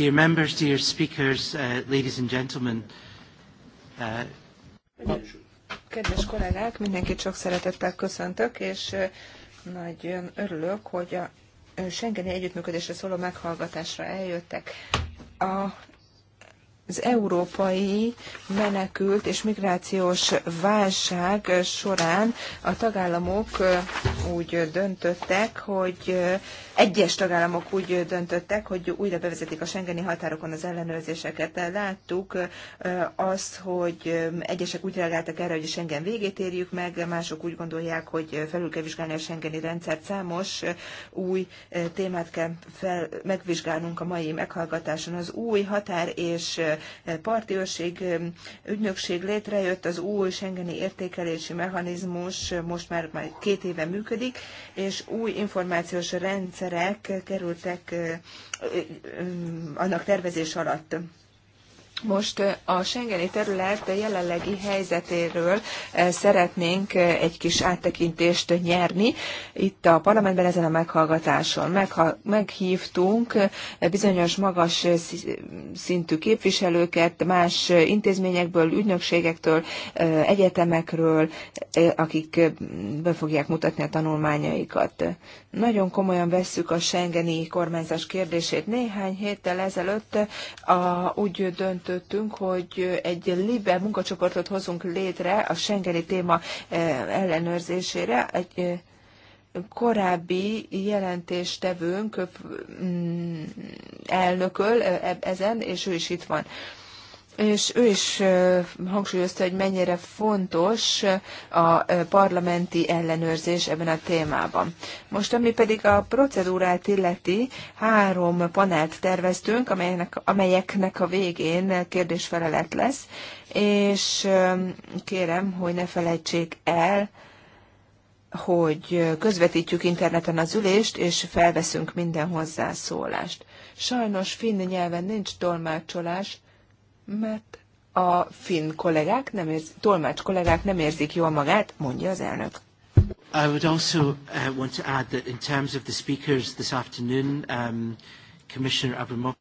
Dear members, dear speakers, uh, ladies and gentlemen. Uh... Kedves kollégák, mindenkit sok szeretettel köszöntök, és uh, nagyon örülök, hogy a uh, Schengeni együttműködésre szóló meghallgatásra eljöttek. A az európai menekült és migrációs válság során a tagállamok úgy döntöttek, hogy egyes tagállamok úgy döntöttek, hogy újra bevezetik a Schengeni határokon az ellenőrzéseket. Láttuk azt, hogy egyesek úgy reagáltak erre, hogy a Schengen végét érjük meg, mások úgy gondolják, hogy felül kell vizsgálni a Schengeni rendszert. Számos új témát kell fel, megvizsgálnunk a mai meghallgatáson. Az új határ és parti őrség ügynökség létrejött, az új Schengeni értékelési mechanizmus most már, már két éve működik, és új információs rendszerek kerültek annak tervezés alatt. Most a Schengeni terület jelenlegi helyzetéről szeretnénk egy kis áttekintést nyerni. Itt a parlamentben ezen a meghallgatáson meghívtunk bizonyos magas szintű képviselőket más intézményekből, ügynökségektől, egyetemekről, akik be fogják mutatni a tanulmányaikat. Nagyon komolyan vesszük a Schengeni kormányzás kérdését. Néhány héttel ezelőtt a, úgy döntött, kötöttünk, hogy egy libe munkacsoportot hozunk létre a Schengeni téma eh, ellenőrzésére. Egy eh, korábbi jelentéstevőnk mm, elnököl eh, ezen, és ő is itt van és ő is hangsúlyozta, hogy mennyire fontos a parlamenti ellenőrzés ebben a témában. Most, ami pedig a procedúrát illeti, három panelt terveztünk, amelynek, amelyeknek a végén kérdésfelelet lesz, és kérem, hogy ne felejtsék el, hogy közvetítjük interneten az ülést, és felveszünk minden hozzászólást. Sajnos finn nyelven nincs tolmácsolás, mert a finn kollégák nem érzi, tolmács kollégák nem érzik jól magát, mondja az elnök. I would also uh, want to add that in terms of the speakers this afternoon, um, Commissioner Abramopoulos...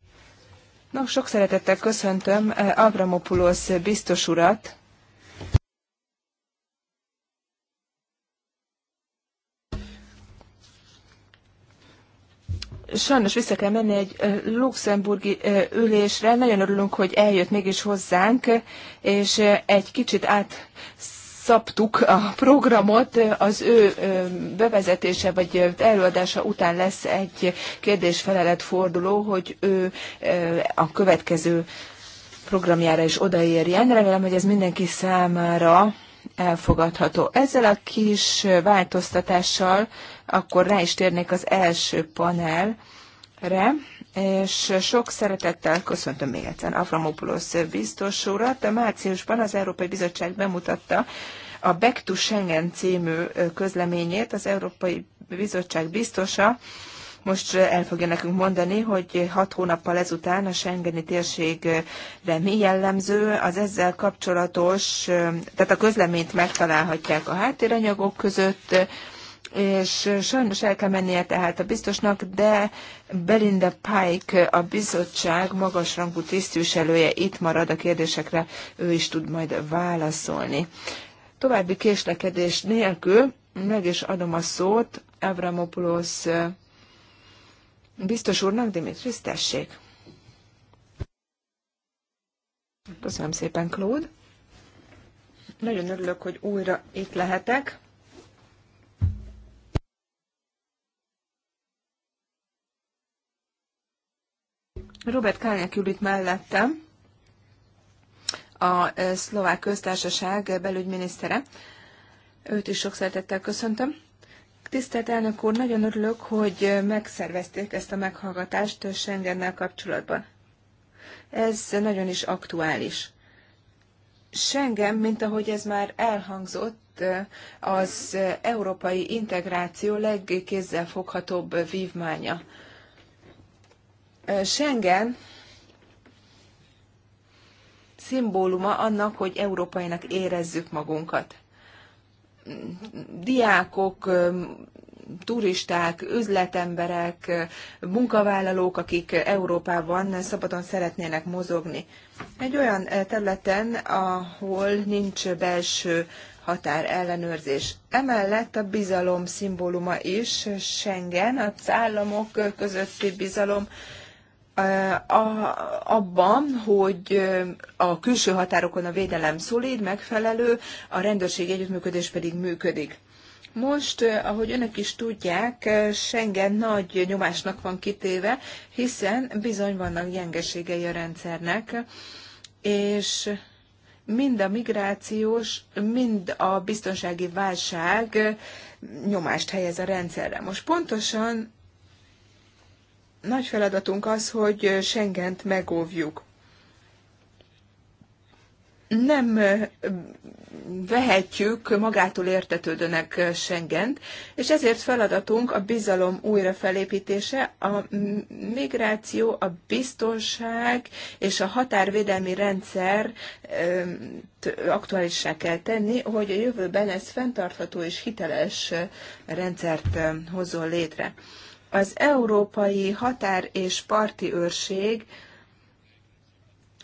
No, sok szeretettel köszöntöm uh, Abramopoulos biztos urat, sajnos vissza kell menni egy luxemburgi ülésre. Nagyon örülünk, hogy eljött mégis hozzánk, és egy kicsit át szaptuk a programot, az ő bevezetése vagy előadása után lesz egy kérdésfelelet forduló, hogy ő a következő programjára is odaérjen. Remélem, hogy ez mindenki számára elfogadható. Ezzel a kis változtatással akkor rá is térnék az első panelre, és sok szeretettel köszöntöm még egyszer Avramopoulos biztos urat. Márciusban az Európai Bizottság bemutatta a Back to Schengen című közleményét az Európai Bizottság biztosa, most el fogja nekünk mondani, hogy hat hónappal ezután a Schengeni térségre mi jellemző, az ezzel kapcsolatos, tehát a közleményt megtalálhatják a háttéranyagok között, és sajnos el kell mennie tehát a biztosnak, de Belinda Pike, a bizottság magasrangú tisztviselője itt marad a kérdésekre, ő is tud majd válaszolni. További késlekedés nélkül meg is adom a szót Avramopoulos biztos úrnak, Dimitris, tessék. Köszönöm szépen, Claude. Nagyon örülök, hogy újra itt lehetek Robert Kálnyák ül itt mellettem, a e, szlovák köztársaság belügyminisztere. Őt is sok szeretettel köszöntöm. Tisztelt elnök úr, nagyon örülök, hogy megszervezték ezt a meghallgatást Schengennel kapcsolatban. Ez nagyon is aktuális. Schengen, mint ahogy ez már elhangzott, e, az európai integráció legkézzelfoghatóbb vívmánya. Schengen szimbóluma annak, hogy európainak érezzük magunkat. Diákok, turisták, üzletemberek, munkavállalók, akik Európában szabadon szeretnének mozogni. Egy olyan területen, ahol nincs belső határ ellenőrzés. Emellett a bizalom szimbóluma is Schengen, az államok közötti bizalom a abban, hogy a külső határokon a védelem szolid, megfelelő, a rendőrség együttműködés pedig működik. Most, ahogy önök is tudják, Schengen nagy nyomásnak van kitéve, hiszen bizony vannak gyengeségei a rendszernek, és mind a migrációs, mind a biztonsági válság nyomást helyez a rendszerre. Most pontosan nagy feladatunk az, hogy Schengent megóvjuk. Nem vehetjük magától értetődőnek Schengent, és ezért feladatunk a bizalom újrafelépítése, a migráció, a biztonság és a határvédelmi rendszer aktuálissá kell tenni, hogy a jövőben ez fenntartható és hiteles rendszert hozzon létre. Az Európai Határ és Parti Őrség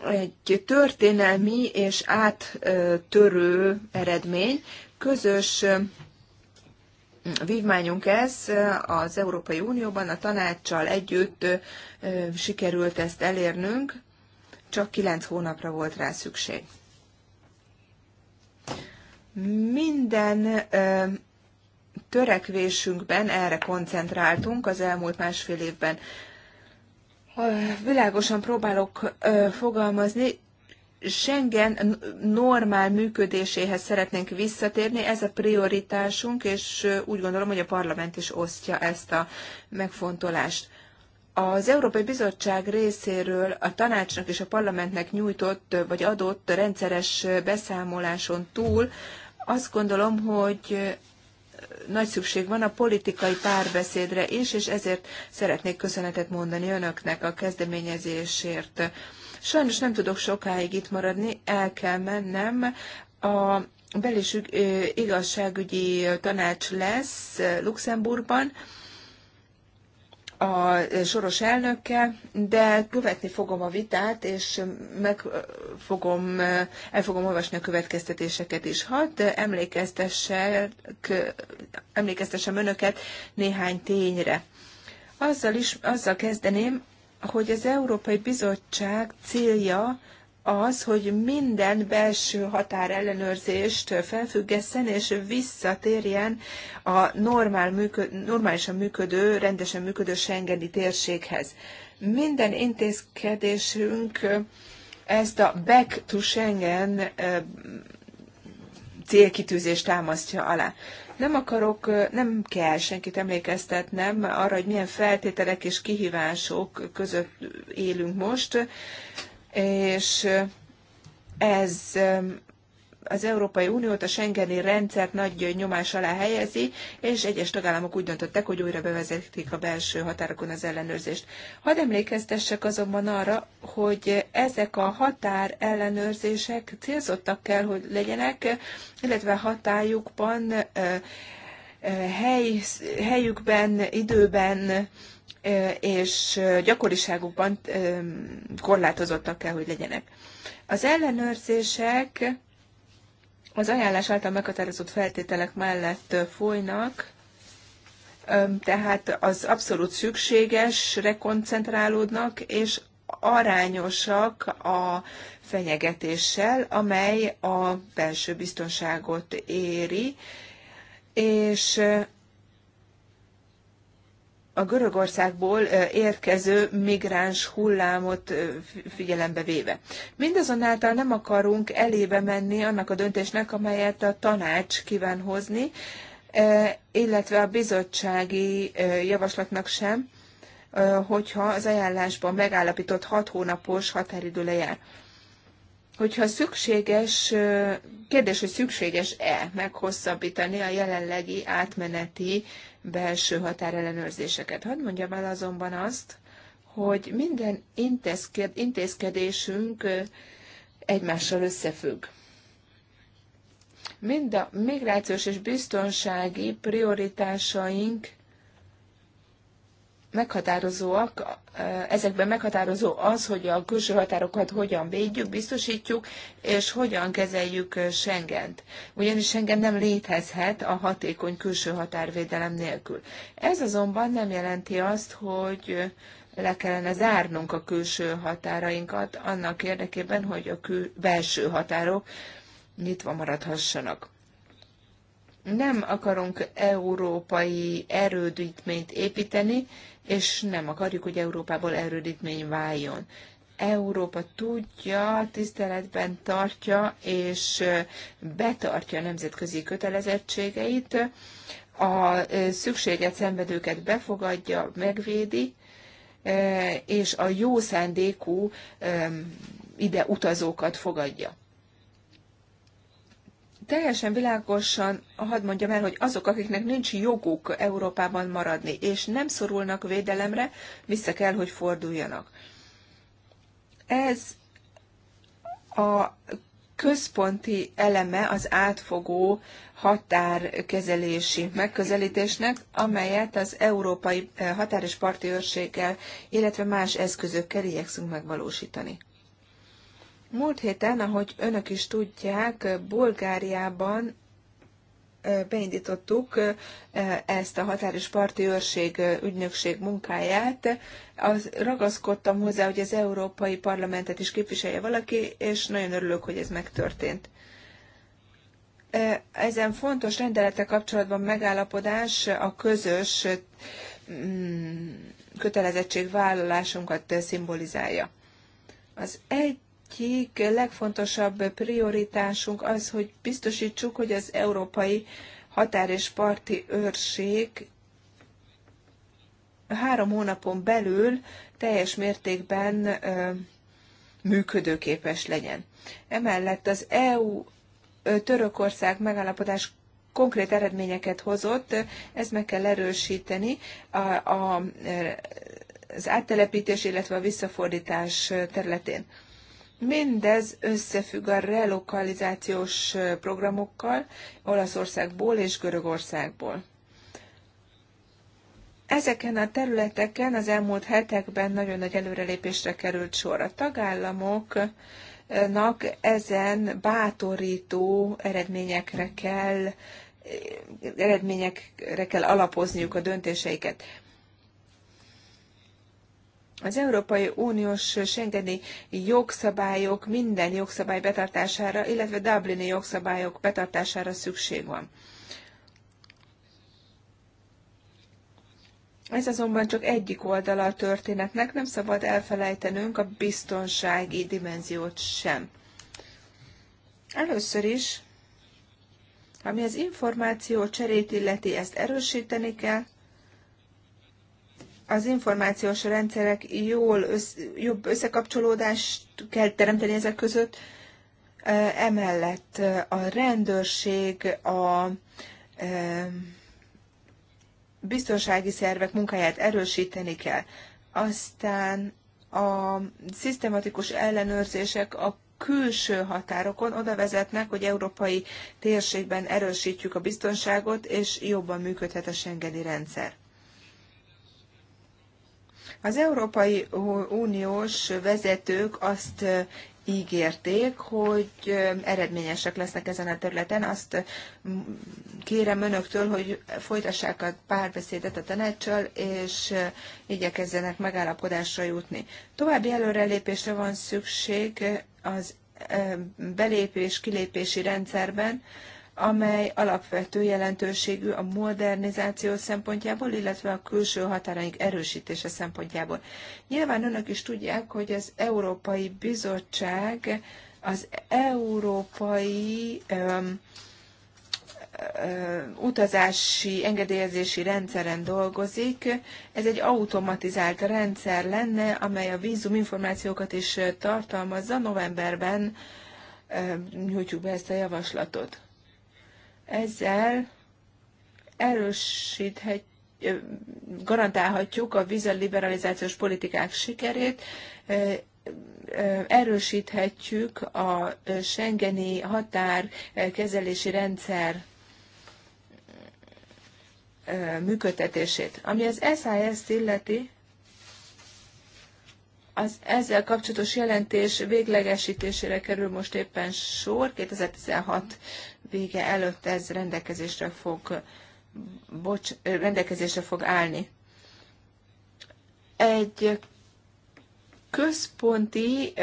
egy történelmi és áttörő eredmény, közös vívmányunk ez az Európai Unióban, a tanácssal együtt sikerült ezt elérnünk, csak kilenc hónapra volt rá szükség. Minden törekvésünkben erre koncentráltunk az elmúlt másfél évben. Világosan próbálok fogalmazni, Schengen normál működéséhez szeretnénk visszatérni, ez a prioritásunk, és úgy gondolom, hogy a parlament is osztja ezt a megfontolást. Az Európai Bizottság részéről a tanácsnak és a parlamentnek nyújtott vagy adott rendszeres beszámoláson túl azt gondolom, hogy nagy szükség van a politikai párbeszédre is, és ezért szeretnék köszönetet mondani önöknek a kezdeményezésért. Sajnos nem tudok sokáig itt maradni, el kell mennem. A belésük igazságügyi tanács lesz Luxemburgban, a soros elnökkel, de követni fogom a vitát, és meg fogom, el fogom olvasni a következtetéseket is. Hadd emlékeztessek, emlékeztessem önöket néhány tényre. Azzal, is, azzal kezdeném, hogy az Európai Bizottság célja az, hogy minden belső határellenőrzést felfüggesszen és visszatérjen a normál működ, normálisan működő, rendesen működő Schengeni térséghez. Minden intézkedésünk ezt a Back to Schengen célkitűzést támasztja alá. Nem akarok, nem kell senkit emlékeztetnem arra, hogy milyen feltételek és kihívások között élünk most és ez az Európai Uniót a Schengeni rendszert nagy nyomás alá helyezi, és egyes tagállamok úgy döntöttek, hogy újra bevezetik a belső határokon az ellenőrzést. Hadd emlékeztessek azonban arra, hogy ezek a határ ellenőrzések célzottak kell, hogy legyenek, illetve hatájukban, hely, helyükben, időben és gyakoriságukban korlátozottak kell, hogy legyenek. Az ellenőrzések az ajánlás által meghatározott feltételek mellett folynak, tehát az abszolút szükségesre rekoncentrálódnak, és arányosak a fenyegetéssel, amely a belső biztonságot éri, és a Görögországból érkező migráns hullámot figyelembe véve. Mindazonáltal nem akarunk elébe menni annak a döntésnek, amelyet a tanács kíván hozni, illetve a bizottsági javaslatnak sem, hogyha az ajánlásban megállapított hat hónapos határidő lejár. Hogyha szükséges, kérdés, hogy szükséges-e meghosszabbítani a jelenlegi átmeneti belső határellenőrzéseket. Hadd mondjam el azonban azt, hogy minden intézkedésünk egymással összefügg. Mind a migrációs és biztonsági prioritásaink meghatározóak, eh, ezekben meghatározó az, hogy a külső határokat hogyan védjük, biztosítjuk, és hogyan kezeljük eh, Schengent. Ugyanis Schengen nem létezhet a hatékony külső határvédelem nélkül. Ez azonban nem jelenti azt, hogy eh, le kellene zárnunk a külső határainkat annak érdekében, hogy a kül- belső határok nyitva maradhassanak nem akarunk európai erődítményt építeni, és nem akarjuk, hogy Európából erődítmény váljon. Európa tudja, tiszteletben tartja és betartja a nemzetközi kötelezettségeit, a szükséget szenvedőket befogadja, megvédi, és a jó szándékú ide utazókat fogadja teljesen világosan hadd mondjam el, hogy azok, akiknek nincs joguk Európában maradni, és nem szorulnak védelemre, vissza kell, hogy forduljanak. Ez a központi eleme az átfogó határkezelési megközelítésnek, amelyet az Európai Határ és Parti Őrséggel, illetve más eszközökkel igyekszünk megvalósítani. Múlt héten, ahogy önök is tudják, Bulgáriában beindítottuk ezt a határos parti őrség ügynökség munkáját. Az, ragaszkodtam hozzá, hogy az Európai Parlamentet is képviselje valaki, és nagyon örülök, hogy ez megtörtént. Ezen fontos rendelete kapcsolatban megállapodás a közös mm, kötelezettségvállalásunkat szimbolizálja. Az egy egyik legfontosabb prioritásunk az, hogy biztosítsuk, hogy az európai határ és parti őrség három hónapon belül teljes mértékben működőképes legyen. Emellett az EU-Törökország megállapodás konkrét eredményeket hozott, ezt meg kell erősíteni. A, a, az áttelepítés, illetve a visszafordítás területén. Mindez összefügg a relokalizációs programokkal Olaszországból és Görögországból. Ezeken a területeken az elmúlt hetekben nagyon nagy előrelépésre került sor. A tagállamoknak ezen bátorító eredményekre kell eredményekre kell alapozniuk a döntéseiket. Az Európai Uniós Schengeni jogszabályok minden jogszabály betartására, illetve Dublini jogszabályok betartására szükség van. Ez azonban csak egyik oldala a történetnek, nem szabad elfelejtenünk a biztonsági dimenziót sem. Először is, ami az információ cserét illeti, ezt erősíteni kell, az információs rendszerek jól össz, jobb összekapcsolódást kell teremteni ezek között. Emellett a rendőrség, a biztonsági szervek munkáját erősíteni kell. Aztán a szisztematikus ellenőrzések a külső határokon oda vezetnek, hogy európai térségben erősítjük a biztonságot, és jobban működhet a Schengeni rendszer. Az Európai Uniós vezetők azt ígérték, hogy eredményesek lesznek ezen a területen. Azt kérem önöktől, hogy folytassák a párbeszédet a tanácssal, és igyekezzenek megállapodásra jutni. További előrelépésre van szükség az belépés-kilépési rendszerben, amely alapvető jelentőségű a modernizáció szempontjából, illetve a külső határaink erősítése szempontjából. Nyilván önök is tudják, hogy az Európai Bizottság az európai öm, utazási engedélyezési rendszeren dolgozik. Ez egy automatizált rendszer lenne, amely a vízum információkat is tartalmazza. Novemberben nyújtjuk be ezt a javaslatot. Ezzel erősíthet, garantálhatjuk a vízliberalizációs politikák sikerét, erősíthetjük a Schengeni határkezelési rendszer működtetését. Ami az SIS-t illeti, az ezzel kapcsolatos jelentés véglegesítésére kerül most éppen sor 2016 vége előtt ez rendelkezésre fog, bocs, rendelkezésre fog állni. Egy központi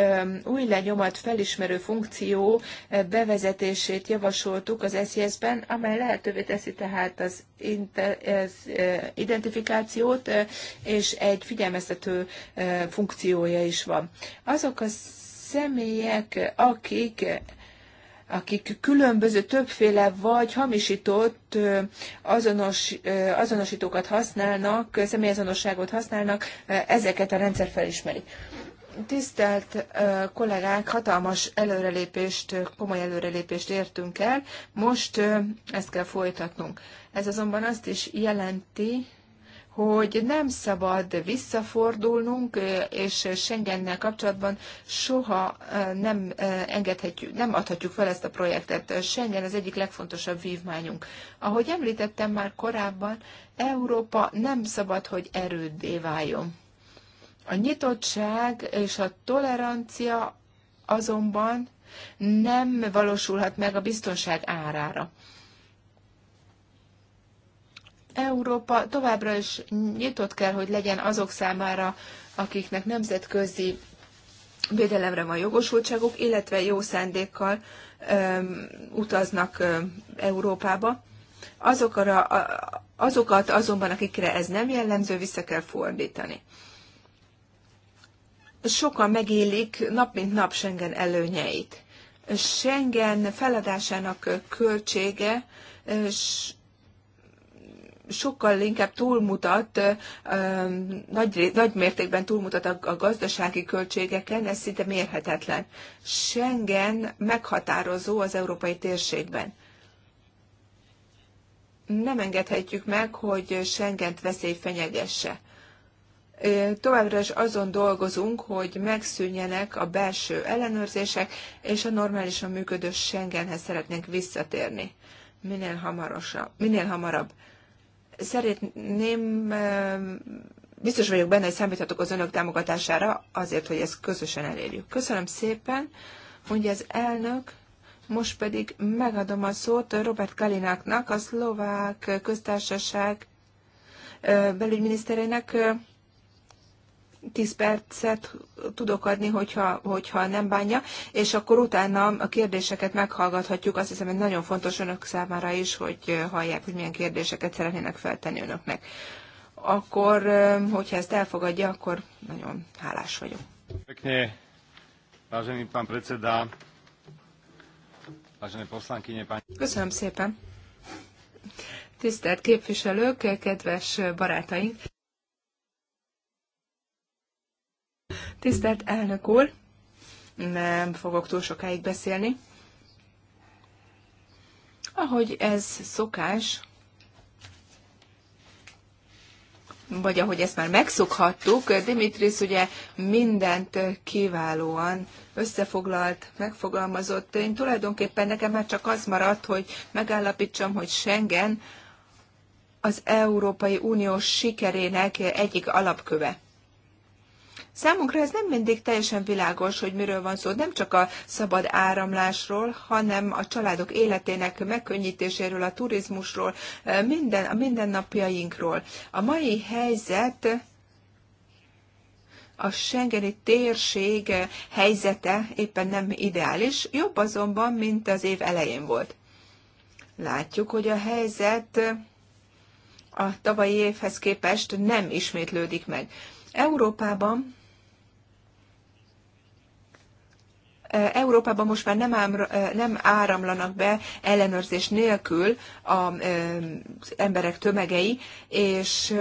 új lenyomat felismerő funkció bevezetését javasoltuk az SZSZ-ben, e amely lehetővé teszi tehát az, identifikációt, és egy figyelmeztető funkciója is van. Azok a személyek, akik akik különböző, többféle vagy hamisított azonos, azonosítókat használnak, személyazonosságot használnak, ezeket a rendszer felismeri. Tisztelt kollégák, hatalmas előrelépést, komoly előrelépést értünk el, most ezt kell folytatnunk. Ez azonban azt is jelenti, hogy nem szabad visszafordulnunk, és Schengennel kapcsolatban soha nem engedhetjük, nem adhatjuk fel ezt a projektet. Schengen az egyik legfontosabb vívmányunk. Ahogy említettem már korábban, Európa nem szabad, hogy erőddé váljon. A nyitottság és a tolerancia azonban nem valósulhat meg a biztonság árára. Európa továbbra is nyitott kell, hogy legyen azok számára, akiknek nemzetközi védelemre van jogosultságuk, illetve jó szándékkal ö, utaznak ö, Európába. Azokra, azokat azonban, akikre ez nem jellemző, vissza kell fordítani. Sokan megélik nap mint nap Schengen előnyeit. Schengen feladásának költsége s sokkal inkább túlmutat, nagy, nagy mértékben túlmutat a, a gazdasági költségeken, ez szinte mérhetetlen. Schengen meghatározó az európai térségben. Nem engedhetjük meg, hogy Schengent veszély fenyegesse. Továbbra is azon dolgozunk, hogy megszűnjenek a belső ellenőrzések, és a normálisan működő Schengenhez szeretnénk visszatérni minél Minél hamarabb. Szeretném, biztos vagyok benne, hogy számíthatok az önök támogatására azért, hogy ezt közösen elérjük. Köszönöm szépen, mondja az elnök. Most pedig megadom a szót Robert Kalináknak, a szlovák köztársaság belügyminiszterének. 10 percet tudok adni, hogyha, hogyha nem bánja, és akkor utána a kérdéseket meghallgathatjuk. Azt hiszem, hogy nagyon fontos önök számára is, hogy hallják, hogy milyen kérdéseket szeretnének feltenni önöknek. Akkor, hogyha ezt elfogadja, akkor nagyon hálás vagyok. Pekne, vážený pán predseda, vážené poslankyne, pán... Köszönöm szépen. Tisztelt képviselők, kedves barátaink! Tisztelt elnök úr, nem fogok túl sokáig beszélni. Ahogy ez szokás, vagy ahogy ezt már megszokhattuk, Dimitris ugye mindent kiválóan összefoglalt, megfogalmazott. Én tulajdonképpen nekem már csak az maradt, hogy megállapítsam, hogy Schengen az Európai Unió sikerének egyik alapköve. Számunkra ez nem mindig teljesen világos, hogy miről van szó, nem csak a szabad áramlásról, hanem a családok életének megkönnyítéséről, a turizmusról, minden, a mindennapjainkról. A mai helyzet a Schengeni térség helyzete éppen nem ideális, jobb azonban, mint az év elején volt. Látjuk, hogy a helyzet a tavalyi évhez képest nem ismétlődik meg. Európában Európában most már nem, ám, nem áramlanak be ellenőrzés nélkül az emberek tömegei, és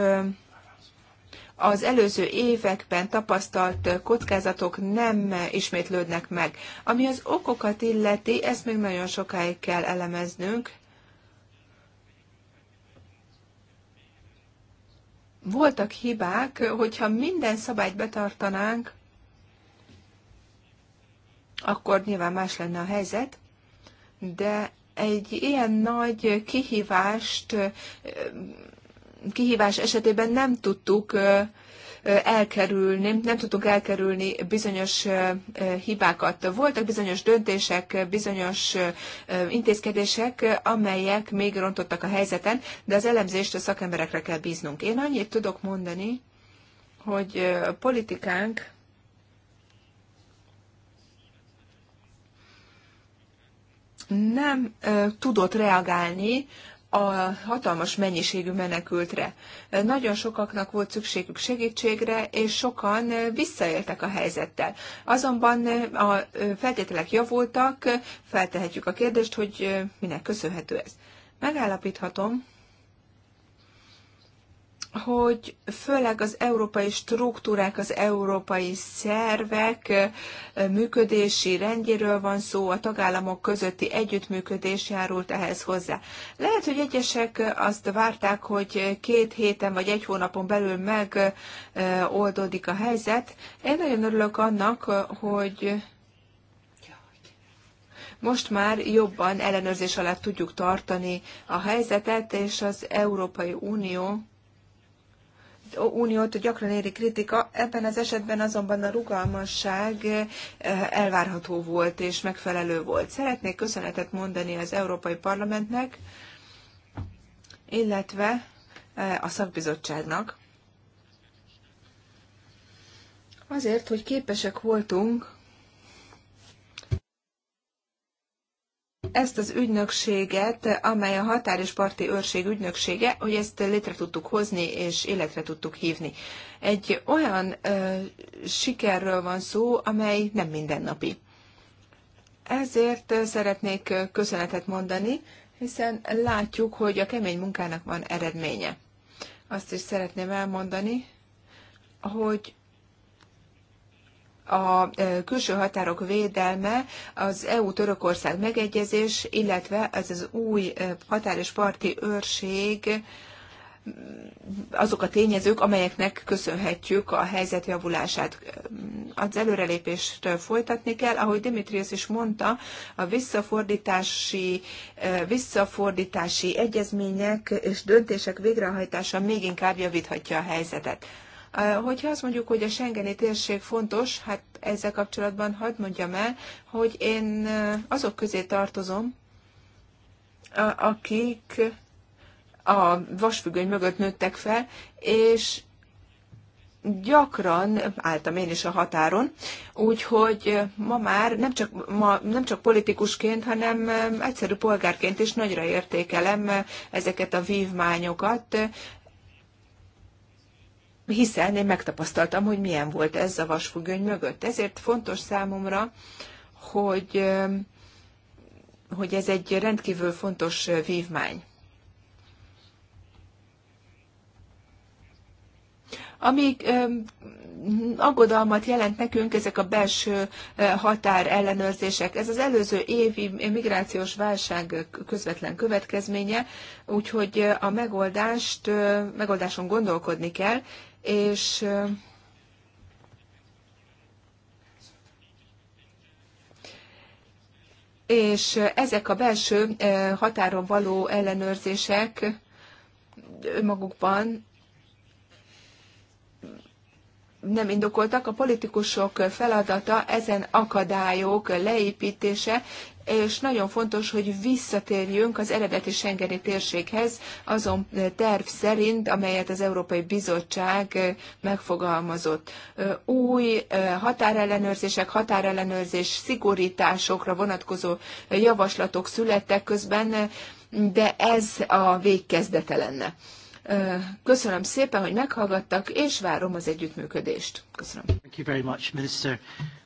az előző években tapasztalt kockázatok nem ismétlődnek meg. Ami az okokat illeti, ezt még nagyon sokáig kell elemeznünk. Voltak hibák, hogyha minden szabályt betartanánk, akkor nyilván más lenne a helyzet, de egy ilyen nagy kihívást, kihívás esetében nem tudtuk elkerülni, nem tudtunk elkerülni bizonyos hibákat. Voltak bizonyos döntések, bizonyos intézkedések, amelyek még rontottak a helyzeten, de az elemzést a szakemberekre kell bíznunk. Én annyit tudok mondani, hogy politikánk nem tudott reagálni a hatalmas mennyiségű menekültre. Nagyon sokaknak volt szükségük segítségre, és sokan visszaéltek a helyzettel. Azonban a feltételek javultak, feltehetjük a kérdést, hogy minek köszönhető ez. Megállapíthatom, hogy főleg az európai struktúrák, az európai szervek működési rendjéről van szó, a tagállamok közötti együttműködés járult ehhez hozzá. Lehet, hogy egyesek azt várták, hogy két héten vagy egy hónapon belül megoldódik a helyzet. Én nagyon örülök annak, hogy most már jobban ellenőrzés alatt tudjuk tartani a helyzetet, és az Európai Unió Uniót gyakran éri kritika, ebben az esetben azonban a rugalmasság eh, elvárható volt és megfelelő volt. Szeretnék köszönetet mondani az Európai Parlamentnek, illetve eh, a szakbizottságnak. Azért, hogy képesek voltunk ezt az ügynökséget, amely a határ és parti őrség ügynöksége, hogy ezt létre tudtuk hozni és életre tudtuk hívni. Egy olyan ö, sikerről van szó, amely nem mindennapi. Ezért szeretnék köszönetet mondani, hiszen látjuk, hogy a kemény munkának van eredménye. Azt is szeretném elmondani, hogy a külső határok védelme, az EU-Törökország megegyezés, illetve ez az új határ és parti őrség, azok a tényezők, amelyeknek köszönhetjük a helyzet javulását. Az előrelépést folytatni kell, ahogy Dimitrius is mondta, a visszafordítási, visszafordítási egyezmények és döntések végrehajtása még inkább javíthatja a helyzetet. Hogyha azt mondjuk, hogy a Schengeni térség fontos, hát ezzel kapcsolatban hadd mondjam el, hogy én azok közé tartozom, akik a vasfüggöny mögött nőttek fel, és gyakran álltam én is a határon, úgyhogy ma már nem csak, ma, nem csak politikusként, hanem egyszerű polgárként is nagyra értékelem ezeket a vívmányokat, hiszen én megtapasztaltam, hogy milyen volt ez a vasfüggöny mögött. Ezért fontos számomra, hogy, hogy ez egy rendkívül fontos vívmány. Ami aggodalmat jelent nekünk ezek a belső határ ellenőrzések. Ez az előző évi migrációs válság közvetlen következménye, úgyhogy a megoldást, megoldáson gondolkodni kell, és és ezek a belső határon való ellenőrzések magukban nem indokoltak. A politikusok feladata ezen akadályok leépítése és nagyon fontos, hogy visszatérjünk az eredeti Schengeni térséghez azon terv szerint, amelyet az Európai Bizottság megfogalmazott. Új határellenőrzések, határellenőrzés szigorításokra vonatkozó javaslatok születtek közben, de ez a végkezdete lenne. Köszönöm szépen, hogy meghallgattak, és várom az együttműködést. Köszönöm. Thank you very much, Minister.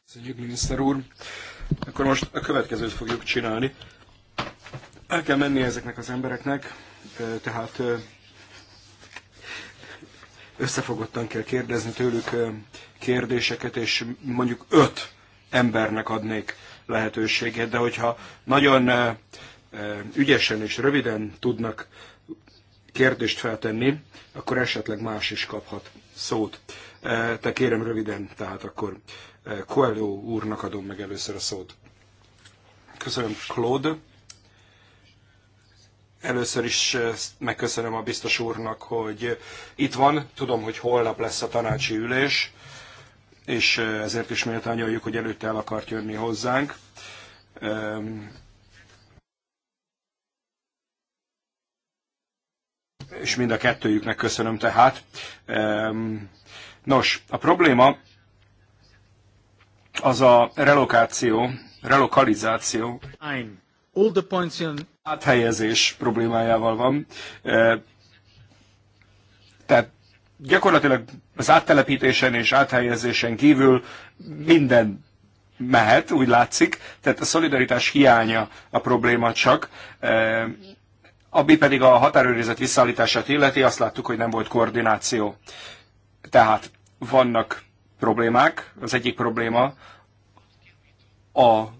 Köszönjük, miniszter úr akkor most a következőt fogjuk csinálni. El kell menni ezeknek az embereknek, tehát összefogottan kell kérdezni tőlük kérdéseket, és mondjuk öt embernek adnék lehetőséget, de hogyha nagyon ügyesen és röviden tudnak kérdést feltenni, akkor esetleg más is kaphat szót. Te kérem röviden, tehát akkor Coelho úrnak adom meg először a szót. Köszönöm, Claude. Először is eh, megköszönöm a biztos úrnak, hogy itt van. Tudom, hogy holnap lesz a tanácsi ülés, és eh, ezért is méltányoljuk, hogy előtte el akart jönni hozzánk. Ehm, és mind a kettőjüknek köszönöm tehát. Ehm, nos, a probléma az a relokáció, relokalizáció, áthelyezés problémájával van. E, tehát gyakorlatilag az áttelepítésen és áthelyezésen kívül minden mehet, úgy látszik, tehát a szolidaritás hiánya a probléma csak. E, ami pedig a határőrizet visszaállítását illeti, azt láttuk, hogy nem volt koordináció. Tehát vannak problémák. Az egyik probléma a,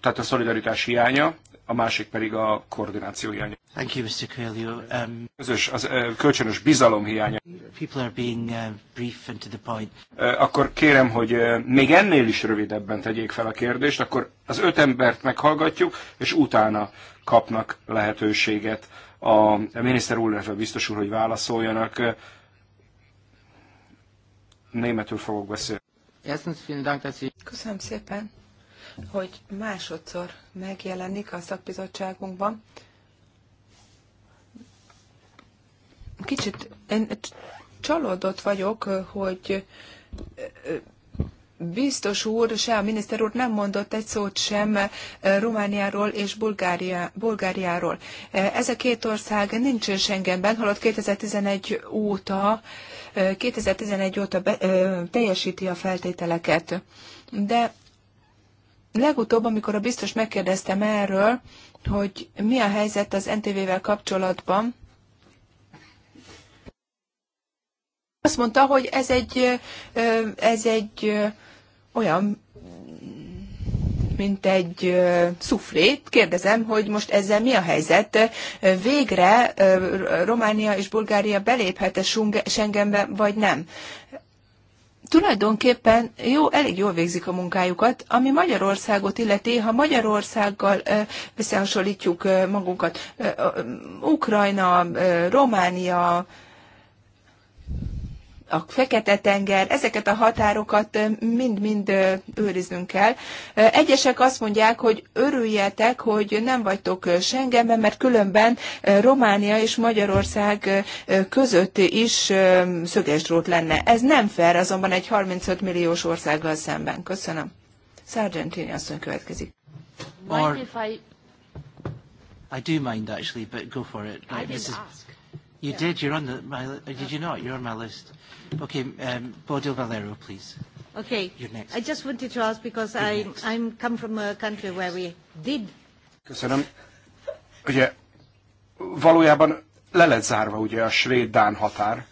tehát a szolidaritás hiánya, a másik pedig a koordináció hiánya. Thank you, Mr. Coelho. Um, Közös, az, kölcsönös bizalom hiánya. People are being uh, brief and to the point. Akkor kérem, hogy még ennél is rövidebben tegyék fel a kérdést, akkor az öt embert meghallgatjuk, és utána kapnak lehetőséget a miniszter úr, illetve biztos úr, hogy válaszoljanak. Németül fogok beszélni. Köszönöm szépen hogy másodszor megjelenik a szakbizottságunkban. Kicsit én csalódott vagyok, hogy biztos úr, se a miniszter úr nem mondott egy szót sem Romániáról és Bulgária, Bulgáriáról. Ez a két ország nincs Schengenben, halott 2011 óta, 2011 óta be, teljesíti a feltételeket. De Legutóbb, amikor a biztos megkérdeztem erről, hogy mi a helyzet az NTV-vel kapcsolatban, azt mondta, hogy ez egy, ez egy olyan, mint egy szuflét. Kérdezem, hogy most ezzel mi a helyzet? Végre Románia és Bulgária beléphet-e Schengenbe, vagy nem? tulajdonképpen jó, elég jól végzik a munkájukat, ami Magyarországot illeti, ha Magyarországgal összehasonlítjuk magunkat, Ukrajna, Románia, a Fekete-tenger, ezeket a határokat mind-mind őriznünk kell. Egyesek azt mondják, hogy örüljetek, hogy nem vagytok Schengenben, mert különben Románia és Magyarország között is szögesdrót lenne. Ez nem fair azonban egy 35 milliós országgal szemben. Köszönöm. Sargentini asszony következik. Or, I... I do mind actually, but go for it. Right, I didn't Mrs. ask. You yeah. did. You're on the, my. Did you not? You're on my list. Okay, um, Bodo Valero, please. Okay. You're next. I just wanted to ask because I I I'm come from a country where we did. Köszönöm. Ugye valójában le lett zárva ugye a svéd-dán határ.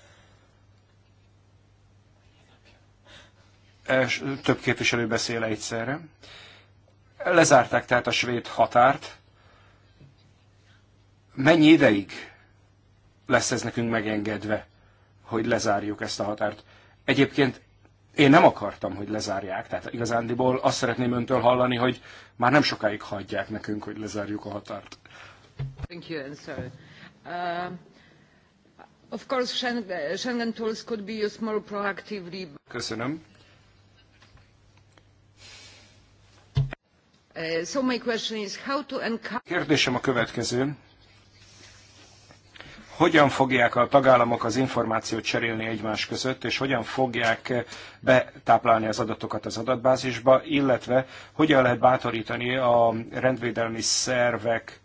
E, több képviselő beszél egyszerre. Lezárták tehát a svéd határt. Mennyi ideig lesz ez nekünk megengedve? hogy lezárjuk ezt a határt. Egyébként én nem akartam, hogy lezárják, tehát igazándiból azt szeretném öntől hallani, hogy már nem sokáig hagyják nekünk, hogy lezárjuk a határt. Thank you, and sorry. Uh, of course, Schengen, Schengen tools could be used more proactively. Köszönöm. Uh, so my question is how to Kérdésem a következő hogyan fogják a tagállamok az információt cserélni egymás között, és hogyan fogják betáplálni az adatokat az adatbázisba, illetve hogyan lehet bátorítani a rendvédelmi szervek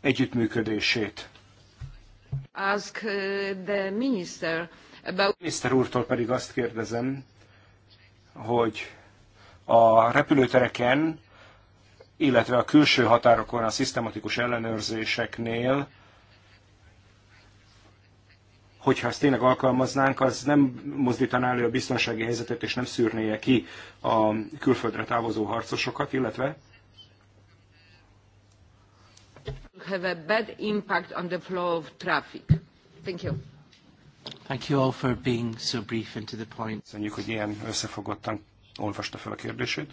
együttműködését. Ask uh, the minister about... Miniszter úrtól pedig azt kérdezem, hogy a repülőtereken, illetve a külső határokon a szisztematikus ellenőrzéseknél hogyha ezt tényleg alkalmaznánk, az nem mozdítaná elő a biztonsági helyzetet, és nem szűrnéje ki a külföldre távozó harcosokat, illetve have a bad impact on the flow of traffic. Thank you. Thank you all for being so brief and to the point. Köszönjük, hogy ilyen összefogottan olvasta fel a kérdését.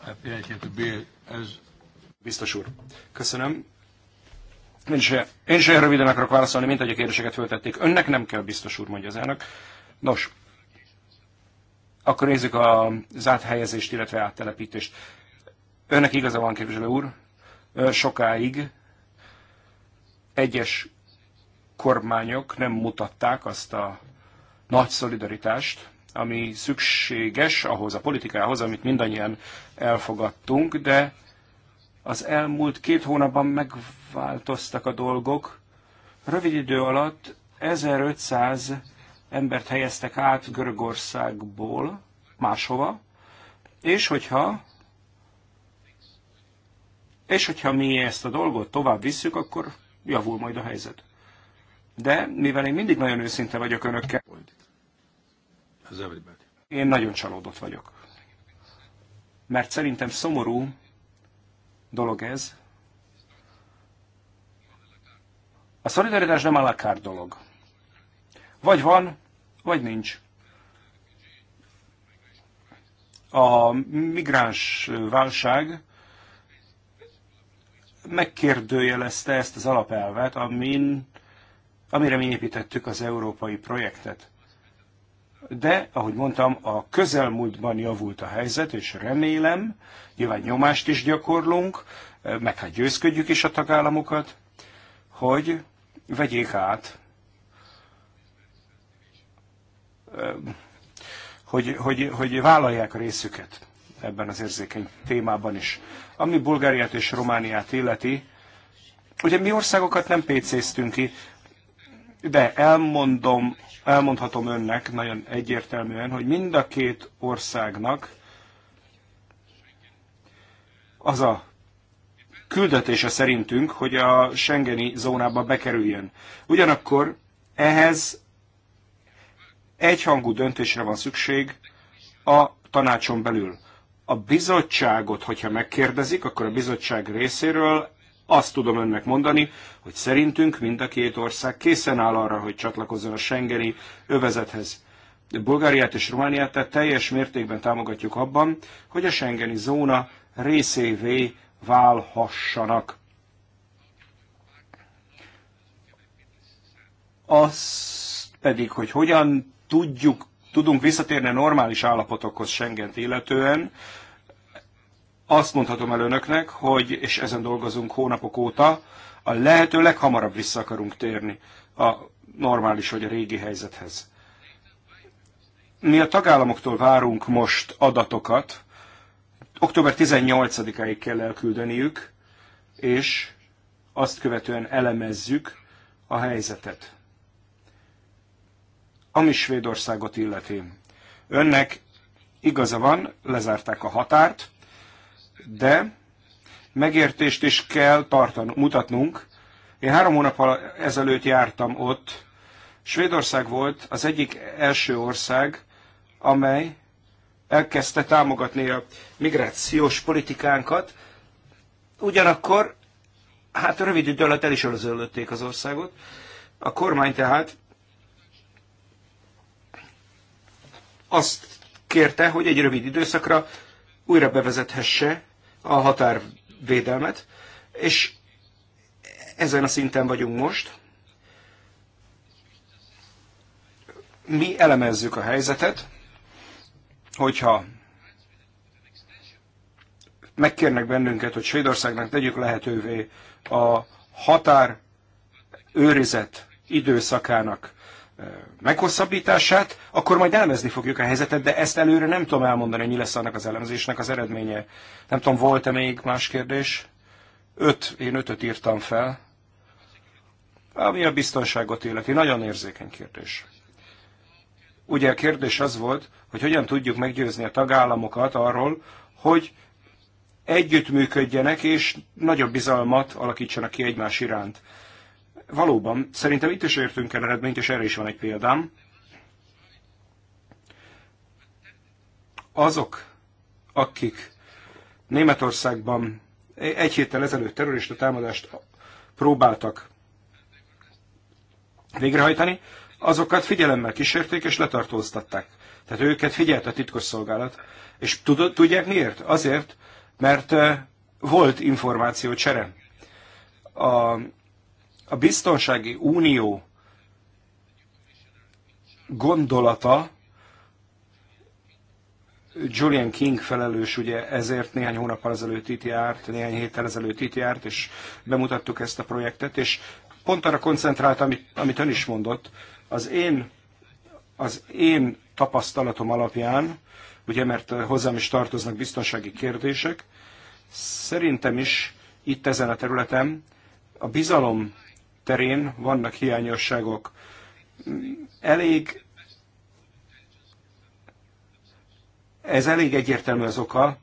Hát, Biztos úr, köszönöm. Én se, én se röviden akarok válaszolni, mint hogy a kérdéseket föltették. Önnek nem kell, biztos úr, mondja az elnök. Nos, akkor nézzük az áthelyezést, illetve áttelepítést. Önnek igaza van, képviselő úr, sokáig egyes kormányok nem mutatták azt a nagy szolidaritást, ami szükséges ahhoz a politikához, amit mindannyian elfogadtunk, de az elmúlt két hónapban megváltoztak a dolgok. Rövid idő alatt 1500 embert helyeztek át Görögországból máshova, és hogyha és hogyha mi ezt a dolgot tovább visszük, akkor javul majd a helyzet. De mivel én mindig nagyon őszinte vagyok önökkel, én nagyon csalódott vagyok. Mert szerintem szomorú dolog ez. A szolidaritás nem alakár dolog. Vagy van, vagy nincs. A migráns válság megkérdőjelezte ezt az alapelvet, amin, amire mi építettük az európai projektet de, ahogy mondtam, a közelmúltban javult a helyzet, és remélem, nyilván nyomást is gyakorlunk, eh, meg hát győzködjük is a tagállamokat, hogy vegyék át, eh, hogy, hogy, hogy vállalják a részüket ebben az érzékeny témában is. Ami Bulgáriát és Romániát illeti, ugye mi országokat nem pécéztünk ki, de elmondom, elmondhatom önnek nagyon egyértelműen, hogy mind a két országnak az a küldetése szerintünk, hogy a Schengeni zónába bekerüljön. Ugyanakkor ehhez egyhangú döntésre van szükség a tanácson belül. A bizottságot, hogyha megkérdezik, akkor a bizottság részéről azt tudom önnek mondani, hogy szerintünk mind a két ország készen áll arra, hogy csatlakozzon a Schengeni övezethez. Bulgáriát és Romániát tehát teljes mértékben támogatjuk abban, hogy a Schengeni zóna részévé válhassanak. Az pedig, hogy hogyan tudjuk, tudunk visszatérni a normális állapotokhoz Schengent illetően, azt mondhatom el önöknek, hogy, és ezen dolgozunk hónapok óta, a lehető leghamarabb vissza akarunk térni a normális vagy a régi helyzethez. Mi a tagállamoktól várunk most adatokat, október 18-áig kell elküldeniük, és azt követően elemezzük a helyzetet. Ami Svédországot illeti. Önnek igaza van, lezárták a határt, de megértést is kell tartan, mutatnunk. Én három hónap ezelőtt jártam ott. Svédország volt az egyik első ország, amely elkezdte támogatni a migrációs politikánkat. Ugyanakkor, hát rövid idő alatt el is ölözöllötték az országot. A kormány tehát azt kérte, hogy egy rövid időszakra újra bevezethesse a határvédelmet, és ezen a szinten vagyunk most. Mi elemezzük a helyzetet, hogyha megkérnek bennünket, hogy Svédországnak tegyük lehetővé a határ őrizet időszakának meghosszabbítását, akkor majd elemezni fogjuk a helyzetet, de ezt előre nem tudom elmondani, hogy mi lesz annak az elemzésnek az eredménye. Nem tudom, volt-e még más kérdés? Öt, én ötöt írtam fel. Ami a biztonságot illeti, nagyon érzékeny kérdés. Ugye a kérdés az volt, hogy hogyan tudjuk meggyőzni a tagállamokat arról, hogy együttműködjenek és nagyobb bizalmat alakítsanak ki egymás iránt valóban szerintem itt is értünk el eredményt, és erre is van egy példám. Azok, akik Németországban egy héttel ezelőtt terrorista támadást próbáltak végrehajtani, azokat figyelemmel kísérték és letartóztatták. Tehát őket figyelt a titkosszolgálat. És tud, tudják miért? Azért, mert eh, volt információ csere a a biztonsági unió gondolata, Julian King felelős ugye ezért néhány hónappal ezelőtt itt járt, néhány héttel ezelőtt itt járt, és bemutattuk ezt a projektet, és pont arra koncentrált, amit, amit ön is mondott, az én, az én tapasztalatom alapján, ugye mert hozzám is tartoznak biztonsági kérdések, szerintem is itt ezen a területen a bizalom terén vannak hiányosságok. Elég ez elég egyértelmű az oka,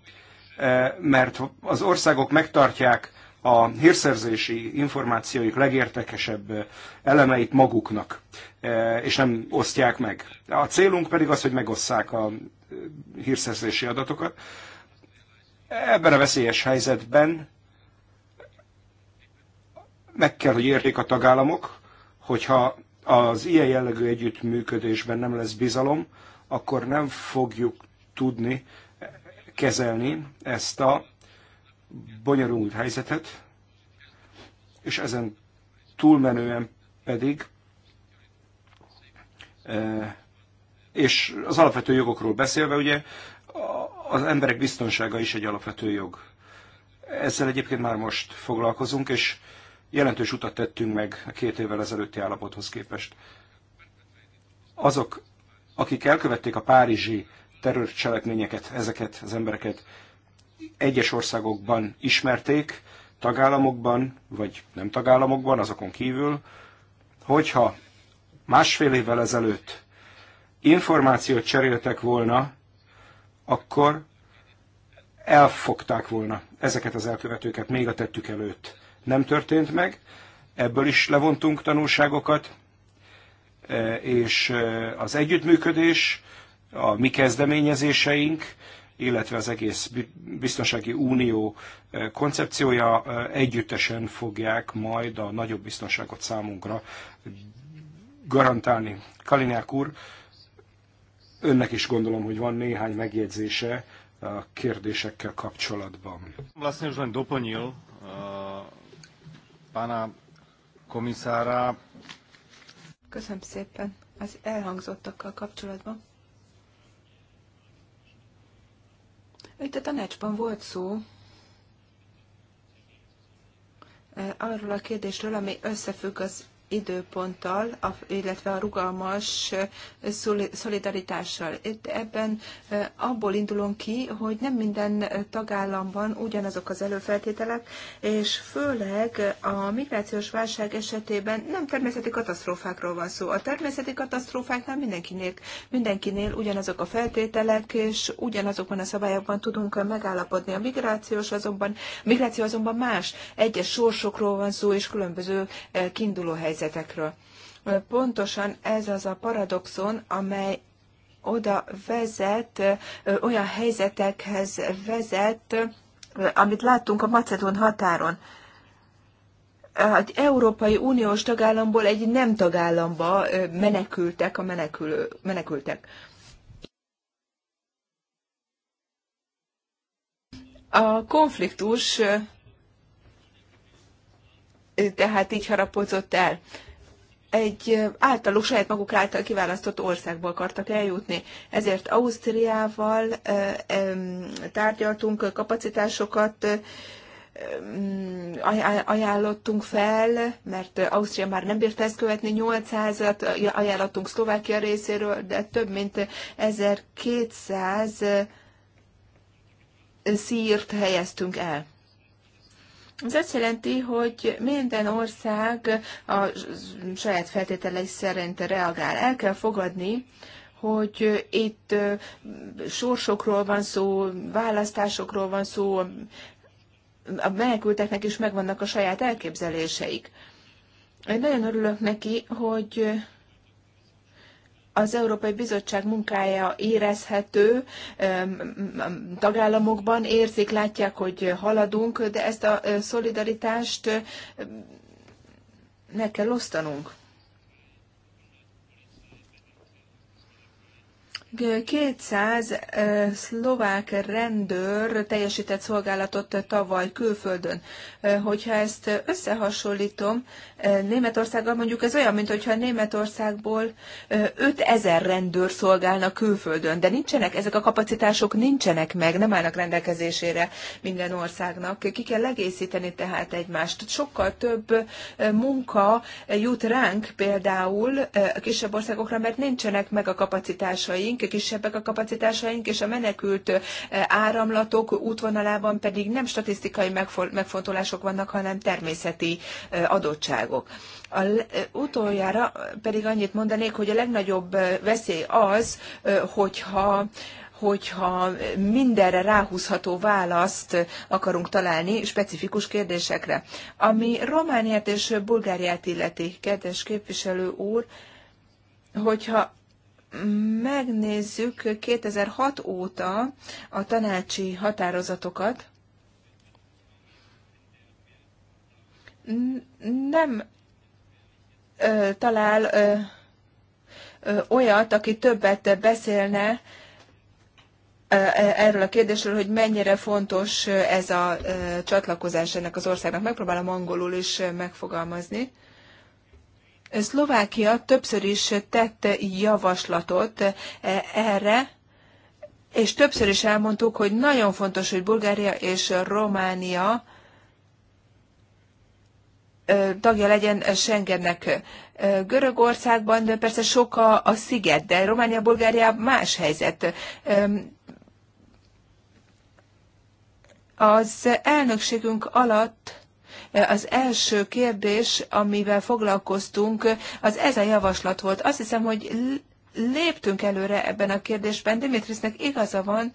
eh, mert az országok megtartják a hírszerzési információik legértekesebb eh, elemeit maguknak, eh, és nem osztják meg. A célunk pedig az, hogy megosszák a hírszerzési adatokat. Ebben a veszélyes helyzetben meg kell, hogy érték a tagállamok, hogyha az ilyen jellegű együttműködésben nem lesz bizalom, akkor nem fogjuk tudni kezelni ezt a bonyolult helyzetet, és ezen túlmenően pedig, e, és az alapvető jogokról beszélve, ugye az emberek biztonsága is egy alapvető jog. Ezzel egyébként már most foglalkozunk, és jelentős utat tettünk meg a két évvel ezelőtti állapothoz képest. Azok, akik elkövették a párizsi terrorcselekményeket, ezeket az embereket egyes országokban ismerték, tagállamokban, vagy nem tagállamokban, azokon kívül, hogyha másfél évvel ezelőtt információt cseréltek volna, akkor elfogták volna ezeket az elkövetőket még a tettük előtt nem történt meg, ebből is levontunk tanulságokat, e, és e, az együttműködés, a mi kezdeményezéseink, illetve az egész biztonsági unió e, koncepciója együttesen fogják majd a nagyobb biztonságot számunkra garantálni. Kalinák úr, önnek is gondolom, hogy van néhány megjegyzése a kérdésekkel kapcsolatban. Vlastne už len doplnil pána komisára. Köszönöm szépen az elhangzottakkal kapcsolatban. Itt a tanácsban volt szó eh, arról a kérdésről, ami összefügg az időponttal, illetve a rugalmas eh, szolidaritással. Itt ebben eh, abból indulunk ki, hogy nem minden eh, tagállamban ugyanazok az előfeltételek, és főleg a migrációs válság esetében nem természeti katasztrófákról van szó. A természeti katasztrófáknál mindenkinél, mindenkinél ugyanazok a feltételek, és ugyanazokban a szabályokban tudunk megállapodni. A migrációs azonban, a migráció azonban más. Egyes sorsokról van szó, és különböző kiinduló hely helyzetekről. Pontosan ez az a paradoxon, amely oda vezet, olyan helyzetekhez vezet, amit láttunk a Macedón határon. Az hát Európai Uniós tagállamból egy nem tagállamba menekültek a menekülő, menekültek. A konfliktus tehát így harapozott el. Egy általuk saját maguk által kiválasztott országból akartak eljutni. Ezért Ausztriával tárgyaltunk kapacitásokat, ajánlottunk fel, mert Ausztria már nem bírta ezt követni, 800-at ajánlottunk Szlovákia részéről, de több mint 1200 szírt helyeztünk el. Ez azt jelenti, hogy minden ország a saját feltételei szerint reagál. El kell fogadni, hogy itt sorsokról van szó, választásokról van szó, a menekülteknek is megvannak a saját elképzeléseik. Én nagyon örülök neki, hogy az Európai Bizottság munkája érezhető tagállamokban, érzik, látják, hogy haladunk, de ezt a szolidaritást meg kell osztanunk. 200 szlovák rendőr teljesített szolgálatot tavaly külföldön. Hogyha ezt összehasonlítom, Németországgal mondjuk ez olyan, mint hogyha Németországból 5000 rendőr szolgálna külföldön, de nincsenek, ezek a kapacitások nincsenek meg, nem állnak rendelkezésére minden országnak. Ki kell legészíteni tehát egymást. Sokkal több munka jut ránk például a kisebb országokra, mert nincsenek meg a kapacitásaink, kicsibbek, kisebbek a kapacitásaink, és a menekült áramlatok útvonalában pedig nem statisztikai megfontolások vannak, hanem természeti adottságok. A utoljára pedig annyit mondanék, hogy a legnagyobb veszély az, hogyha hogyha mindenre ráhúzható választ akarunk találni specifikus kérdésekre. Ami Romániát és Bulgáriát illeti, kedves képviselő úr, hogyha megnézzük 2006 óta a tanácsi határozatokat, nem ö, talál ö, ö, olyat, aki többet beszélne e, erről a kérdésről, hogy mennyire fontos ez a csatlakozás ennek az országnak. Megpróbálom angolul is megfogalmazni. Szlovákia többször is tette javaslatot e, erre, és többször is elmondtuk, hogy nagyon fontos, hogy Bulgária és Románia e, tagja legyen Schengennek. E, Görögországban de persze sok a, a sziget, de Románia, Bulgária más helyzet. Az elnökségünk alatt az első kérdés, amivel foglalkoztunk, az ez a javaslat volt. Azt hiszem, hogy léptünk előre ebben a kérdésben. Dimitrisnek igaza van,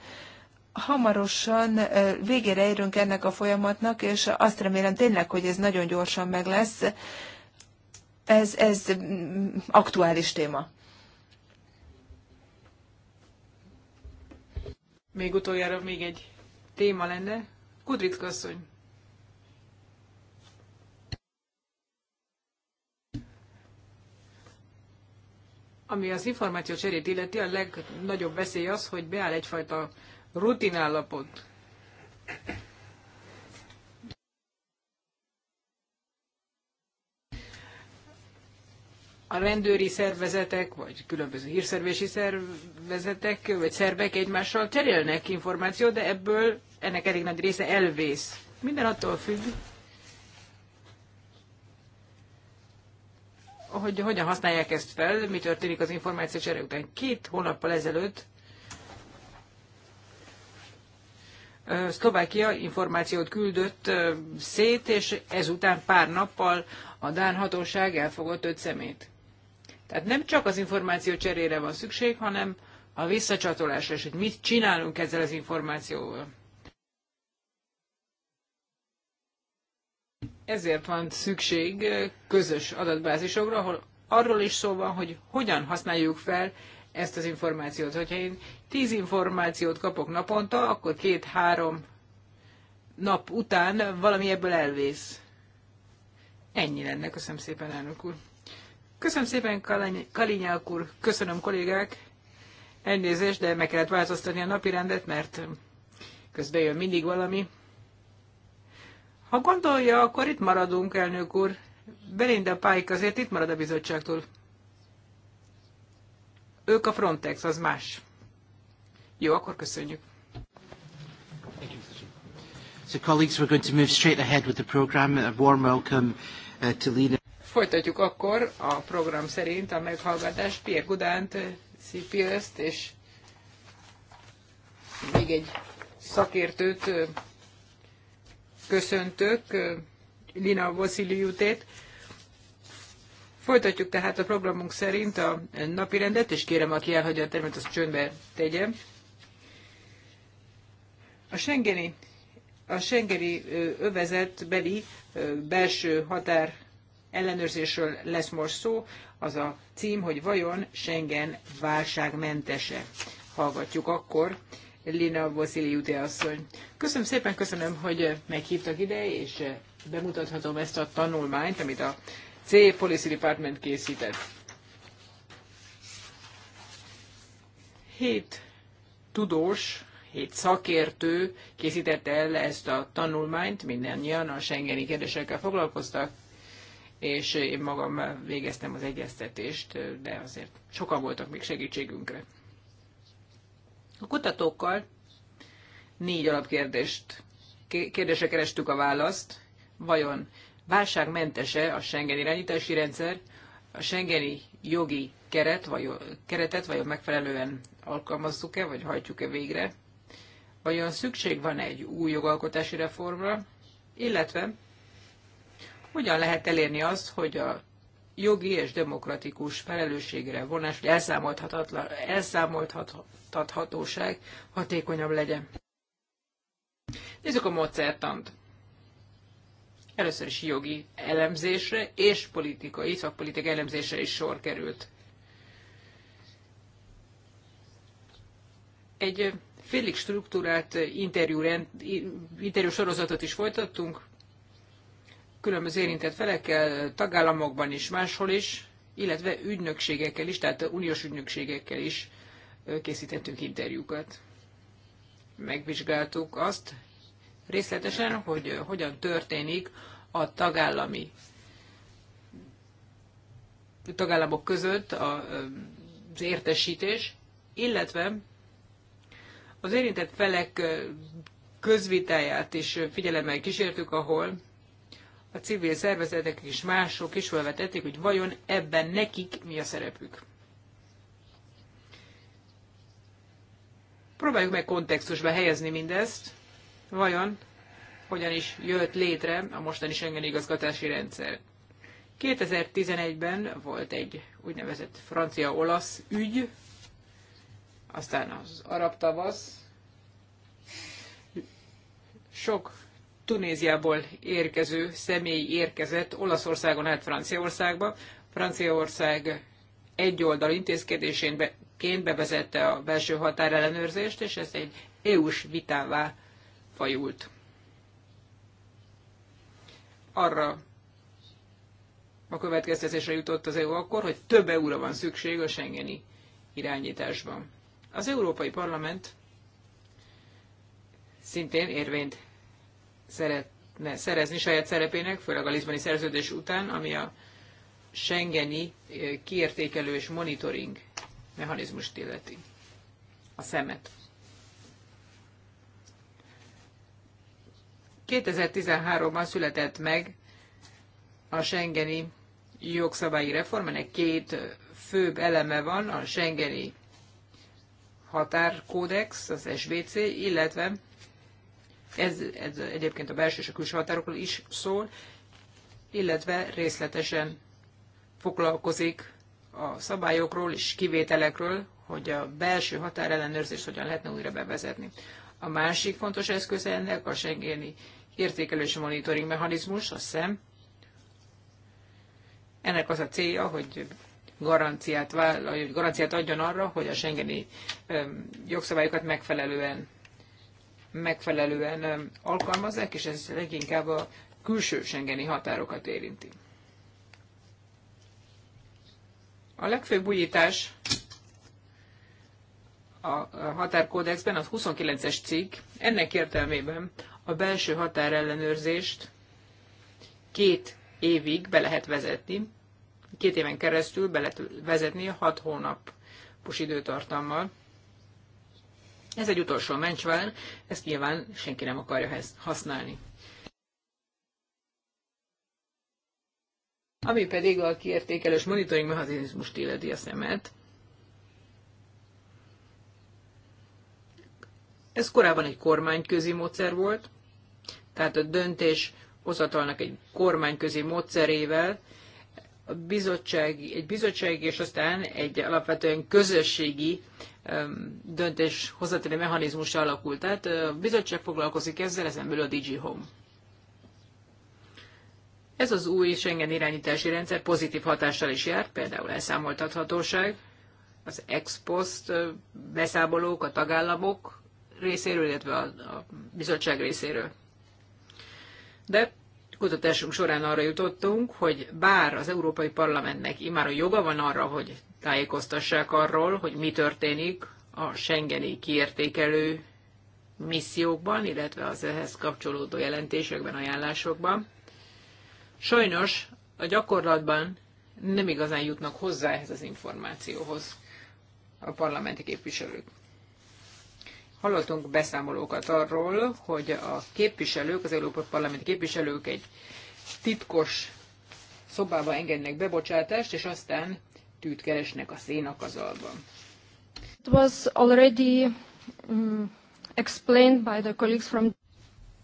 hamarosan végére érünk ennek a folyamatnak, és azt remélem tényleg, hogy ez nagyon gyorsan meg lesz. Ez, ez aktuális téma. Még utoljára még egy téma lenne. Kudrit asszony. Ami az információ cserét illeti, a legnagyobb veszély az, hogy beáll egyfajta rutinállapot. a rendőri szervezetek, vagy különböző hírszervési szervezetek, vagy szervek egymással cserélnek információt, de ebből ennek elég nagy része elvész. Minden attól függ, hogy hogyan használják ezt fel, mi történik az információ csere után. Két hónappal ezelőtt Szlovákia információt küldött szét, és ezután pár nappal a Dán hatóság elfogott öt szemét. Tehát nem csak az információ cserére van szükség, hanem a visszacsatolásra, és hogy mit csinálunk ezzel az információval. Ezért van szükség közös adatbázisokra, ahol arról is szó van, hogy hogyan használjuk fel ezt az információt. Hogyha én tíz információt kapok naponta, akkor két-három nap után valami ebből elvész. Ennyi lenne. Köszönöm szépen, elnök úr. Köszönöm szépen, Kalinyák úr. Köszönöm, kollégák. Elnézést, de meg kellett változtatni a napirendet, mert közben jön mindig valami. Ha gondolja, akkor itt maradunk, elnök úr. Belinda Pike azért itt marad a bizottságtól. Ők a Frontex, az más. Jó, akkor köszönjük. So colleagues, we're going to move straight ahead with the program. A warm welcome uh, to Lina. Folytatjuk akkor a program szerint a meghallgatás Pierre Gudánt, uh, CPS-t és még egy szakértőt uh, köszöntök Lina Vosziliutét. Folytatjuk tehát a programunk szerint a napi rendet, és kérem, aki elhagyja a termet, azt csöndbe tegye. A Schengeni, a Schengeni beli belső határ ellenőrzésről lesz most szó. Az a cím, hogy vajon Schengen válságmentese. Hallgatjuk akkor Lina Júti asszony. Köszönöm szépen, köszönöm, hogy meghívtak ide, és bemutathatom ezt a tanulmányt, amit a C Policy Department készített. Hét tudós, hét szakértő készítette el ezt a tanulmányt, mindannyian a Schengeni kérdésekkel foglalkoztak, és én magam végeztem az egyeztetést, de azért sokan voltak még segítségünkre. A kutatókkal négy alapkérdést kérdésre kerestük a választ. Vajon válságmentese a Schengen irányítási rendszer, a Schengeni jogi keret, vagy, keretet vajon megfelelően alkalmazzuk-e, vagy hajtjuk-e végre? Vajon szükség van egy új jogalkotási reformra, illetve hogyan lehet elérni azt, hogy a jogi és demokratikus felelősségre vonás, vagy elszámolhatatlan, elszámolhatatlan, elszámoltathatóság hatékonyabb legyen. Nézzük a módszertant. Először is jogi elemzésre és politikai, szakpolitikai elemzésre is sor került. Egy félig struktúrált interjú, rend, interjú sorozatot is folytattunk, különböző érintett felekkel, tagállamokban is, máshol is, illetve ügynökségekkel is, tehát uniós ügynökségekkel is készítettünk interjúkat. Megvizsgáltuk azt részletesen, hogy hogyan történik a tagállami tagállamok között az értesítés, illetve az érintett felek közvitáját is figyelemmel kísértük, ahol a civil szervezetek és mások is felvetették, hogy vajon ebben nekik mi a szerepük. Próbáljuk meg kontextusba helyezni mindezt, vajon hogyan is jött létre a mostani Schengen igazgatási rendszer. 2011-ben volt egy úgynevezett francia-olasz ügy, aztán az arab tavasz, sok Tunéziából érkező személy érkezett Olaszországon át Franciaországba. Franciaország oldal intézkedésén ként bevezette a belső határellenőrzést, és ez egy EU-s vitává fajult. Arra a következtetésre jutott az EU akkor, hogy több euróra van szükség a Schengeni irányításban. Az Európai Parlament szintén érvényt szeretne szerezni saját szerepének, főleg a Lisboni szerződés után, ami a Schengeni eh, kiértékelő és monitoring mechanizmust illeti. A szemet. 2013-ban született meg a Schengeni jogszabályi reform, ennek két főbb eleme van, a Schengeni határkódex, az SBC, illetve ez, ez egyébként a belső és a külső határokról is szól, illetve részletesen foglalkozik a szabályokról és kivételekről, hogy a belső határellenőrzést hogyan lehetne újra bevezetni. A másik fontos eszköze ennek a Schengeni értékelési monitoring mechanizmus, a SZEM. Ennek az a célja, hogy garanciát, vállal, hogy garanciát adjon arra, hogy a Schengeni jogszabályokat megfelelően, megfelelően alkalmazzák, és ez leginkább a külső Schengeni határokat érinti. A legfőbb újítás a határkódexben az 29-es cikk. Ennek értelmében a belső határellenőrzést két évig be lehet vezetni, két éven keresztül be lehet vezetni a hat hónapos időtartammal. Ez egy utolsó mencsvár, ezt nyilván senki nem akarja használni. Ami pedig a kiértékelős monitoring mechanizmust illeti a szemet, Ez korábban egy kormányközi módszer volt, tehát a döntés hozatalnak egy kormányközi módszerével, a bizottság, egy bizottsági és aztán egy alapvetően közösségi döntés hozatali mechanizmus alakult. Tehát a bizottság foglalkozik ezzel, ezen belül a DG Home. Ez az új Schengen irányítási rendszer pozitív hatással is járt, például elszámoltathatóság, az ex post beszámolók a tagállamok részéről, illetve a, a bizottság részéről. De kutatásunk során arra jutottunk, hogy bár az Európai Parlamentnek immár a joga van arra, hogy tájékoztassák arról, hogy mi történik a Schengeni kiértékelő missziókban, illetve az ehhez kapcsolódó jelentésekben, ajánlásokban, Sajnos a gyakorlatban nem igazán jutnak hozzá ehhez az információhoz a parlamenti képviselők. Hallottunk beszámolókat arról, hogy a képviselők, az Európai Parlamenti képviselők egy titkos szobába engednek bebocsátást, és aztán tűt keresnek a szénakazalban. It was already mm, explained by the colleagues from...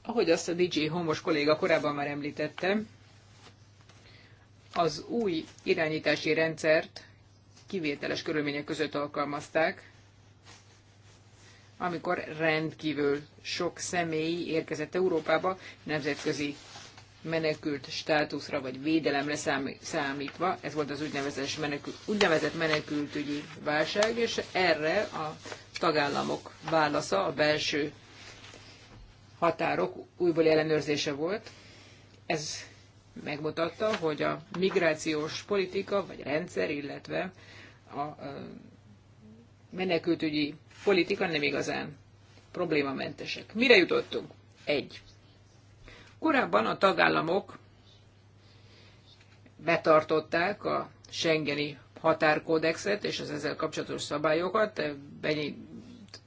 Ahogy azt a DJ Homos kolléga korábban már említette, az új irányítási rendszert kivételes körülmények között alkalmazták, amikor rendkívül sok személy érkezett Európába nemzetközi menekült státuszra vagy védelemre számítva. Ez volt az úgynevezett, menekült, úgynevezett menekültügyi válság, és erre a tagállamok válasza a belső határok újból ellenőrzése volt. Ez megmutatta, hogy a migrációs politika vagy rendszer, illetve a menekültügyi politika nem igazán problémamentesek. Mire jutottunk? Egy. Korábban a tagállamok betartották a Schengeni határkódexet és az ezzel kapcsolatos szabályokat, ennyi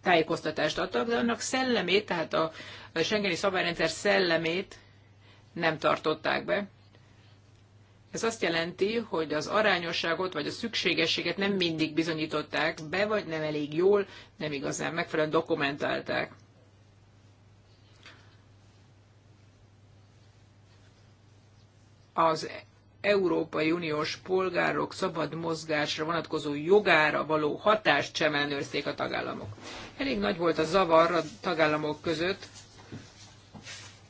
tájékoztatást adtak, de annak szellemét, tehát a Schengeni szabályrendszer szellemét nem tartották be. Ez azt jelenti, hogy az arányosságot vagy a szükségességet nem mindig bizonyították be, vagy nem elég jól, nem igazán megfelelően dokumentálták. Az Európai Uniós polgárok szabad mozgásra vonatkozó jogára való hatást sem ellenőrzték a tagállamok. Elég nagy volt a zavar a tagállamok között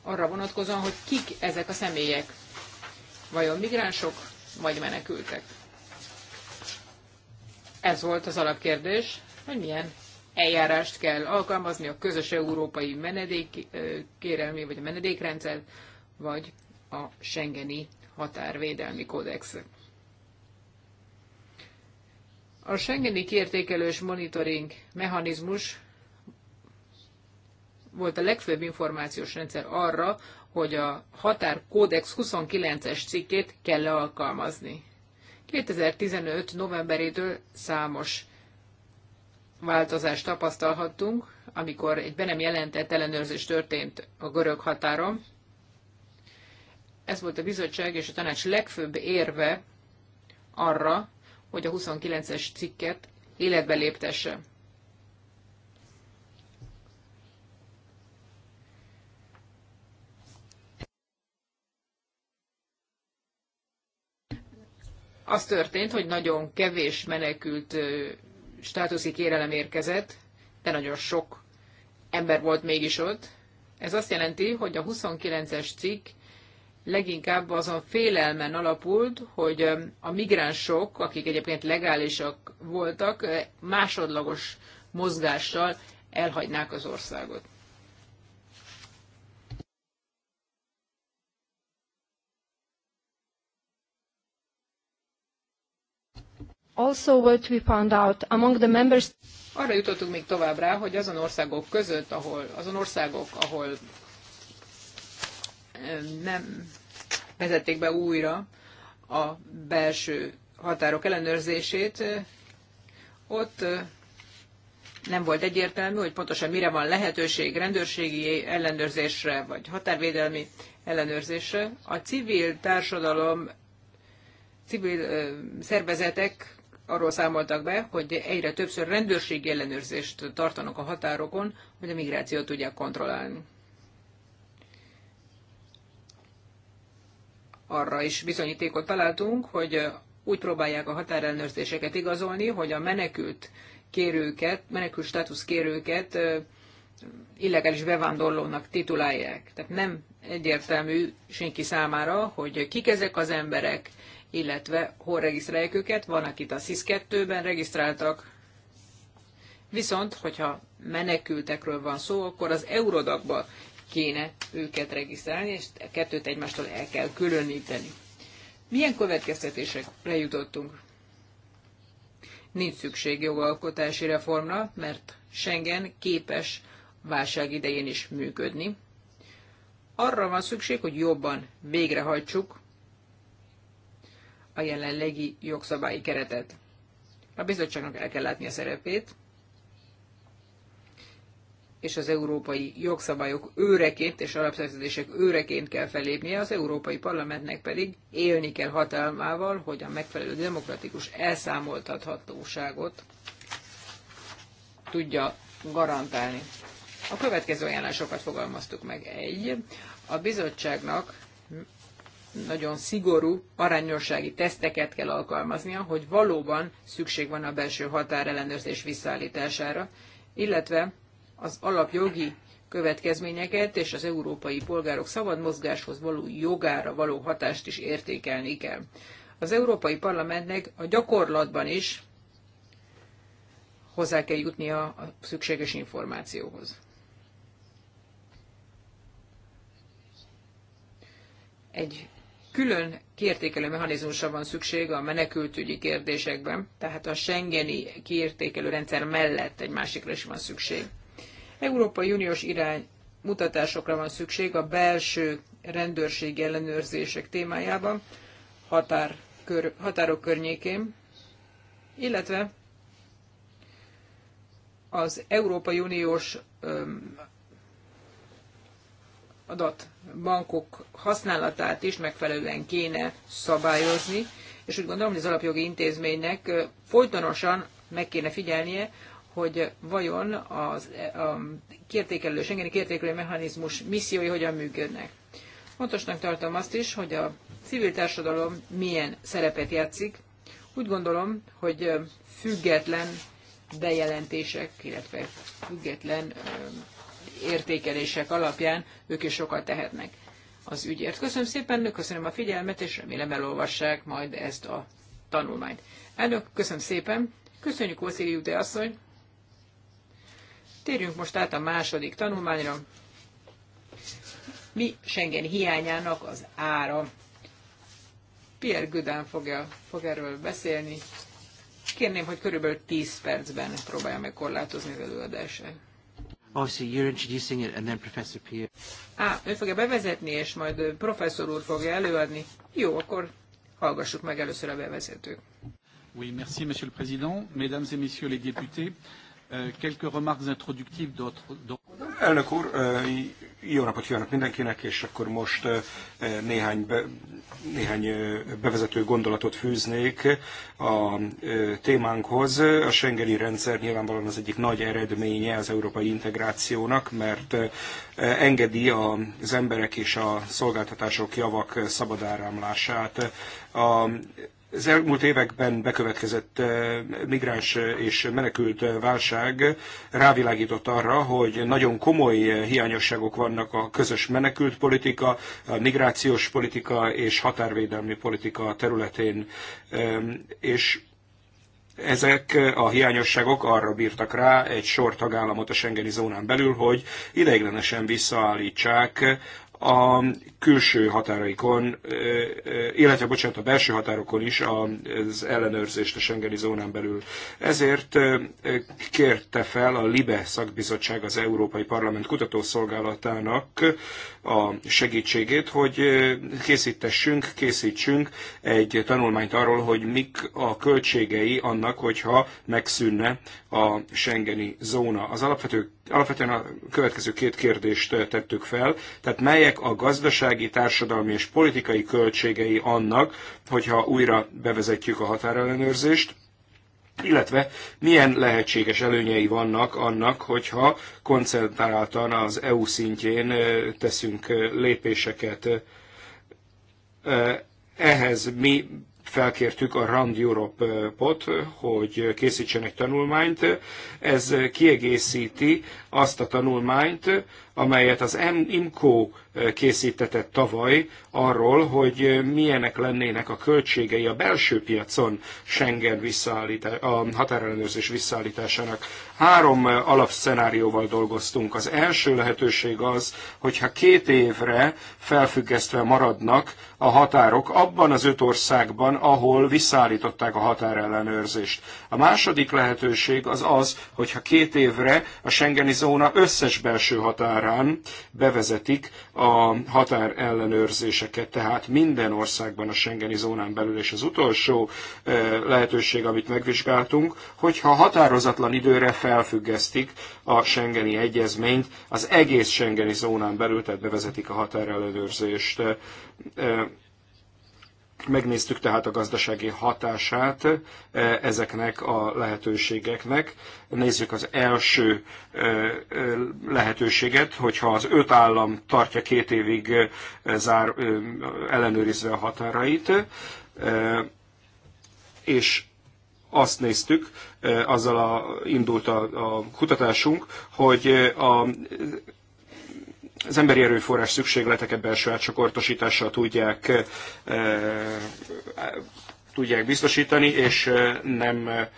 arra vonatkozóan, hogy kik ezek a személyek vajon migránsok vagy menekültek? Ez volt az alapkérdés, hogy milyen eljárást kell alkalmazni a közös európai menedékkérelmi, vagy a menedékrendszer, vagy a Schengeni határvédelmi kódex. A Schengeni kiértékelős monitoring mechanizmus volt a legfőbb információs rendszer arra, hogy a határkódex 29-es cikkét kell alkalmazni. 2015. novemberétől számos változást tapasztalhattunk, amikor egy be nem jelentett ellenőrzés történt a görög határon. Ez volt a bizottság és a tanács legfőbb érve arra, hogy a 29-es cikket életbe léptesse. az történt, hogy nagyon kevés menekült státuszi kérelem érkezett, de nagyon sok ember volt mégis ott. Ez azt jelenti, hogy a 29-es cikk leginkább azon félelmen alapult, hogy a migránsok, akik egyébként legálisak voltak, másodlagos mozgással elhagynák az országot. also what we found out among the members. Arra jutottunk még tovább rá, hogy azon országok között, ahol azon országok, ahol eh, nem vezették be újra a belső határok ellenőrzését, eh, ott eh, nem volt egyértelmű, hogy pontosan mire van lehetőség rendőrségi ellenőrzésre, vagy határvédelmi ellenőrzésre. A civil társadalom, civil szervezetek arról számoltak be, hogy egyre többször rendőrségi ellenőrzést tartanak a határokon, hogy a migrációt tudják kontrollálni. Arra is bizonyítékot találtunk, hogy úgy próbálják a határellenőrzéseket igazolni, hogy a menekült kérőket, menekült státusz kérőket illegális bevándorlónak titulálják. Tehát nem egyértelmű senki számára, hogy kik ezek az emberek, illetve hol regisztrálják őket. Van, akit a SIS-2-ben regisztráltak, viszont, hogyha menekültekről van szó, akkor az Eurodagba kéne őket regisztrálni, és a kettőt egymástól el kell különíteni. Milyen következtetésekre jutottunk? Nincs szükség jogalkotási reformra, mert Schengen képes válság idején is működni. Arra van szükség, hogy jobban végrehajtsuk a jelenlegi jogszabályi keretet. A bizottságnak el kell látni a szerepét, és az európai jogszabályok őreként és alapszerződések őreként kell felépnie, az Európai Parlamentnek pedig élni kell hatalmával, hogy a megfelelő demokratikus elszámoltathatóságot tudja garantálni. A következő ajánlásokat fogalmaztuk meg. Egy, a bizottságnak nagyon szigorú arányossági teszteket kell alkalmaznia, hogy valóban szükség van a belső határellenőrzés visszaállítására, illetve az alapjogi következményeket és az európai polgárok szabad mozgáshoz való jogára való hatást is értékelni kell. Az Európai Parlamentnek a gyakorlatban is hozzá kell jutnia a szükséges információhoz. Egy külön kiértékelő mechanizmusra van szükség a menekültügyi kérdésekben, tehát a Schengeni kiértékelő rendszer mellett egy másikra is van szükség. Európai Uniós irány mutatásokra van szükség a belső rendőrség ellenőrzések témájában, határ, kör, határok környékén, illetve az Európai Uniós öm, adat bankok használatát is megfelelően kéne szabályozni, és úgy gondolom, hogy az alapjogi intézménynek folytonosan meg kéne figyelnie, hogy vajon az, a kértékelő sengeni kértékelő mechanizmus missziói hogyan működnek. Fontosnak tartom azt is, hogy a civil társadalom milyen szerepet játszik. Úgy gondolom, hogy független bejelentések, illetve független értékelések alapján ők is sokat tehetnek az ügyért. Köszönöm szépen, köszönöm a figyelmet, és remélem elolvassák majd ezt a tanulmányt. Elnök, köszönöm szépen. Köszönjük, Ószéli Jute asszony. Térjünk most át a második tanulmányra. Mi Schengen hiányának az ára? Pierre Gödán fogja, fog erről beszélni. Kérném, hogy körülbelül 10 percben próbálja meg korlátozni az előadását. Obviously you're introducing it and then Professor Pierre. Á, ő fogja bevezetni, és majd professzor úr fogja előadni. Jó, akkor hallgassuk meg először a bevezetőt. Oui, merci, Monsieur le Président, Mesdames et Messieurs les députés. Euh, quelques remarques introductives d'autres. Elnök úr, jó napot kívánok mindenkinek, és akkor most néhány, be, néhány bevezető gondolatot fűznék a témánkhoz. A Schengeni rendszer nyilvánvalóan az egyik nagy eredménye az európai integrációnak, mert engedi az emberek és a szolgáltatások javak szabad áramlását. A az elmúlt években bekövetkezett migráns és menekült válság rávilágított arra, hogy nagyon komoly hiányosságok vannak a közös menekült politika, a migrációs politika és határvédelmi politika területén. És ezek a hiányosságok arra bírtak rá egy sor tagállamot a Schengeni zónán belül, hogy ideiglenesen visszaállítsák a külső határaikon, illetve bocsánat, a belső határokon is az ellenőrzést a Schengeni zónán belül. Ezért kérte fel a LIBE szakbizottság az Európai Parlament kutatószolgálatának a segítségét, hogy készítessünk, készítsünk egy tanulmányt arról, hogy mik a költségei annak, hogyha megszűnne a Schengeni zóna. Az alapvető, alapvetően a következő két kérdést tettük fel, tehát melyek a gazdaság gazdasági, társadalmi és politikai költségei annak, hogyha újra bevezetjük a határellenőrzést, illetve milyen lehetséges előnyei vannak annak, hogyha koncentráltan az EU szintjén teszünk lépéseket. Ehhez mi felkértük a Rand Europe-ot, hogy készítsen egy tanulmányt. Ez kiegészíti azt a tanulmányt, amelyet az IMCO készítetett tavaly arról, hogy milyenek lennének a költségei a belső piacon Schengen visszaállítás, a határellenőrzés visszaállításának. Három alapszenárióval dolgoztunk. Az első lehetőség az, hogyha két évre felfüggesztve maradnak a határok abban az öt országban, ahol visszaállították a határellenőrzést. A második lehetőség az az, hogyha két évre a Schengeni zóna összes belső határ során bevezetik a határellenőrzéseket, tehát minden országban a Schengeni zónán belül, és az utolsó eh, lehetőség, amit megvizsgáltunk, hogyha határozatlan időre felfüggesztik a Schengeni egyezményt az egész Schengeni zónán belül, tehát bevezetik a határellenőrzést eh, eh, Megnéztük tehát a gazdasági hatását e, ezeknek a lehetőségeknek. Nézzük az első e, e, lehetőséget, hogyha az öt állam tartja két évig zár, ellenőrizve a határait, és azt néztük, azzal a, indult a, a kutatásunk, hogy a az emberi erőforrás szükségleteket belső átcsoportosítással tudják, eh, eh, tudják biztosítani, és eh, nem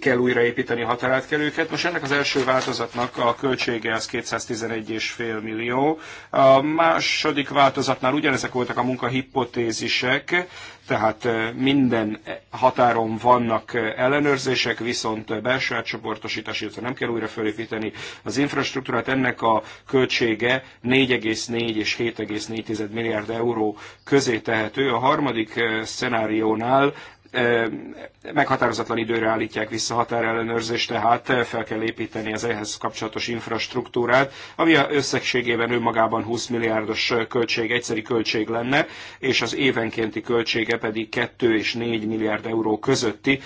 kell újraépíteni a határátkelőket. Most ennek az első változatnak a költsége az 211,5 millió. A második változatnál ugyanezek voltak a munkahipotézisek, tehát minden határon vannak ellenőrzések, viszont belső átcsoportosítás, illetve nem kell újra fölépíteni az infrastruktúrát. Ennek a költsége 4,4 és 7,4 milliárd euró közé tehető. A harmadik szenáriónál meghatározatlan időre állítják vissza határellenőrzést, tehát fel kell építeni az ehhez kapcsolatos infrastruktúrát, ami összegségében önmagában 20 milliárdos költség, egyszeri költség lenne, és az évenkénti költsége pedig 2 és 4 milliárd euró közötti,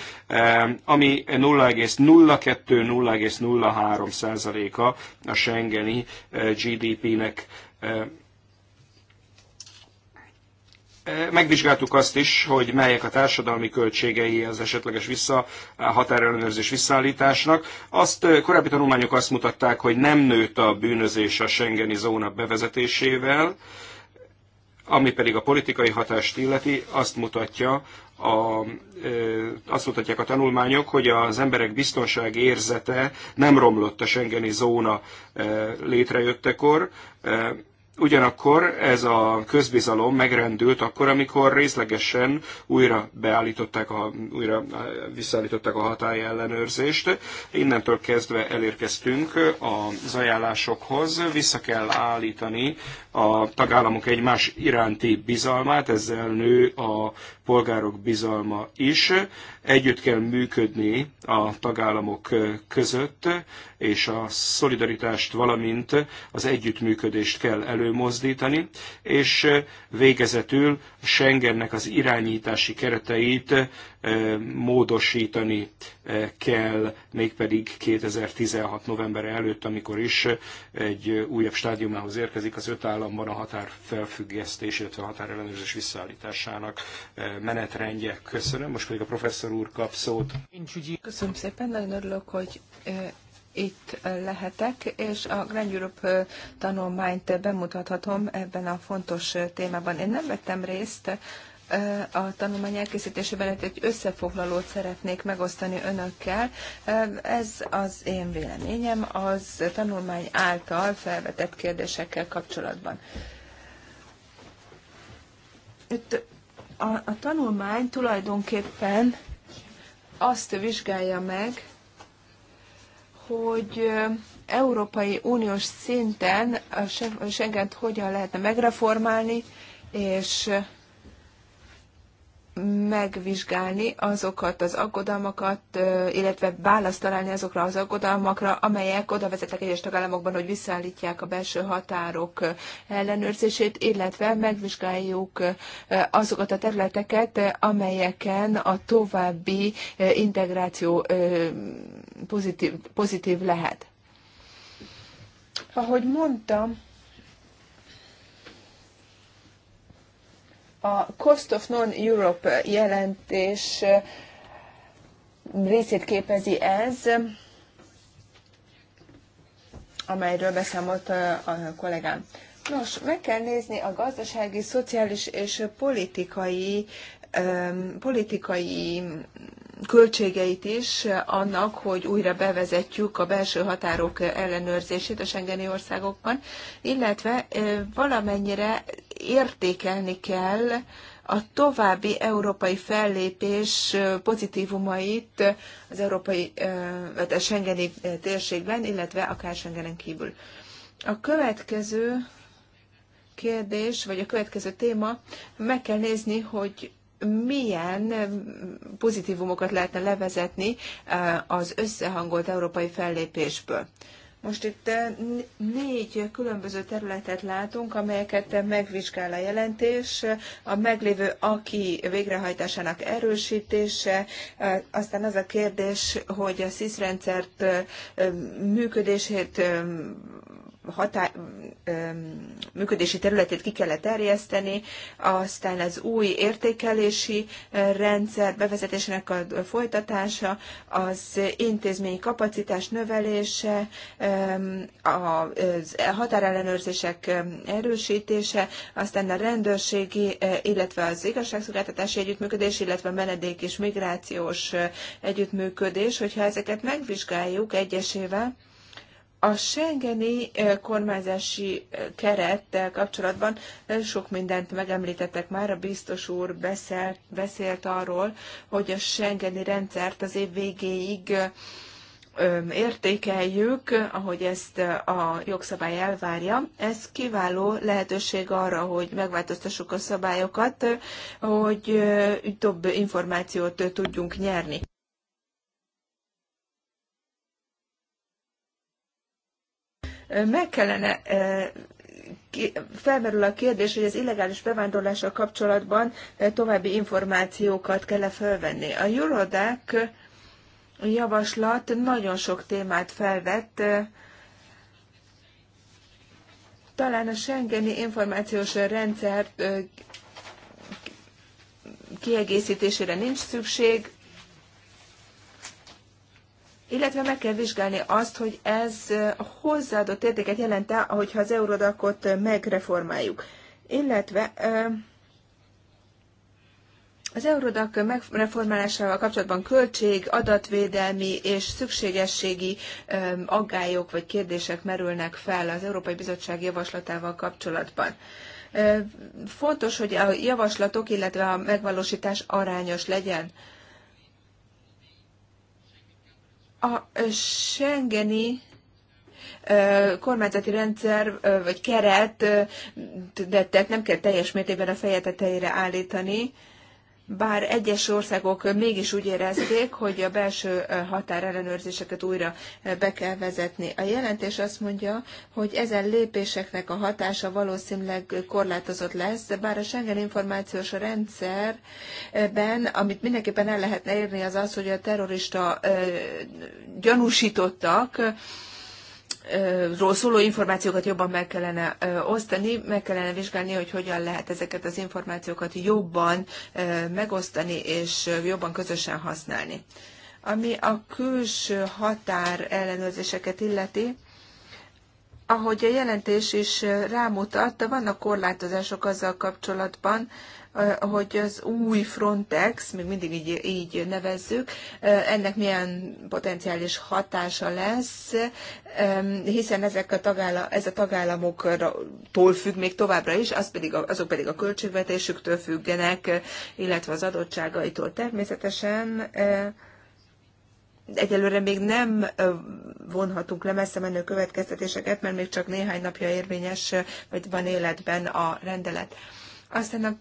ami 0,02-0,03 százaléka a Schengeni GDP-nek Megvizsgáltuk azt is, hogy melyek a társadalmi költségei az esetleges vissza, határellenőrzés visszaállításnak. Azt korábbi tanulmányok azt mutatták, hogy nem nőtt a bűnözés a Schengeni zóna bevezetésével, ami pedig a politikai hatást illeti, azt mutatja, a, azt mutatják a tanulmányok, hogy az emberek biztonság érzete nem romlott a Schengeni zóna létrejöttekor, Ugyanakkor ez a közbizalom megrendült akkor, amikor részlegesen újra beállították, a, újra eh, visszaállították a hatály ellenőrzést. Innentől kezdve elérkeztünk eh, az ajánlásokhoz, vissza kell állítani a tagállamok egymás iránti bizalmát, ezzel nő a polgárok bizalma is. Együtt kell működni a tagállamok között, és a szolidaritást, valamint az együttműködést kell előmozdítani, és végezetül Schengennek az irányítási kereteit eh, módosítani kell, mégpedig 2016. november előtt, amikor is egy újabb stádiumához érkezik az öt államban a határ felfüggesztés, illetve a határellenőrzés visszaállításának eh, menetrendje. Köszönöm, most pedig a professzor úr kap szót. Köszönöm szépen, nagyon örülök, hogy eh, itt lehetek, és a Grand Europe eh, tanulmányt bemutathatom ebben a fontos témában. Én nem vettem részt a tanulmány elkészítésében egy összefoglalót szeretnék megosztani önökkel. Ez az én véleményem az tanulmány által felvetett kérdésekkel kapcsolatban. Itt a, a tanulmány tulajdonképpen azt vizsgálja meg, hogy Európai Uniós szinten a Schengen-t hogyan lehetne megreformálni, és megvizsgálni azokat az aggodalmakat, illetve választ találni azokra az aggodalmakra, amelyek oda vezetnek egyes tagállamokban, hogy visszaállítják a belső határok ellenőrzését, illetve megvizsgáljuk azokat a területeket, amelyeken a további integráció pozitív, pozitív lehet. Ahogy mondtam, A Cost of Non-Europe jelentés részét képezi ez, amelyről beszámolt a kollégám. Nos, meg kell nézni a gazdasági, szociális és politikai, politikai költségeit is annak, hogy újra bevezetjük a belső határok ellenőrzését a Schengeni országokban, illetve valamennyire értékelni kell a további európai fellépés pozitívumait az európai vagy a Schengeni térségben, illetve akár Schengenen kívül. A következő kérdés, vagy a következő téma, meg kell nézni, hogy milyen pozitívumokat lehetne levezetni az összehangolt európai fellépésből. Most itt eh, négy különböző területet látunk, amelyeket megvizsgál a jelentés, a meglévő aki végrehajtásának erősítése, aztán az a kérdés, hogy a SZISZ rendszert eh, működését eh, hatá- működési területét ki kellett terjeszteni, aztán az új értékelési rendszer bevezetésének a folytatása, az intézményi kapacitás növelése, a határellenőrzések erősítése, aztán a rendőrségi, illetve az igazságszolgáltatási együttműködés, illetve a menedék és migrációs együttműködés, hogyha ezeket megvizsgáljuk egyesével, a Schengeni eh, kormányzási eh, kerettel kapcsolatban eh, sok mindent megemlítettek már, a biztos úr beszélt, beszélt arról, hogy a Schengeni rendszert az év végéig értékeljük, ahogy ezt a jogszabály elvárja. Ez kiváló lehetőség arra, hogy megváltoztassuk a szabályokat, hogy több információt tudjunk nyerni. Meg kellene e, felmerül a kérdés, hogy az illegális bevándorlással kapcsolatban e, további információkat kell -e felvenni. A Eurodac javaslat nagyon sok témát felvett, e, talán a Schengeni információs rendszer kiegészítésére nincs szükség, illetve meg kell vizsgálni azt, hogy ez a eh, hozzáadott értéket jelent-e, hogyha az eurodakot eh, megreformáljuk. Illetve eh, az eurodak megreformálásával kapcsolatban költség, adatvédelmi és szükségességi aggályok vagy kérdések merülnek fel az Európai Bizottság javaslatával kapcsolatban. Fontos, hogy a javaslatok, illetve a megvalósítás arányos legyen. A Schengeni kormányzati rendszer vagy keret, de tehát nem kell teljes mértékben a feje tetejére állítani, bár egyes országok mégis úgy érezték, hogy a belső határellenőrzéseket újra be kell vezetni. A jelentés azt mondja, hogy ezen lépéseknek a hatása valószínűleg korlátozott lesz, bár a Schengen információs rendszerben, amit mindenképpen el lehetne érni, az az, hogy a terrorista gyanúsítottak, ról szóló információkat jobban meg kellene osztani, meg kellene vizsgálni, hogy hogyan lehet ezeket az információkat jobban megosztani és jobban közösen használni. Ami a külső határ ellenőrzéseket illeti, ahogy a jelentés is rámutatta, vannak korlátozások azzal kapcsolatban, Eh, hogy az új Frontex, még mindig így, így nevezzük, eh, ennek milyen potenciális hatása lesz, hiszen ezek a tagállam, ez a tagállamoktól függ még továbbra is, az pedig a, azok pedig a költségvetésüktől függenek, illetve az adottságaitól természetesen eh, egyelőre még nem vonhatunk le messze menő következtetéseket, mert még csak néhány napja érvényes, vagy van életben a rendelet. Aztán a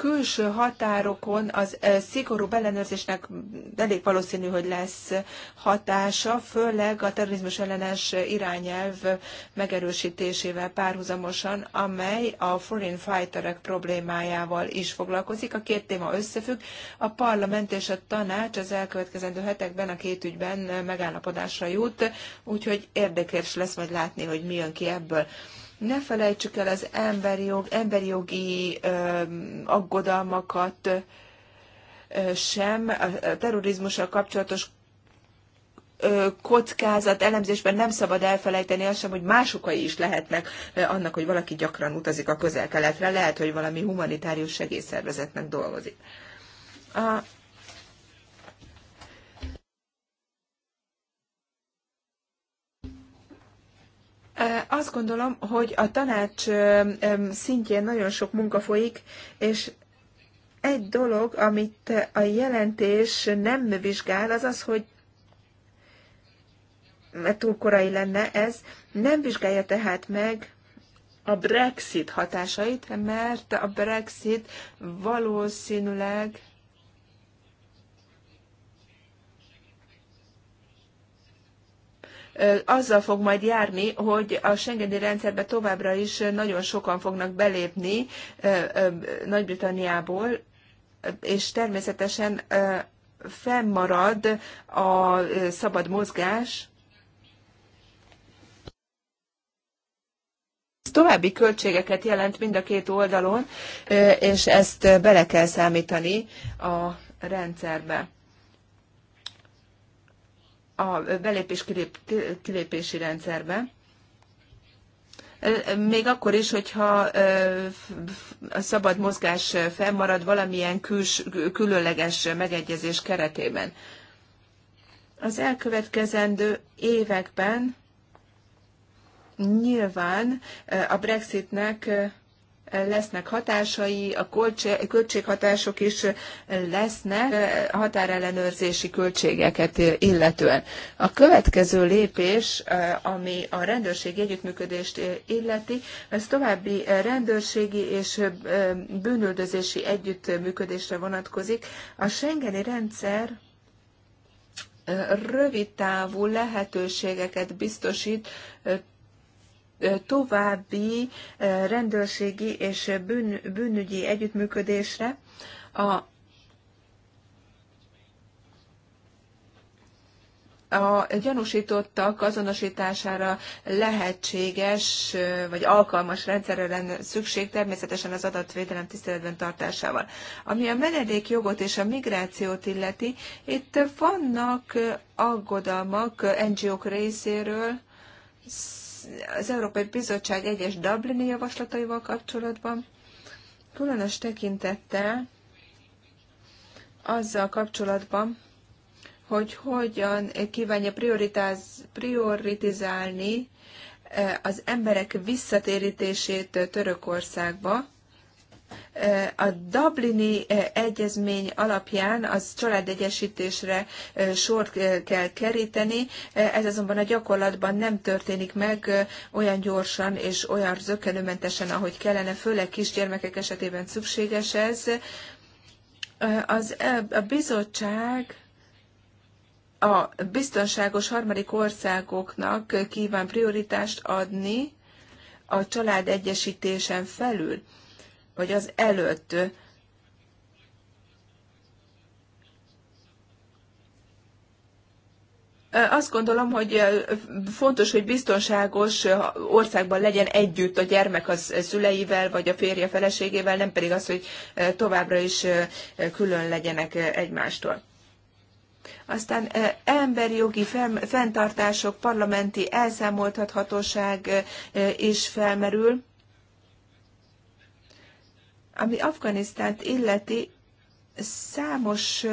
külső határokon az szigorú ellenőrzésnek elég valószínű, hogy lesz hatása, főleg a terrorizmus ellenes irányelv megerősítésével párhuzamosan, amely a foreign fighterek problémájával is foglalkozik. A két téma összefügg. A parlament és a tanács az elkövetkezendő hetekben a két ügyben megállapodásra jut, úgyhogy érdekes lesz majd látni, hogy mi jön ki ebből. Ne felejtsük el az emberi, jog, emberi jogi ö, aggodalmakat ö, sem, a terrorizmussal kapcsolatos kockázat elemzésben nem szabad elfelejteni azt sem, hogy más okai is lehetnek annak, hogy valaki gyakran utazik a közel-keletre, lehet, hogy valami humanitárius segélyszervezetnek dolgozik. A Azt gondolom, hogy a tanács szintjén nagyon sok munka folyik, és egy dolog, amit a jelentés nem vizsgál, az az, hogy mert túl korai lenne ez, nem vizsgálja tehát meg a Brexit hatásait, mert a Brexit valószínűleg azzal fog majd járni, hogy a Schengeni rendszerbe továbbra is nagyon sokan fognak belépni Nagy-Britanniából, és természetesen fennmarad a szabad mozgás, további költségeket jelent mind a két oldalon, és ezt bele kell számítani a rendszerbe a belépés-kilépési rendszerbe. Még akkor is, hogyha a szabad mozgás fennmarad valamilyen küls, különleges megegyezés keretében. Az elkövetkezendő években nyilván a Brexitnek lesznek hatásai, a költséghatások is lesznek eh, határellenőrzési költségeket illetően. A következő lépés, eh, ami a rendőrségi együttműködést eh, illeti, ez további rendőrségi és bűnöldözési együttműködésre vonatkozik. A Schengeni rendszer rövid távú lehetőségeket biztosít további rendőrségi és bűn, bűnügyi együttműködésre a a gyanúsítottak azonosítására lehetséges vagy alkalmas rendszerre lenne szükség, természetesen az adatvédelem tiszteletben tartásával. Ami a menedékjogot és a migrációt illeti, itt vannak aggodalmak NGO-k részéről, az Európai Bizottság egyes Dublini javaslataival kapcsolatban, különös tekintettel azzal kapcsolatban, hogy hogyan kívánja prioritizálni eh, az emberek visszatérítését Törökországba, a Dublini eh, egyezmény alapján az családegyesítésre eh, sort eh, kell keríteni, ez azonban a gyakorlatban nem történik meg olyan gyorsan és olyan zökkenőmentesen, ahogy kellene, főleg kisgyermekek esetében szükséges ez. Az, a bizottság a biztonságos harmadik országoknak kíván prioritást adni a család egyesítésen felül vagy az előtt Azt gondolom, hogy fontos, hogy biztonságos országban legyen együtt a gyermek az szüleivel, vagy a férje feleségével, nem pedig az, hogy továbbra is külön legyenek egymástól. Aztán emberi jogi fenntartások, parlamenti elszámoltathatóság is felmerül. Ami Afganisztánt illeti, számos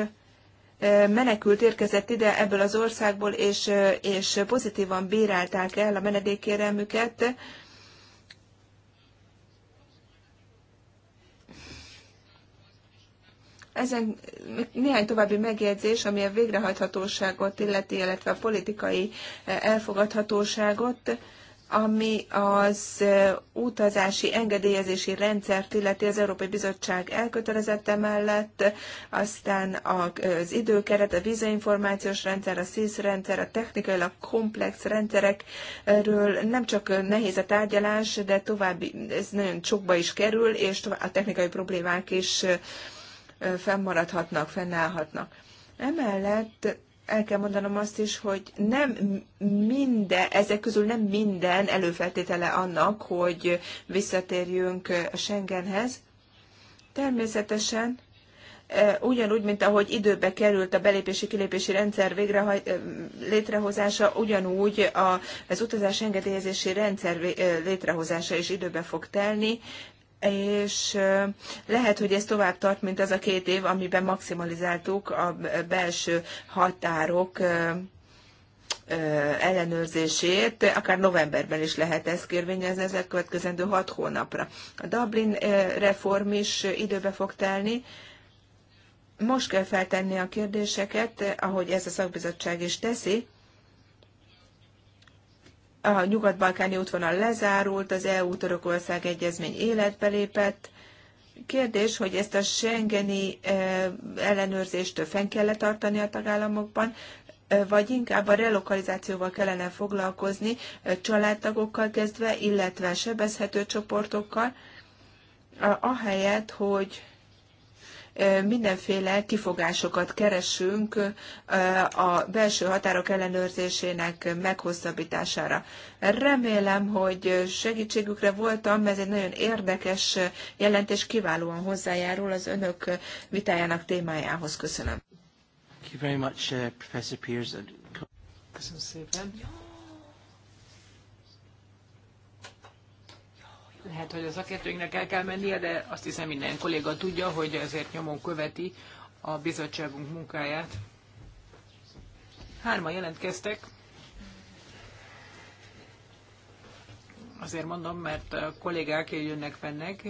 menekült érkezett ide ebből az országból, és, és pozitívan bírálták el a menedékkérelmüket. Ezen néhány további megjegyzés, ami a végrehajthatóságot illeti, illetve a politikai elfogadhatóságot ami az eh, utazási engedélyezési rendszert illeti az Európai Bizottság elkötelezette mellett, aztán az időkeret, a vízainformációs rendszer, a SZISZ rendszer, a technikailag komplex rendszerekről nem csak nehéz a tárgyalás, de további, ez nagyon sokba is kerül, és a technikai problémák is eh, fennmaradhatnak, fennállhatnak. Emellett el kell mondanom azt is, hogy nem minden, ezek közül nem minden előfeltétele annak, hogy visszatérjünk a eh, Schengenhez. Természetesen eh, ugyanúgy, mint ahogy időbe került a belépési-kilépési rendszer végre eh, létrehozása, ugyanúgy az utazás engedélyezési rendszer létrehozása is időbe fog telni, és lehet, hogy ez tovább tart, mint az a két év, amiben maximalizáltuk a belső határok ellenőrzését, akár novemberben is lehet ezt kérvényezni, ezek következendő hat hónapra. A Dublin reform is időbe fog telni, most kell feltenni a kérdéseket, ahogy ez a szakbizottság is teszi, a nyugat-balkáni útvonal lezárult, az EU-Törökország egyezmény életbe lépett. Kérdés, hogy ezt a Schengeni e, ellenőrzést fenn kell tartani a tagállamokban, e, vagy inkább a relokalizációval kellene foglalkozni, e, családtagokkal kezdve, illetve sebezhető csoportokkal, ahelyett, hogy mindenféle kifogásokat keresünk a belső határok ellenőrzésének meghosszabbítására. Remélem, hogy segítségükre voltam, ez egy nagyon érdekes jelentés, kiválóan hozzájárul az önök vitájának témájához. Köszönöm. Thank you very much, uh, Professor Pierce. Köszönöm szépen. Lehet, hogy a szakértőinknek el kell mennie, de azt hiszem minden kolléga tudja, hogy ezért nyomon követi a bizottságunk munkáját. Hárma jelentkeztek. Azért mondom, mert a kollégák jönnek fennek.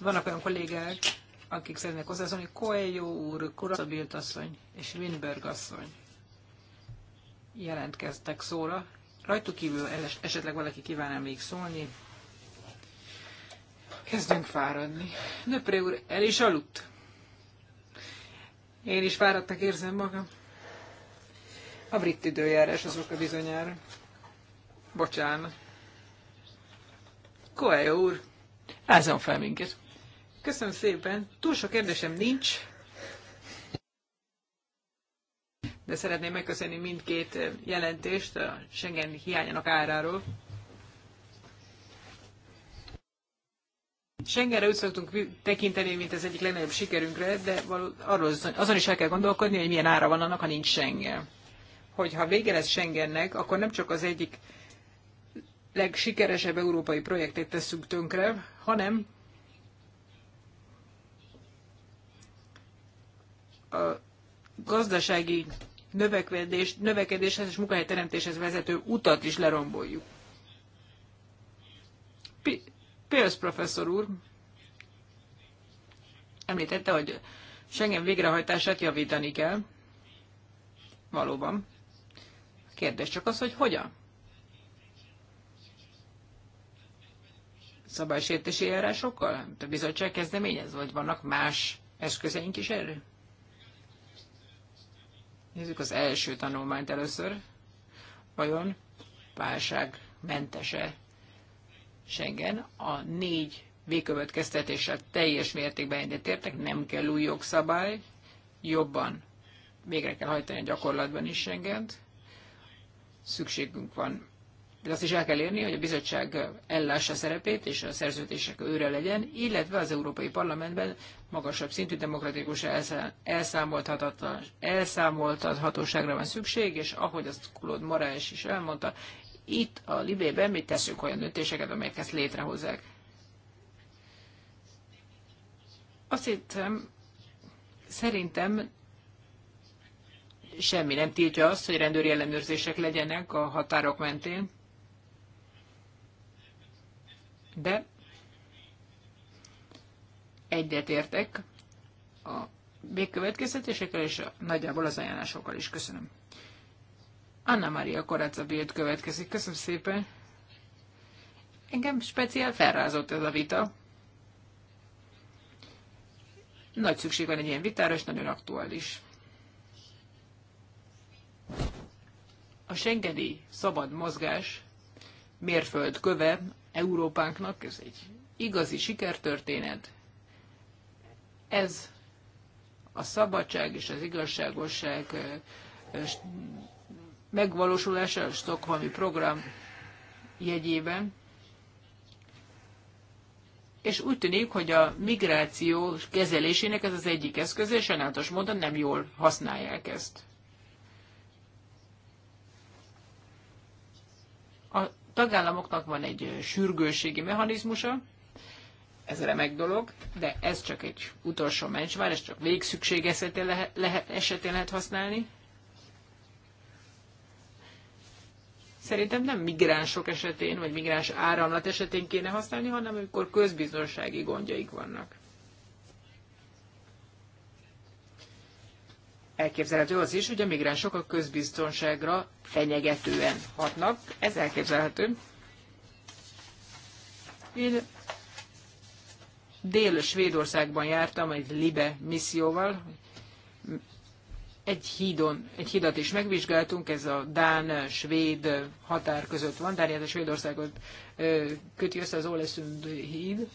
Vannak olyan kollégák, akik szeretnek hozzászólni, Coelho úr, Kurabilt asszony és Winberg asszony jelentkeztek szóra. Rajtuk kívül esetleg valaki kíván még szólni. Kezdünk fáradni. Nöpré úr, el is aludt. Én is fáradtak érzem magam. A brit időjárás az oka bizonyára. Bocsánat. Koelho úr, Ázom fel minket. Köszönöm szépen. Túl sok kérdésem nincs, de szeretném megköszönni mindkét jelentést a Schengen hiányának áráról. Schengenre úgy szoktunk tekinteni, mint az egyik legnagyobb sikerünkre, de arról azon is el kell gondolkodni, hogy milyen ára van annak, ha nincs Schengen. Hogyha vége lesz Schengennek, akkor nem csak az egyik legsikeresebb európai projektet tesszük tönkre, hanem a gazdasági növekedés, növekedéshez és munkahelyteremtéshez vezető utat is leromboljuk. Pérez professzor úr említette, hogy Schengen végrehajtását javítani kell. Valóban. A kérdés csak az, hogy hogyan. Szabálysértési eljárásokkal? A bizottság kezdeményez, vagy vannak más eszközeink is erre? Nézzük az első tanulmányt először. Vajon válságmentese Schengen a négy végkövetkeztetéssel teljes mértékben egyetértek, nem kell új jogszabály, jobban végre kell hajtani a gyakorlatban is Schengent. Szükségünk van de azt is el kell érni, hogy a bizottság ellássa szerepét, és a szerződések őre legyen, illetve az Európai Parlamentben magasabb szintű demokratikus elszámoltathatóságra van szükség, és ahogy azt Claude Moraes is elmondta, itt a Libében mi teszünk olyan döntéseket, amelyek ezt létrehozzák. Azt hiszem, szerintem semmi nem tiltja azt, hogy rendőri ellenőrzések legyenek a határok mentén. De egyetértek a végkövetkeztetésekkel és a, nagyjából az ajánlásokkal is. Köszönöm. Anna Maria Bild következik. Köszönöm szépen. Engem speciál felrázott ez a vita. Nagy szükség van egy ilyen vitára, és nagyon aktuális. A Schengeni szabad mozgás köve Európánknak, ez egy igazi sikertörténet. Ez a szabadság és az igazságosság megvalósulása a Stockholmi program jegyében. És úgy tűnik, hogy a migráció kezelésének ez az egyik eszköze, és sajnálatos módon nem jól használják ezt. A tagállamoknak van egy sürgőségi mechanizmusa, ez remek dolog, de ez csak egy utolsó mencsvár, ez csak végszükség esetén lehet, lehet, esetén lehet használni. szerintem nem migránsok esetén, vagy migráns áramlat esetén kéne használni, hanem amikor közbiztonsági gondjaik vannak. Elképzelhető az is, hogy a migránsok a közbiztonságra fenyegetően hatnak. Ez elképzelhető. Én Dél-Svédországban jártam egy Libe misszióval, egy hídon, egy hidat is megvizsgáltunk, ez a Dán-Svéd határ között van, Dániát a Svédországot köti össze az Olesund híd.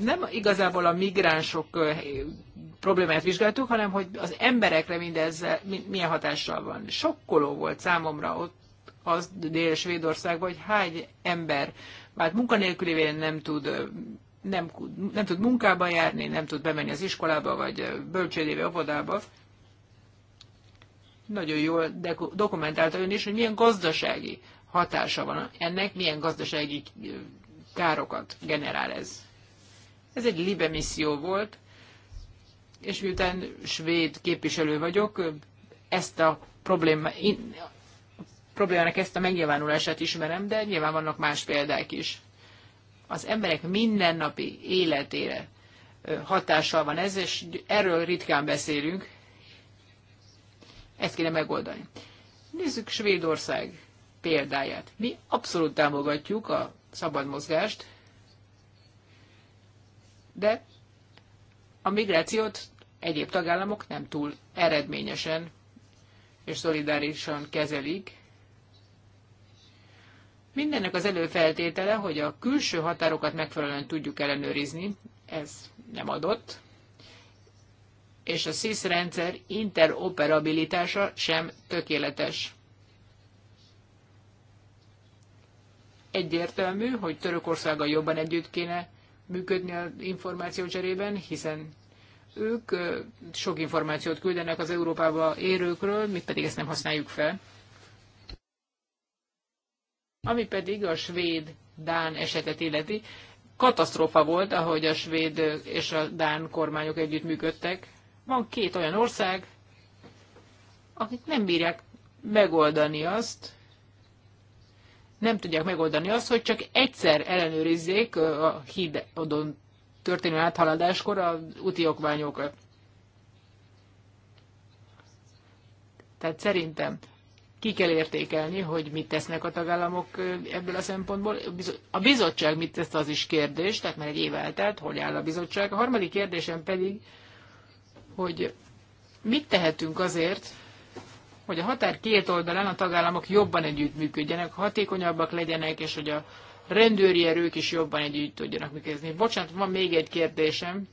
nem igazából a migránsok problémáját vizsgáltuk, hanem hogy az emberekre mindezzel milyen hatással van. Sokkoló volt számomra ott az Dél-Svédországban, hogy hány ember vált munkanélkülévé, nem tud nem, nem tud munkába járni, nem tud bemenni az iskolába, vagy bölcsődébe, óvodába. Nagyon jól dokumentálta ön is, hogy milyen gazdasági hatása van ennek, milyen gazdasági károkat generál ez. Ez egy libe misszió volt, és miután svéd képviselő vagyok, ezt a probléma, problémának ezt a megnyilvánulását ismerem, de nyilván vannak más példák is. Az emberek mindennapi életére hatással van ez, és erről ritkán beszélünk. Ezt kéne megoldani. Nézzük Svédország példáját. Mi abszolút támogatjuk a szabad mozgást, de a migrációt egyéb tagállamok nem túl eredményesen és szolidárisan kezelik. Mindennek az előfeltétele, hogy a külső határokat megfelelően tudjuk ellenőrizni, ez nem adott, és a SIS rendszer interoperabilitása sem tökéletes. Egyértelmű, hogy Törökországgal jobban együtt kéne működni az cserében, hiszen ők sok információt küldenek az Európába érőkről, mi pedig ezt nem használjuk fel. Ami pedig a svéd-dán esetet illeti, katasztrófa volt, ahogy a svéd és a dán kormányok együttműködtek. Van két olyan ország, akik nem bírják megoldani azt, nem tudják megoldani azt, hogy csak egyszer ellenőrizzék a hídon történő áthaladáskor a úti okványokat. Tehát szerintem ki kell értékelni, hogy mit tesznek a tagállamok ebből a szempontból. A bizottság mit tesz, az is kérdés, tehát már egy év eltelt, hol áll a bizottság. A harmadik kérdésem pedig, hogy mit tehetünk azért, hogy a határ két oldalán a tagállamok jobban együttműködjenek, hatékonyabbak legyenek, és hogy a rendőri erők is jobban együtt tudjanak működni. Bocsánat, van még egy kérdésem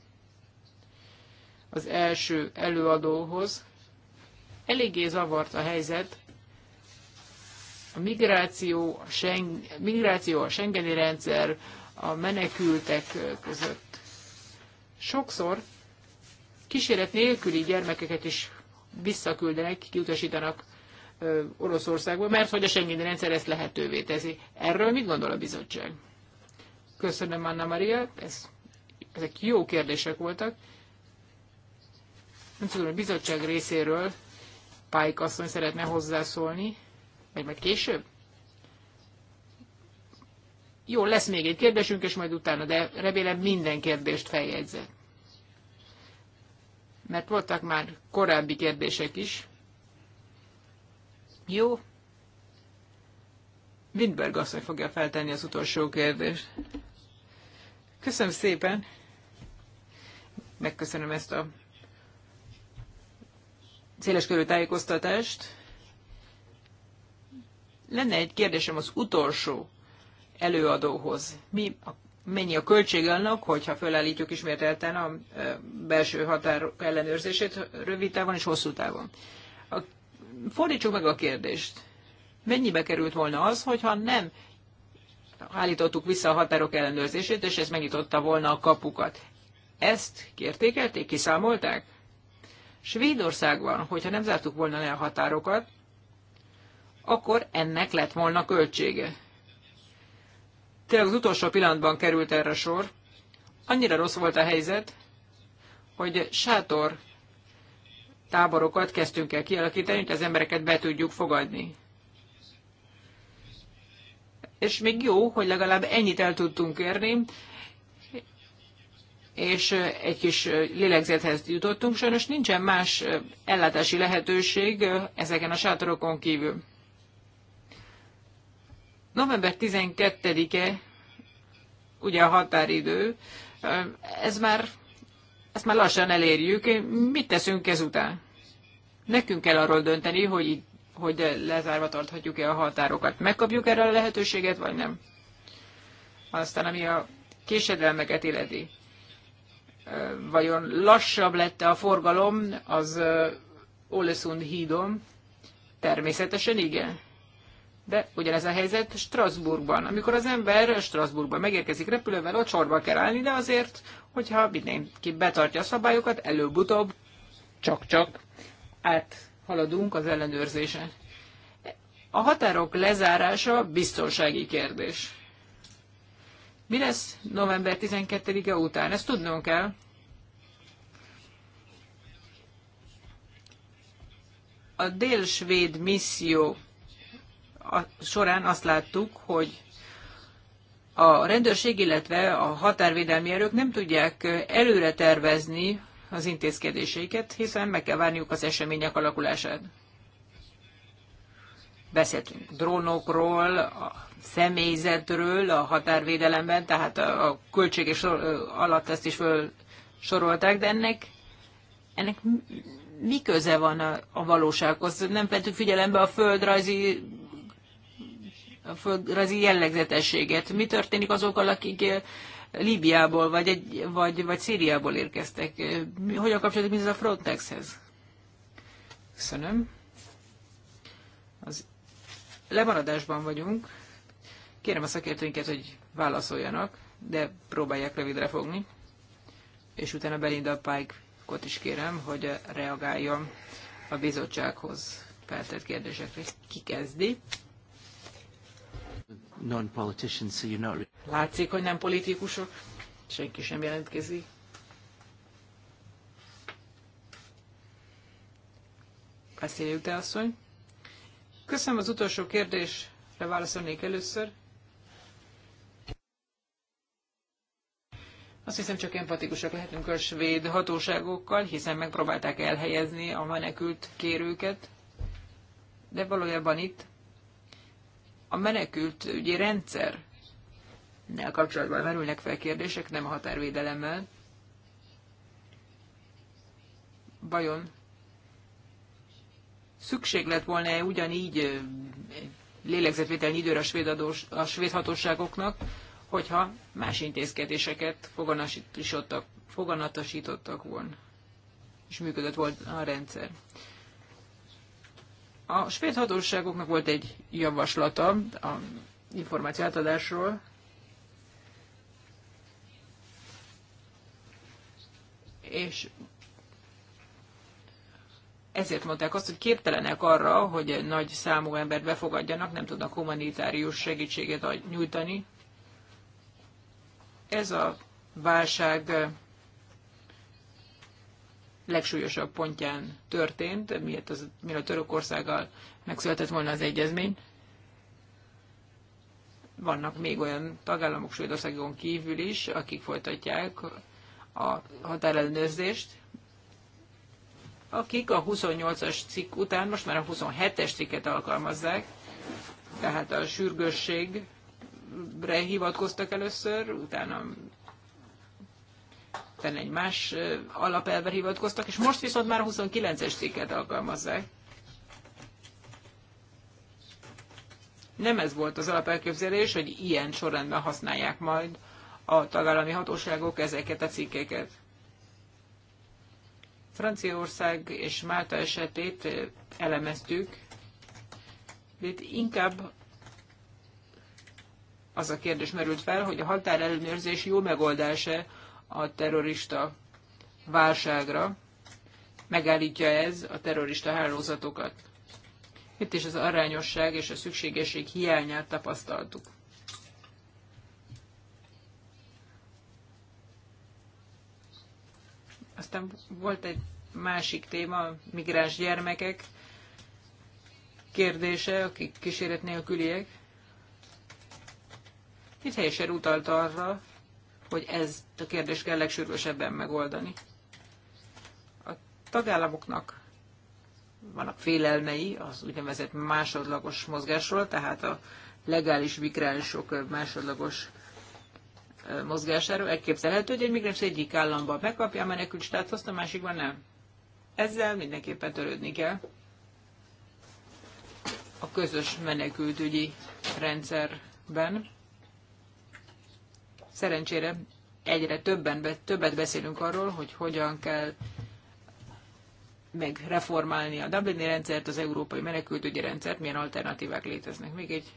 az első előadóhoz. Eléggé zavart a helyzet, a migráció, a, Schengen, migráció, a Schengeni rendszer, a menekültek között. Sokszor kíséret nélküli gyermekeket is visszaküldenek, kiutasítanak Oroszországba, mert hogy a Schengeni rendszer ezt lehetővé teszi. Erről mit gondol a bizottság? Köszönöm, Anna Maria, ez, ezek jó kérdések voltak. Nem tudom, a bizottság részéről Pályk asszony szeretne hozzászólni. Vagy majd később? Jó, lesz még egy kérdésünk, és majd utána, de remélem minden kérdést feljegyzett. Mert voltak már korábbi kérdések is. Jó. Windberg asszony fogja feltenni az utolsó kérdést. Köszönöm szépen. Megköszönöm ezt a széles körű tájékoztatást. Lenne egy kérdésem az utolsó előadóhoz. Mi a, mennyi a költség annak, hogyha felállítjuk ismételten a e, belső határok ellenőrzését rövid távon és hosszú távon? A, fordítsuk meg a kérdést. Mennyibe került volna az, hogyha nem állítottuk vissza a határok ellenőrzését, és ez megnyitotta volna a kapukat? Ezt kértékelték, kiszámolták? Svédországban, hogyha nem zártuk volna le a határokat, akkor ennek lett volna költsége. Tényleg az utolsó pillanatban került erre sor. Annyira rossz volt a helyzet, hogy sátor táborokat kezdtünk el kialakítani, hogy az embereket be tudjuk fogadni. És még jó, hogy legalább ennyit el tudtunk érni, és egy kis lélegzethez jutottunk. Sajnos nincsen más ellátási lehetőség ezeken a sátorokon kívül. November 12-e ugye a határidő, ez már, ezt már lassan elérjük. Mit teszünk ezután? Nekünk kell arról dönteni, hogy, hogy lezárva tarthatjuk-e a határokat. Megkapjuk erre a lehetőséget, vagy nem? Aztán, ami a késedelmeket illeti. Vajon lassabb lett a forgalom az Oleszund hídon? Természetesen igen. De ugyanez a helyzet Strasbourgban. Amikor az ember Strasbourgban megérkezik repülővel, ott sorba kell állni, de azért, hogyha mindenki betartja a szabályokat, előbb-utóbb csak-csak áthaladunk az ellenőrzésen. A határok lezárása biztonsági kérdés. Mi lesz november 12-e után? Ezt tudnunk kell. A dél-svéd misszió során azt láttuk, hogy a rendőrség, illetve a határvédelmi erők nem tudják előre tervezni az intézkedéseiket, hiszen meg kell várniuk az események alakulását. Beszéltünk drónokról, a személyzetről, a határvédelemben, tehát a költséges alatt ezt is föl sorolták, de ennek, ennek mi köze van a, a valósághoz? Nem vettük figyelembe a földrajzi földrajzi jellegzetességet. Mi történik azokkal, akik eh, Líbiából vagy, egy, vagy, vagy Szíriából érkeztek? Eh, hogyan kapcsolódik mindez a Frontexhez? Köszönöm. Az lemaradásban vagyunk. Kérem a szakértőinket, hogy válaszoljanak, de próbálják rövidre fogni. És utána Belinda Pike-ot is kérem, hogy reagáljon a bizottsághoz feltett kérdésekre. Ki kezdi? non-politicians, so you're not... Látszik, hogy nem politikusok. Senki sem jelentkezik. Beszéljük, te asszony. Köszönöm az utolsó kérdésre válaszolnék először. Azt hiszem, csak empatikusak lehetünk a svéd hatóságokkal, hiszen megpróbálták elhelyezni a menekült kérőket, de valójában itt a menekült ügyi rendszer nel kapcsolatban merülnek fel kérdések, nem a határvédelemmel. Vajon szükség lett volna-e ugyanígy lélegzetvételni időre a svéd, adós, a svéd hatóságoknak, hogyha más intézkedéseket foganatosítottak, volna, és működött volna a rendszer. A svéd hatóságoknak volt egy javaslata a információ átadásról, és ezért mondták azt, hogy képtelenek arra, hogy egy nagy számú embert befogadjanak, nem tudnak humanitárius segítséget nyújtani. Ez a válság legsúlyosabb pontján történt, miért az, a Törökországgal megszületett volna az egyezmény. Vannak még olyan tagállamok Svédországon kívül is, akik folytatják a határellenőrzést, akik a 28-as cikk után most már a 27-es cikket alkalmazzák, tehát a sürgősségre hivatkoztak először, utána egy más alapelve hivatkoztak, és most viszont már a 29-es cikket alkalmazzák. Nem ez volt az alapelképzelés, hogy ilyen sorrendben használják majd a tagállami hatóságok ezeket a cikkeket. Franciaország és Málta esetét elemeztük, de itt inkább az a kérdés merült fel, hogy a határellenőrzés jó megoldása a terrorista válságra, megállítja ez a terrorista hálózatokat. Itt is az arányosság és a szükségesség hiányát tapasztaltuk. Aztán volt egy másik téma, migráns gyermekek kérdése, akik kíséret nélküliek. Itt helyesen utalt arra, hogy ez a kérdés kell legsürgősebben megoldani. A tagállamoknak vannak félelmei az úgynevezett másodlagos mozgásról, tehát a legális migránsok másodlagos mozgásáról. Elképzelhető, hogy egy migráns egyik államban megkapja a menekült státuszt, a másikban nem. Ezzel mindenképpen törődni kell. A közös menekültügyi rendszerben Szerencsére egyre többen, többet beszélünk arról, hogy hogyan kell megreformálni a Dublini rendszert, az európai menekültügyi rendszert, milyen alternatívák léteznek. Még egy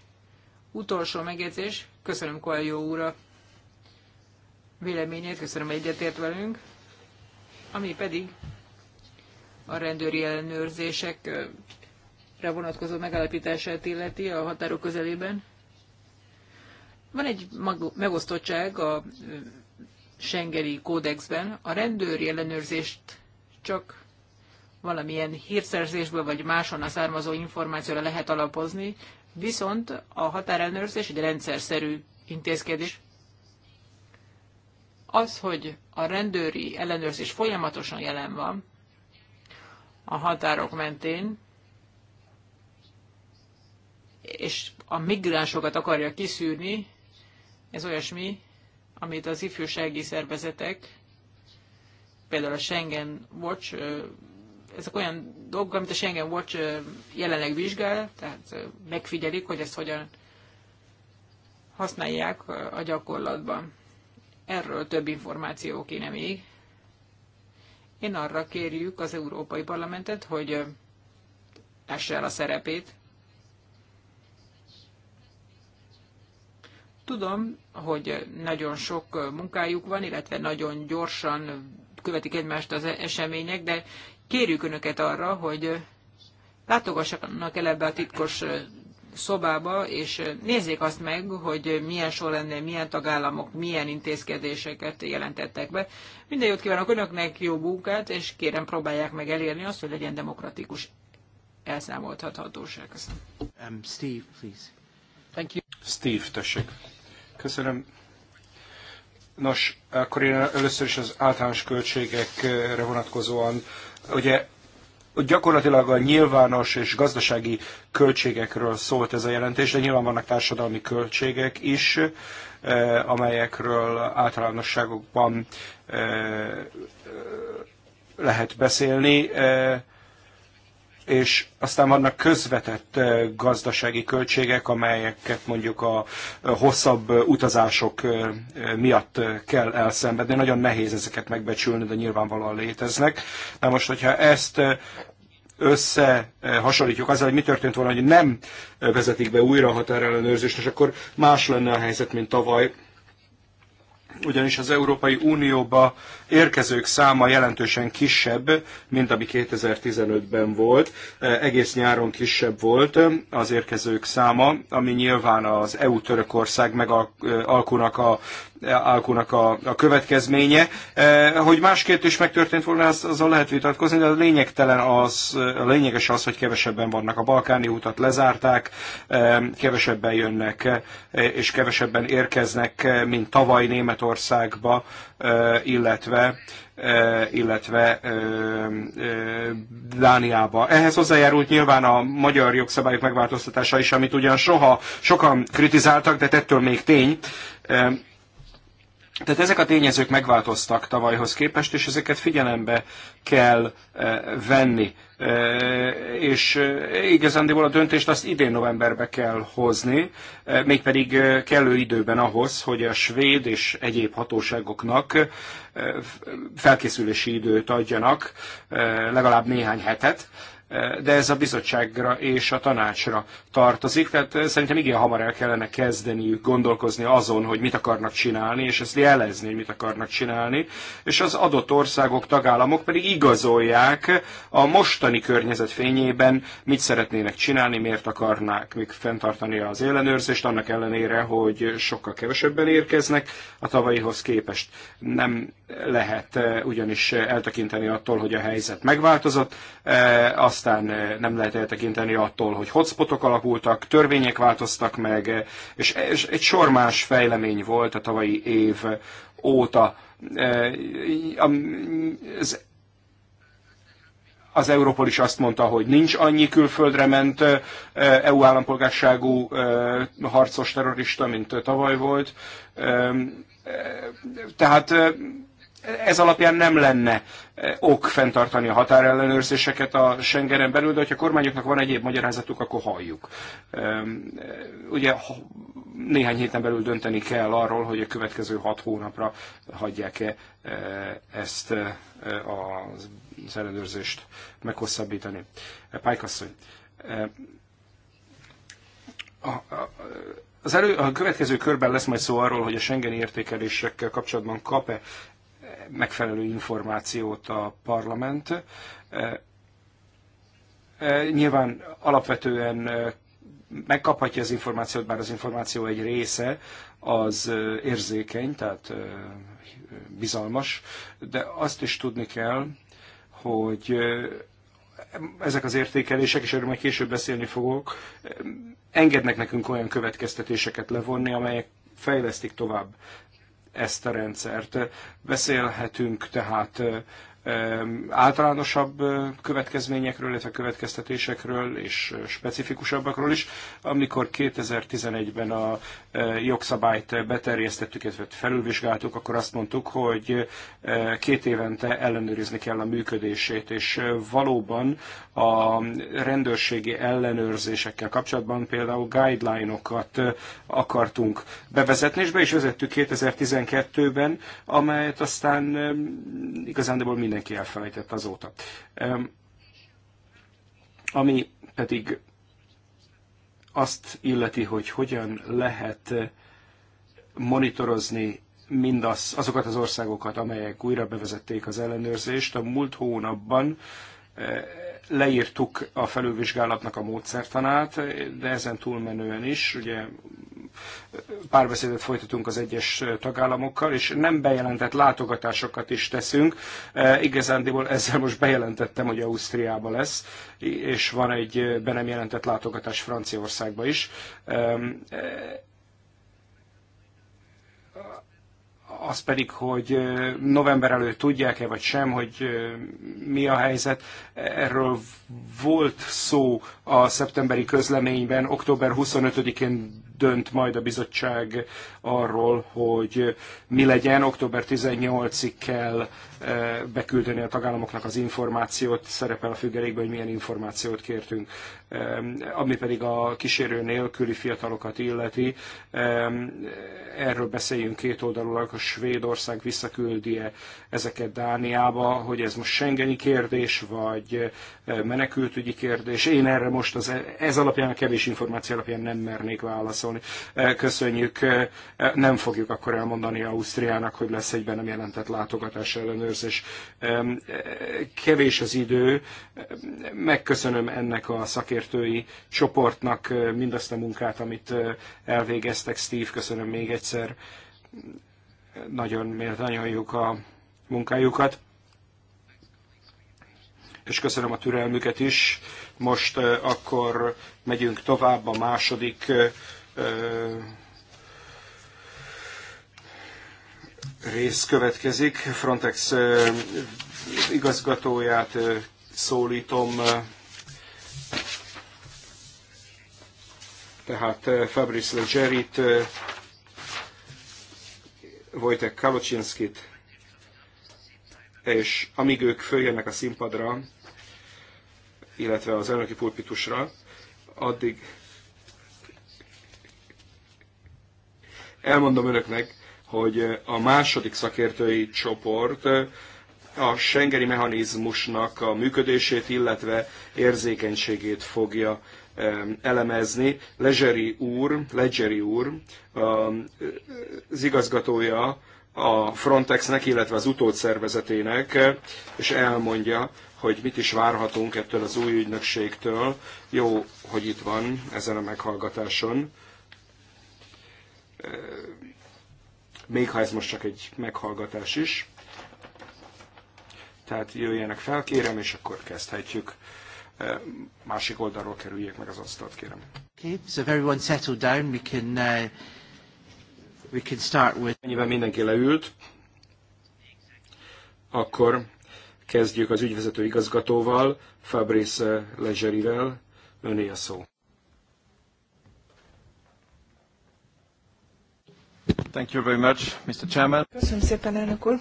utolsó megjegyzés. Köszönöm Koaljó úr a véleményét, köszönöm, hogy egyetért velünk. Ami pedig a rendőri ellenőrzésekre vonatkozó megállapítását illeti a határok közelében. Van egy megosztottság a Schengeri kódexben. A rendőri ellenőrzést csak valamilyen hírszerzésből vagy máson a származó információra lehet alapozni, viszont a határellenőrzés egy szerű intézkedés. Az, hogy a rendőri ellenőrzés folyamatosan jelen van a határok mentén, és a migránsokat akarja kiszűrni, ez olyasmi, amit az ifjúsági szervezetek, például a Schengen Watch, ezek olyan dolgok, amit a Schengen Watch jelenleg vizsgál, tehát megfigyelik, hogy ezt hogyan használják a gyakorlatban. Erről több információ kéne még. Én arra kérjük az Európai Parlamentet, hogy lássa el a szerepét, Tudom, hogy nagyon sok munkájuk van, illetve nagyon gyorsan követik egymást az események, de kérjük Önöket arra, hogy látogassanak el ebbe a titkos szobába, és nézzék azt meg, hogy milyen sor lenne, milyen tagállamok, milyen intézkedéseket jelentettek be. Minden jót kívánok önöknek, jó munkát, és kérem próbálják meg elérni azt, hogy legyen demokratikus elszámoltathatóság. Köszönöm. Um, Steve, please. Thank you. Steve, tessék. Köszönöm. Nos, akkor én először is az általános költségekre vonatkozóan, ugye gyakorlatilag a nyilvános és gazdasági költségekről szólt ez a jelentés, de nyilván vannak társadalmi költségek is, eh, amelyekről általánosságokban eh, lehet beszélni. Eh, és aztán vannak közvetett gazdasági költségek, amelyeket mondjuk a hosszabb utazások miatt kell elszenvedni. Nagyon nehéz ezeket megbecsülni, de nyilvánvalóan léteznek. Na most, hogyha ezt összehasonlítjuk azzal, hogy mi történt volna, hogy nem vezetik be újra a határellenőrzést, és akkor más lenne a helyzet, mint tavaly ugyanis az Európai Unióba érkezők száma jelentősen kisebb, mint ami 2015-ben volt. E, egész nyáron kisebb volt az érkezők száma, ami nyilván az EU-Törökország megalkunak e, a alkunak a, a következménye. E, hogy másképp is megtörtént volna, az, azzal lehet vitatkozni, de a lényegtelen az, a lényeges az, hogy kevesebben vannak. A balkáni utat lezárták, e, kevesebben jönnek, e, és kevesebben érkeznek, mint tavaly Németországba, illetve illetve Dániába. Ehhez hozzájárult nyilván a magyar jogszabályok megváltoztatása is, amit ugyan soha sokan kritizáltak, de ettől még tény tehát ezek a tényezők megváltoztak tavalyhoz képest, és ezeket figyelembe kell eh, venni. Eh, és eh, igazándiból a döntést azt idén novemberbe kell hozni, mégpedig kellő időben ahhoz, hogy a svéd és egyéb hatóságoknak felkészülési időt adjanak, legalább néhány hetet, de ez a bizottságra és a tanácsra tartozik, tehát eh, szerintem igen hamar el kellene kezdeniük gondolkozni azon, hogy mit akarnak csinálni, és ezt jelezni, hogy mit akarnak csinálni, és az adott országok, tagállamok pedig igazolják a mostani környezet fényében, mit szeretnének csinálni, miért akarnák még fenntartani az ellenőrzést, annak ellenére, hogy sokkal kevesebben érkeznek a tavalyihoz képest. Nem lehet eh, ugyanis eltekinteni attól, hogy a helyzet megváltozott, eh, azt aztán eh, nem lehet eltekinteni attól, hogy hotspotok alakultak, törvények változtak meg, eh, és egy sor más fejlemény volt a tavalyi év óta. Eh, az az Európol is azt mondta, hogy nincs annyi külföldre ment EU állampolgárságú harcos terrorista, mint tavaly volt. Tehát ez alapján nem lenne eh, ok fenntartani a határellenőrzéseket a Schengenen belül, de hogyha a kormányoknak van egyéb magyarázatuk, akkor halljuk. Ehm, eh, ugye néhány héten belül dönteni kell arról, hogy a következő hat hónapra hagyják-e eh, ezt az ellenőrzést meghosszabbítani. Pálykasszony, az elő, a következő körben lesz majd szó arról, hogy a Schengen értékelésekkel kapcsolatban kap-e megfelelő információt a parlament. E, e, nyilván alapvetően e, megkaphatja az információt, bár az információ egy része az érzékeny, tehát bizalmas, de azt is tudni kell, hogy ezek az értékelések, és erről majd később beszélni fogok, engednek nekünk olyan következtetéseket levonni, amelyek fejlesztik tovább ezt a rendszert. Beszélhetünk tehát általánosabb következményekről, illetve következtetésekről és specifikusabbakról is. Amikor 2011-ben a jogszabályt beterjesztettük, illetve felülvizsgáltuk, akkor azt mondtuk, hogy két évente ellenőrizni kell a működését, és valóban a rendőrségi ellenőrzésekkel kapcsolatban például guideline-okat akartunk bevezetni, és be is vezettük 2012-ben, amelyet aztán igazándiból mindenki elfelejtett azóta. Ami pedig azt illeti, hogy hogyan lehet monitorozni mindaz, azokat az országokat, amelyek újra bevezették az ellenőrzést. A múlt hónapban eh, leírtuk a felülvizsgálatnak a módszertanát, de ezen túlmenően is, ugye párbeszédet folytatunk az egyes tagállamokkal, és nem bejelentett látogatásokat is teszünk. E, igazándiból ezzel most bejelentettem, hogy Ausztriába lesz, és van egy be nem jelentett látogatás Franciaországba is e, az pedig, hogy november előtt tudják-e vagy sem, hogy mi a helyzet. Erről volt szó a szeptemberi közleményben, október 25-én dönt majd a bizottság arról, hogy mi legyen. Október 18-ig kell beküldeni a tagállamoknak az információt, szerepel a függelékben, hogy milyen információt kértünk. Ami pedig a kísérő nélküli fiatalokat illeti, erről beszéljünk két oldalulag, Svédország visszaküldi-e ezeket Dániába, hogy ez most Schengeni kérdés, vagy eh, menekültügyi kérdés. Én erre most az, e-, ez alapján, a kevés információ alapján nem mernék válaszolni. Eh, köszönjük, eh, nem fogjuk akkor elmondani Ausztriának, hogy lesz egy be nem jelentett látogatás ellenőrzés. Kevés az idő, megköszönöm ennek a szakértői csoportnak mindazt a munkát, amit elvégeztek. Steve, köszönöm még egyszer nagyon méltányoljuk a munkájukat, és köszönöm a türelmüket is. Most akkor megyünk tovább a második rész következik. Frontex igazgatóját szólítom. Tehát Fabrice Legerit Wojtek Kalocsinskit, és amíg ők följönnek a színpadra, illetve az elnöki pulpitusra, addig elmondom önöknek, hogy a második szakértői csoport a Schengeni mechanizmusnak a működését, illetve érzékenységét fogja Eh, elemezni. Legeri úr, Legeri úr az igazgatója a Frontexnek, illetve az utódszervezetének, és elmondja, hogy mit is várhatunk ettől az új ügynökségtől. Jó, hogy itt van ezen a meghallgatáson. Eh, még ha ez most csak egy meghallgatás is. Tehát jöjjenek fel, kérem, és akkor kezdhetjük. Eh, másik oldalról kerüljék meg az asztalt, kérem. Uh, Mennyiben mindenki leült, akkor kezdjük az ügyvezető igazgatóval, Fabrice Legerivel, öné a szó. Thank you very much, Mr. Chairman. Köszönöm szépen, elnök úr.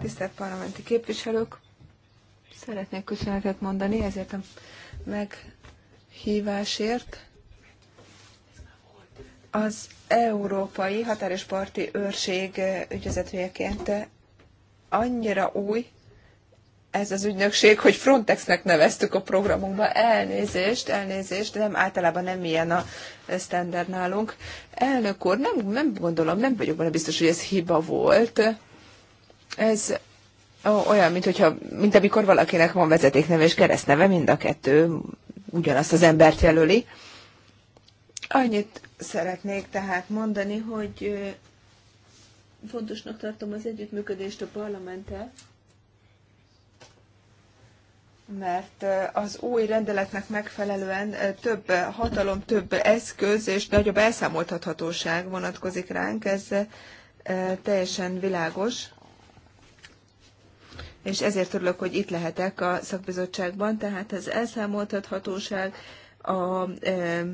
Tisztelt parlamenti képviselők, Szeretnék köszönetet mondani ezért a meghívásért. Az Európai Határ és Parti Őrség ügyvezetőjeként annyira új ez az ügynökség, hogy Frontexnek neveztük a programunkba. Elnézést, elnézést, de nem, általában nem ilyen a standard nálunk. Elnök úr, nem, nem gondolom, nem vagyok benne biztos, hogy ez hiba volt. Ez ó, olyan, mint, hogyha, mint amikor valakinek van vezetékneve és keresztneve, mind a kettő ugyanazt az embert jelöli. Annyit szeretnék tehát mondani, hogy fontosnak tartom az együttműködést a parlamenttel, mert az új rendeletnek megfelelően több hatalom, több eszköz és nagyobb elszámoltathatóság vonatkozik ránk, ez teljesen világos és ezért örülök, hogy itt lehetek a szakbizottságban, tehát az elszámoltathatóság, a, e,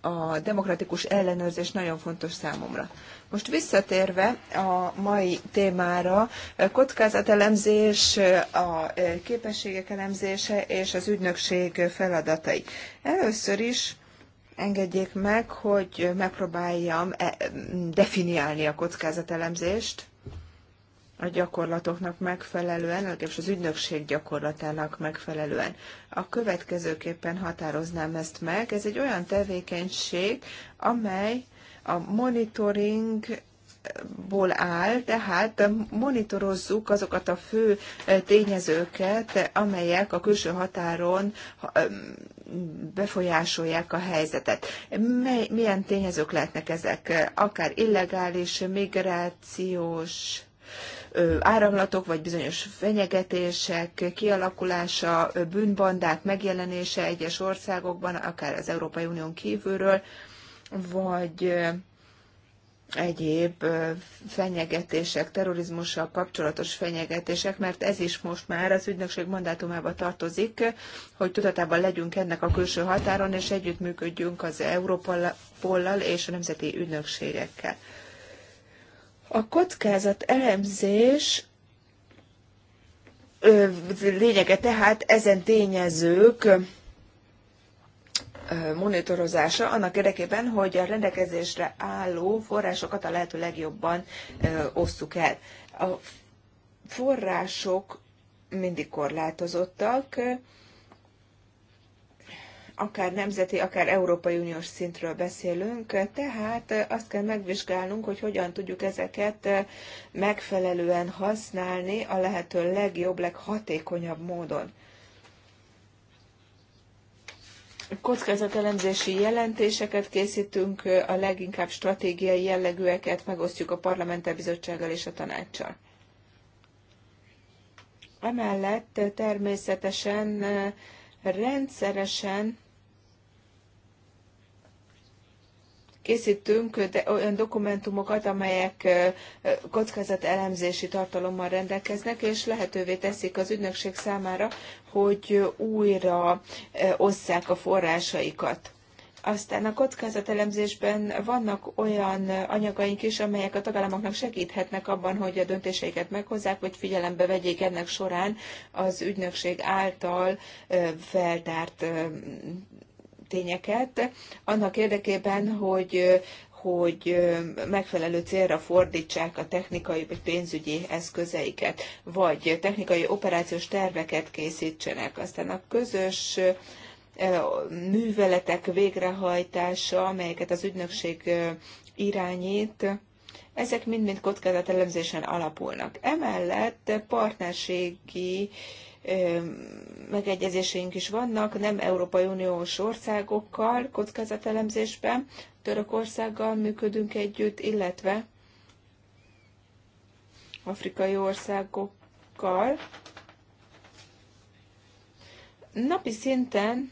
a demokratikus ellenőrzés nagyon fontos számomra. Most visszatérve a mai témára, e, kockázatelemzés, a e, képességek elemzése és az ügynökség feladatai. Először is engedjék meg, hogy megpróbáljam definiálni a kockázatelemzést a gyakorlatoknak megfelelően, legalábbis az ügynökség gyakorlatának megfelelően. A következőképpen határoznám ezt meg. Ez egy olyan tevékenység, amely a monitoring ból áll, tehát monitorozzuk azokat a fő eh, tényezőket, amelyek a külső határon eh, befolyásolják a helyzetet. milyen tényezők lehetnek ezek? Akár illegális, migrációs, áramlatok, vagy bizonyos fenyegetések kialakulása, bűnbandák megjelenése egyes országokban, akár az Európai Unión kívülről, vagy egyéb fenyegetések, terrorizmussal kapcsolatos fenyegetések, mert ez is most már az ügynökség mandátumába tartozik, hogy tudatában legyünk ennek a külső határon, és együttműködjünk az Európollal és a nemzeti ügynökségekkel. A kockázat elemzés lényege tehát ezen tényezők monitorozása annak érdekében, hogy a rendelkezésre álló forrásokat a lehető legjobban osszuk el. A források mindig korlátozottak, akár nemzeti, akár Európai Uniós szintről beszélünk, tehát azt kell megvizsgálnunk, hogy hogyan tudjuk ezeket megfelelően használni a lehető legjobb, leghatékonyabb módon. Kockázatelemzési jelentéseket készítünk, a leginkább stratégiai jellegűeket megosztjuk a parlamenttel, bizottsággal és a tanácssal. Emellett természetesen rendszeresen készítünk olyan dokumentumokat, amelyek kockázat elemzési tartalommal rendelkeznek, és lehetővé teszik az ügynökség számára, hogy újra osszák a forrásaikat. Aztán a kockázatelemzésben vannak olyan anyagaink is, amelyek a tagállamoknak segíthetnek abban, hogy a döntéseiket meghozzák, hogy figyelembe vegyék ennek során az ügynökség által feltárt tényeket, annak érdekében, hogy hogy megfelelő célra fordítsák a technikai vagy pénzügyi eszközeiket, vagy technikai operációs terveket készítsenek. Aztán a közös e, műveletek végrehajtása, amelyeket az ügynökség e, irányít, ezek mind-mind elemzésen alapulnak. Emellett partnerségi megegyezéseink is vannak, nem Európai Uniós országokkal kockázatelemzésben, Törökországgal működünk együtt, illetve afrikai országokkal. Napi szinten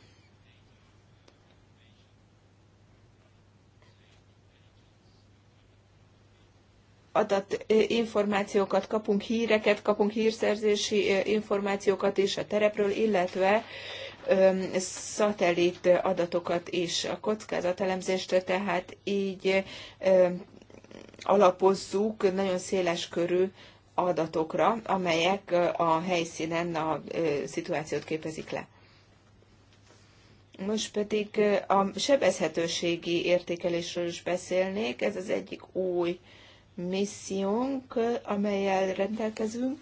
információkat kapunk, híreket kapunk, hírszerzési információkat is a terepről, illetve szatellit adatokat is. A kockázatelemzést tehát így alapozzuk nagyon széles körű adatokra, amelyek a helyszínen a szituációt képezik le. Most pedig a sebezhetőségi értékelésről is beszélnék. Ez az egyik új missziónk, amelyel rendelkezünk,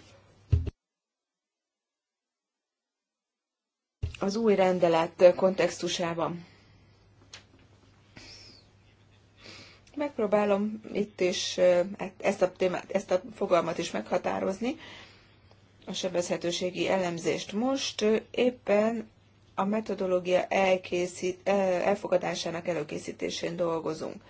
az új rendelet kontextusában. Megpróbálom itt is eh, ezt a, témát, ezt a fogalmat is meghatározni, a sebezhetőségi elemzést. Most eh, éppen a metodológia elkészít, eh, elfogadásának előkészítésén dolgozunk.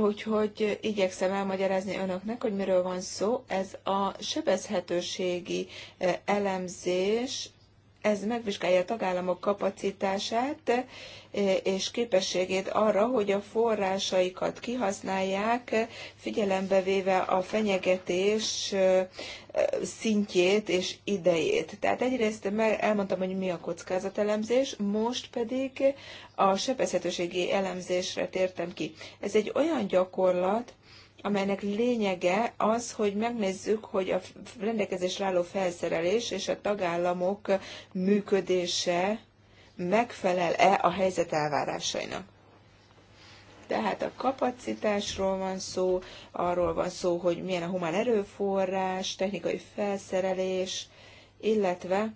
Úgyhogy igyekszem elmagyarázni önöknek, hogy miről van szó. Ez a sebezhetőségi eh, elemzés ez megvizsgálja a tagállamok kapacitását e, és képességét arra, hogy a forrásaikat kihasználják, figyelembe véve a fenyegetés e, szintjét és idejét. Tehát egyrészt elmondtam, hogy mi a kockázatelemzés, most pedig a sebezhetőségi elemzésre tértem ki. Ez egy olyan gyakorlat, amelynek lényege az, hogy megnézzük, hogy a rendelkezésre álló felszerelés és a tagállamok működése megfelel-e a helyzet elvárásainak. Tehát a kapacitásról van szó, arról van szó, hogy milyen a humán erőforrás, technikai felszerelés, illetve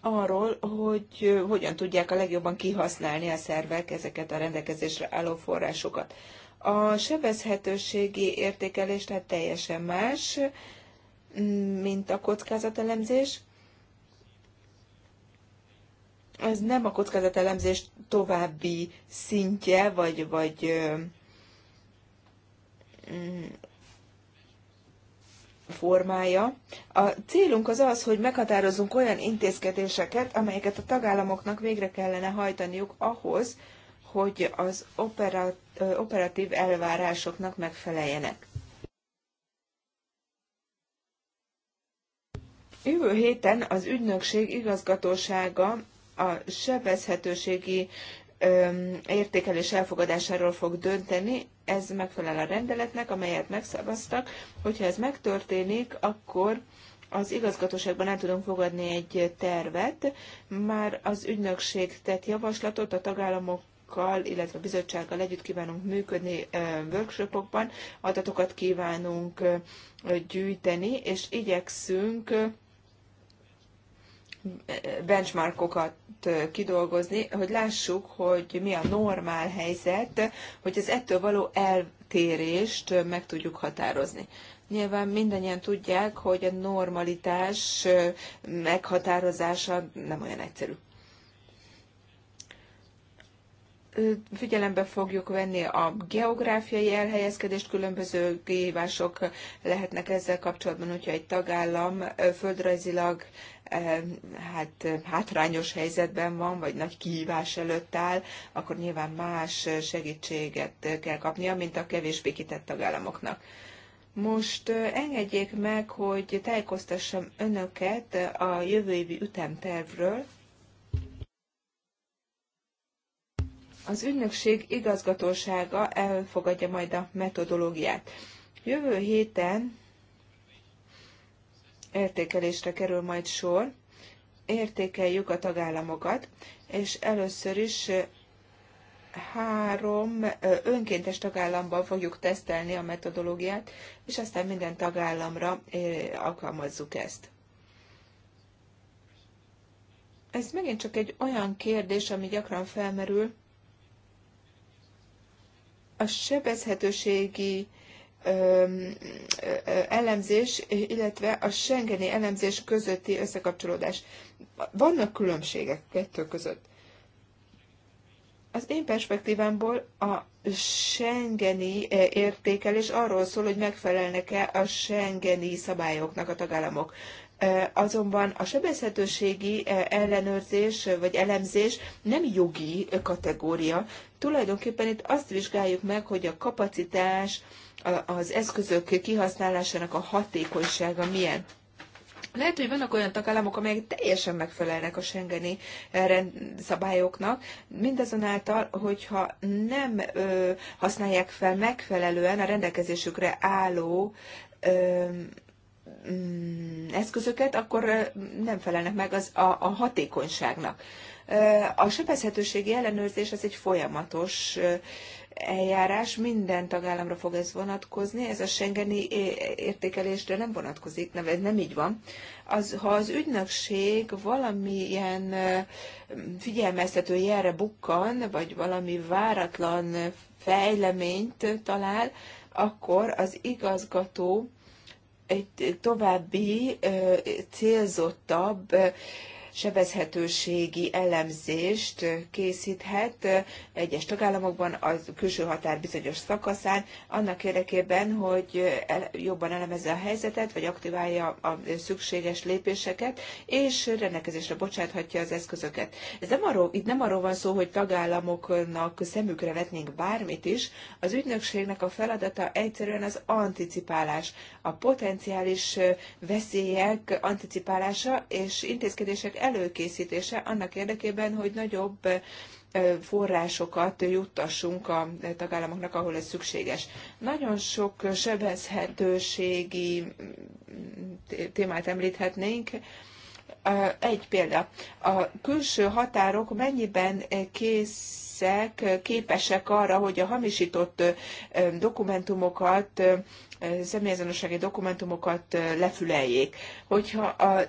arról, hogy hogyan tudják a legjobban kihasználni a szervek ezeket a rendelkezésre álló forrásokat. A sebezhetőségi értékelés tehát teljesen más, mint a kockázatelemzés. Ez nem a kockázatelemzés további szintje, vagy, vagy formája. A célunk az az, hogy meghatározunk olyan intézkedéseket, amelyeket a tagállamoknak végre kellene hajtaniuk ahhoz, hogy az operatív elvárásoknak megfeleljenek. Jövő héten az ügynökség igazgatósága a sebezhetőségi értékelés elfogadásáról fog dönteni, ez megfelel a rendeletnek, amelyet megszavaztak. Hogyha ez megtörténik, akkor az igazgatóságban el tudunk fogadni egy tervet. Már az ügynökség tett javaslatot a tagállamok illetve a bizottsággal együtt kívánunk működni workshopokban, adatokat kívánunk gyűjteni, és igyekszünk benchmarkokat kidolgozni, hogy lássuk, hogy mi a normál helyzet, hogy az ettől való eltérést meg tudjuk határozni. Nyilván mindannyian tudják, hogy a normalitás meghatározása nem olyan egyszerű. Figyelembe fogjuk venni a geográfiai elhelyezkedést, különböző kihívások lehetnek ezzel kapcsolatban, hogyha egy tagállam földrajzilag hát eh, hátrányos helyzetben van, vagy nagy kihívás előtt áll, akkor nyilván más segítséget eh, kell kapnia, mint a kevésbé kitett tagállamoknak. Most eh, engedjék meg, hogy tájékoztassam önöket a jövő évi ütemtervről. Az ügynökség igazgatósága elfogadja majd a metodológiát. Jövő héten értékelésre kerül majd sor. Értékeljük a tagállamokat, és először is három önkéntes tagállamban fogjuk tesztelni a metodológiát, és aztán minden tagállamra alkalmazzuk ezt. Ez megint csak egy olyan kérdés, ami gyakran felmerül. A sebezhetőségi elemzés, illetve a Schengeni elemzés közötti összekapcsolódás. Vannak különbségek kettő között. Az én perspektívámból a Schengeni értékelés arról szól, hogy megfelelnek-e a Schengeni szabályoknak a tagállamok. Azonban a sebezhetőségi ellenőrzés vagy elemzés nem jogi kategória. Tulajdonképpen itt azt vizsgáljuk meg, hogy a kapacitás, az eszközök kihasználásának a hatékonysága milyen. Lehet, hogy vannak olyan tagállamok, amelyek teljesen megfelelnek a Schengeni eh, szabályoknak, mindazonáltal, hogyha nem ö, használják fel megfelelően a rendelkezésükre álló ö, mm, eszközöket, akkor nem felelnek meg az, a, a hatékonyságnak. A sebezhetőségi ellenőrzés az egy folyamatos eljárás, minden tagállamra fog ez vonatkozni, ez a Schengeni értékelésre nem vonatkozik, nem, ez nem így van. Az, ha az ügynökség valamilyen figyelmeztető jelre bukkan, vagy valami váratlan fejleményt talál, akkor az igazgató egy további célzottabb sebezhetőségi elemzést készíthet egyes tagállamokban, a külső határ bizonyos szakaszán, annak érdekében, hogy jobban elemezze a helyzetet, vagy aktiválja a szükséges lépéseket, és rendelkezésre bocsáthatja az eszközöket. Ez nem arról, itt nem arról van szó, hogy tagállamoknak szemükre vetnénk bármit is, az ügynökségnek a feladata egyszerűen az anticipálás, a potenciális veszélyek anticipálása és intézkedések előkészítése annak érdekében, hogy nagyobb forrásokat juttassunk a tagállamoknak, ahol ez szükséges. Nagyon sok sebezhetőségi mm, témát említhetnénk, egy példa. A külső határok mennyiben kész képesek arra, hogy a hamisított dokumentumokat, személyazonossági dokumentumokat lefüleljék. Hogyha a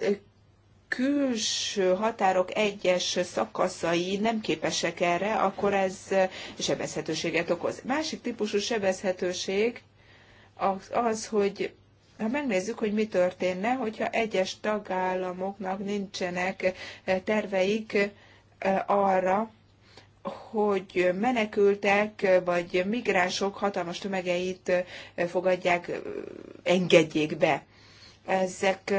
külső határok egyes szakaszai nem képesek erre, akkor ez sebezhetőséget okoz. Másik típusú sebezhetőség az, az hogy ha megnézzük, hogy mi történne, hogyha egyes tagállamoknak nincsenek eh, terveik eh, arra, hogy menekültek vagy migránsok hatalmas tömegeit eh, fogadják, engedjék be. Ezek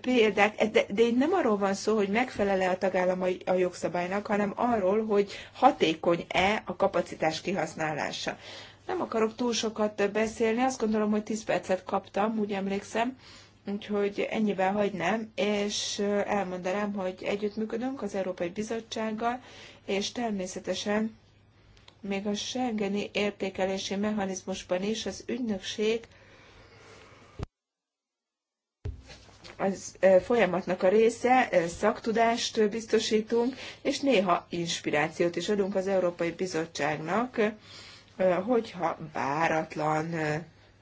példák, de, de itt nem arról van szó, hogy megfelele a tagállam a jogszabálynak, hanem arról, hogy hatékony-e a kapacitás kihasználása. Nem akarok túl sokat beszélni, azt gondolom, hogy 10 percet kaptam, úgy emlékszem, úgyhogy ennyiben hagynám, és elmondanám, hogy együttműködünk az Európai Bizottsággal, és természetesen még a Schengeni értékelési mechanizmusban is az ügynökség az folyamatnak a része, szaktudást biztosítunk, és néha inspirációt is adunk az Európai Bizottságnak, hogyha váratlan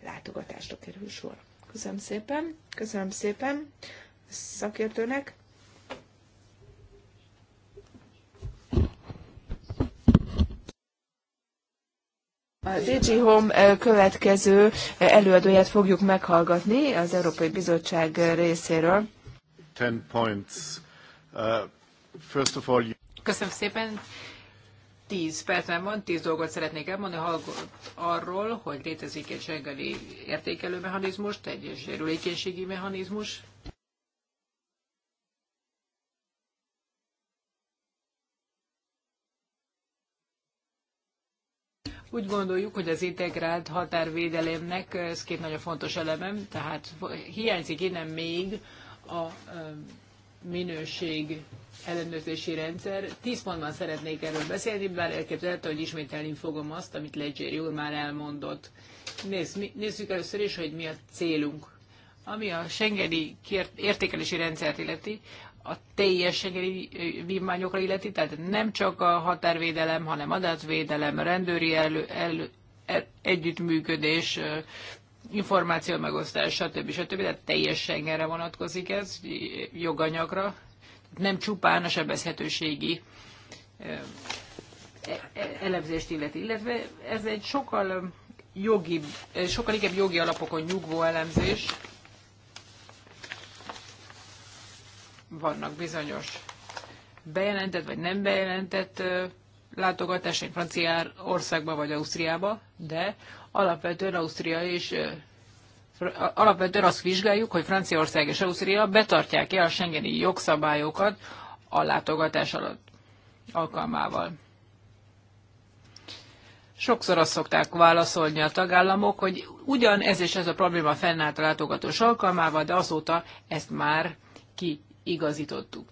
látogatásra kerül sor. Köszönöm szépen, köszönöm szépen szakértőnek. A DG Home eh, következő eh, előadóját fogjuk meghallgatni az Európai Bizottság eh, részéről. Ten points. Uh, first of all, you... Köszönöm szépen. tíz percben van, tíz dolgot szeretnék elmondani arról, hogy létezik egy Schengeni értékelő mechanizmus, egy sérülékenységi mechanizmus, Úgy gondoljuk, hogy az integrált határvédelemnek ez két nagyon fontos elemem, tehát hiányzik innen még a minőség ellenőrzési rendszer. Tíz pontban szeretnék erről beszélni, bár elképzelhető, hogy ismételni fogom azt, amit Ledger úr már elmondott. Nézz, mi, nézzük először is, hogy mi a célunk. Ami a Schengeni értékelési rendszert illeti, a teljes vívmányokra illeti, tehát nem csak a határvédelem, hanem adatvédelem, rendőri elő, elő, el, együttműködés, információ megosztás, stb. stb. Tehát teljes Schengenre vonatkozik ez, joganyagra, nem csupán a sebezhetőségi e, e, elemzést illeti, illetve ez egy sokkal jogi, sokkal inkább jogi alapokon nyugvó elemzés, vannak bizonyos bejelentett vagy nem bejelentett látogatásaink Franciaországba vagy Ausztriába, de alapvetően Ausztria és alapvetően azt vizsgáljuk, hogy Franciaország és Ausztria betartják-e a Schengeni jogszabályokat a látogatás alatt alkalmával. Sokszor azt szokták válaszolni a tagállamok, hogy ugyan ez és ez a probléma fennállt a látogatós alkalmával, de azóta ezt már ki igazítottuk.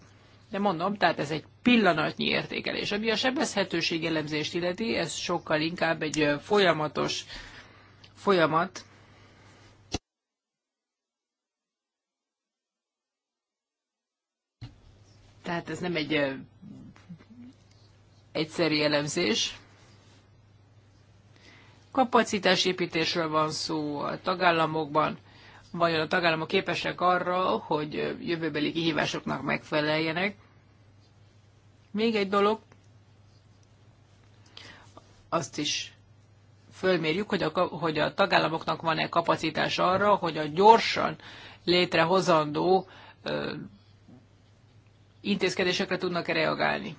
De mondom, tehát ez egy pillanatnyi értékelés. Ami a sebezhetőség elemzést illeti, ez sokkal inkább egy folyamatos folyamat, Tehát ez nem egy egyszerű elemzés. Kapacitásépítésről van szó a tagállamokban, vajon a tagállamok képesek arra, hogy jövőbeli kihívásoknak megfeleljenek. Még egy dolog, azt is fölmérjük, hogy a, hogy a tagállamoknak van-e kapacitás arra, hogy a gyorsan létrehozandó ö, intézkedésekre tudnak-e reagálni.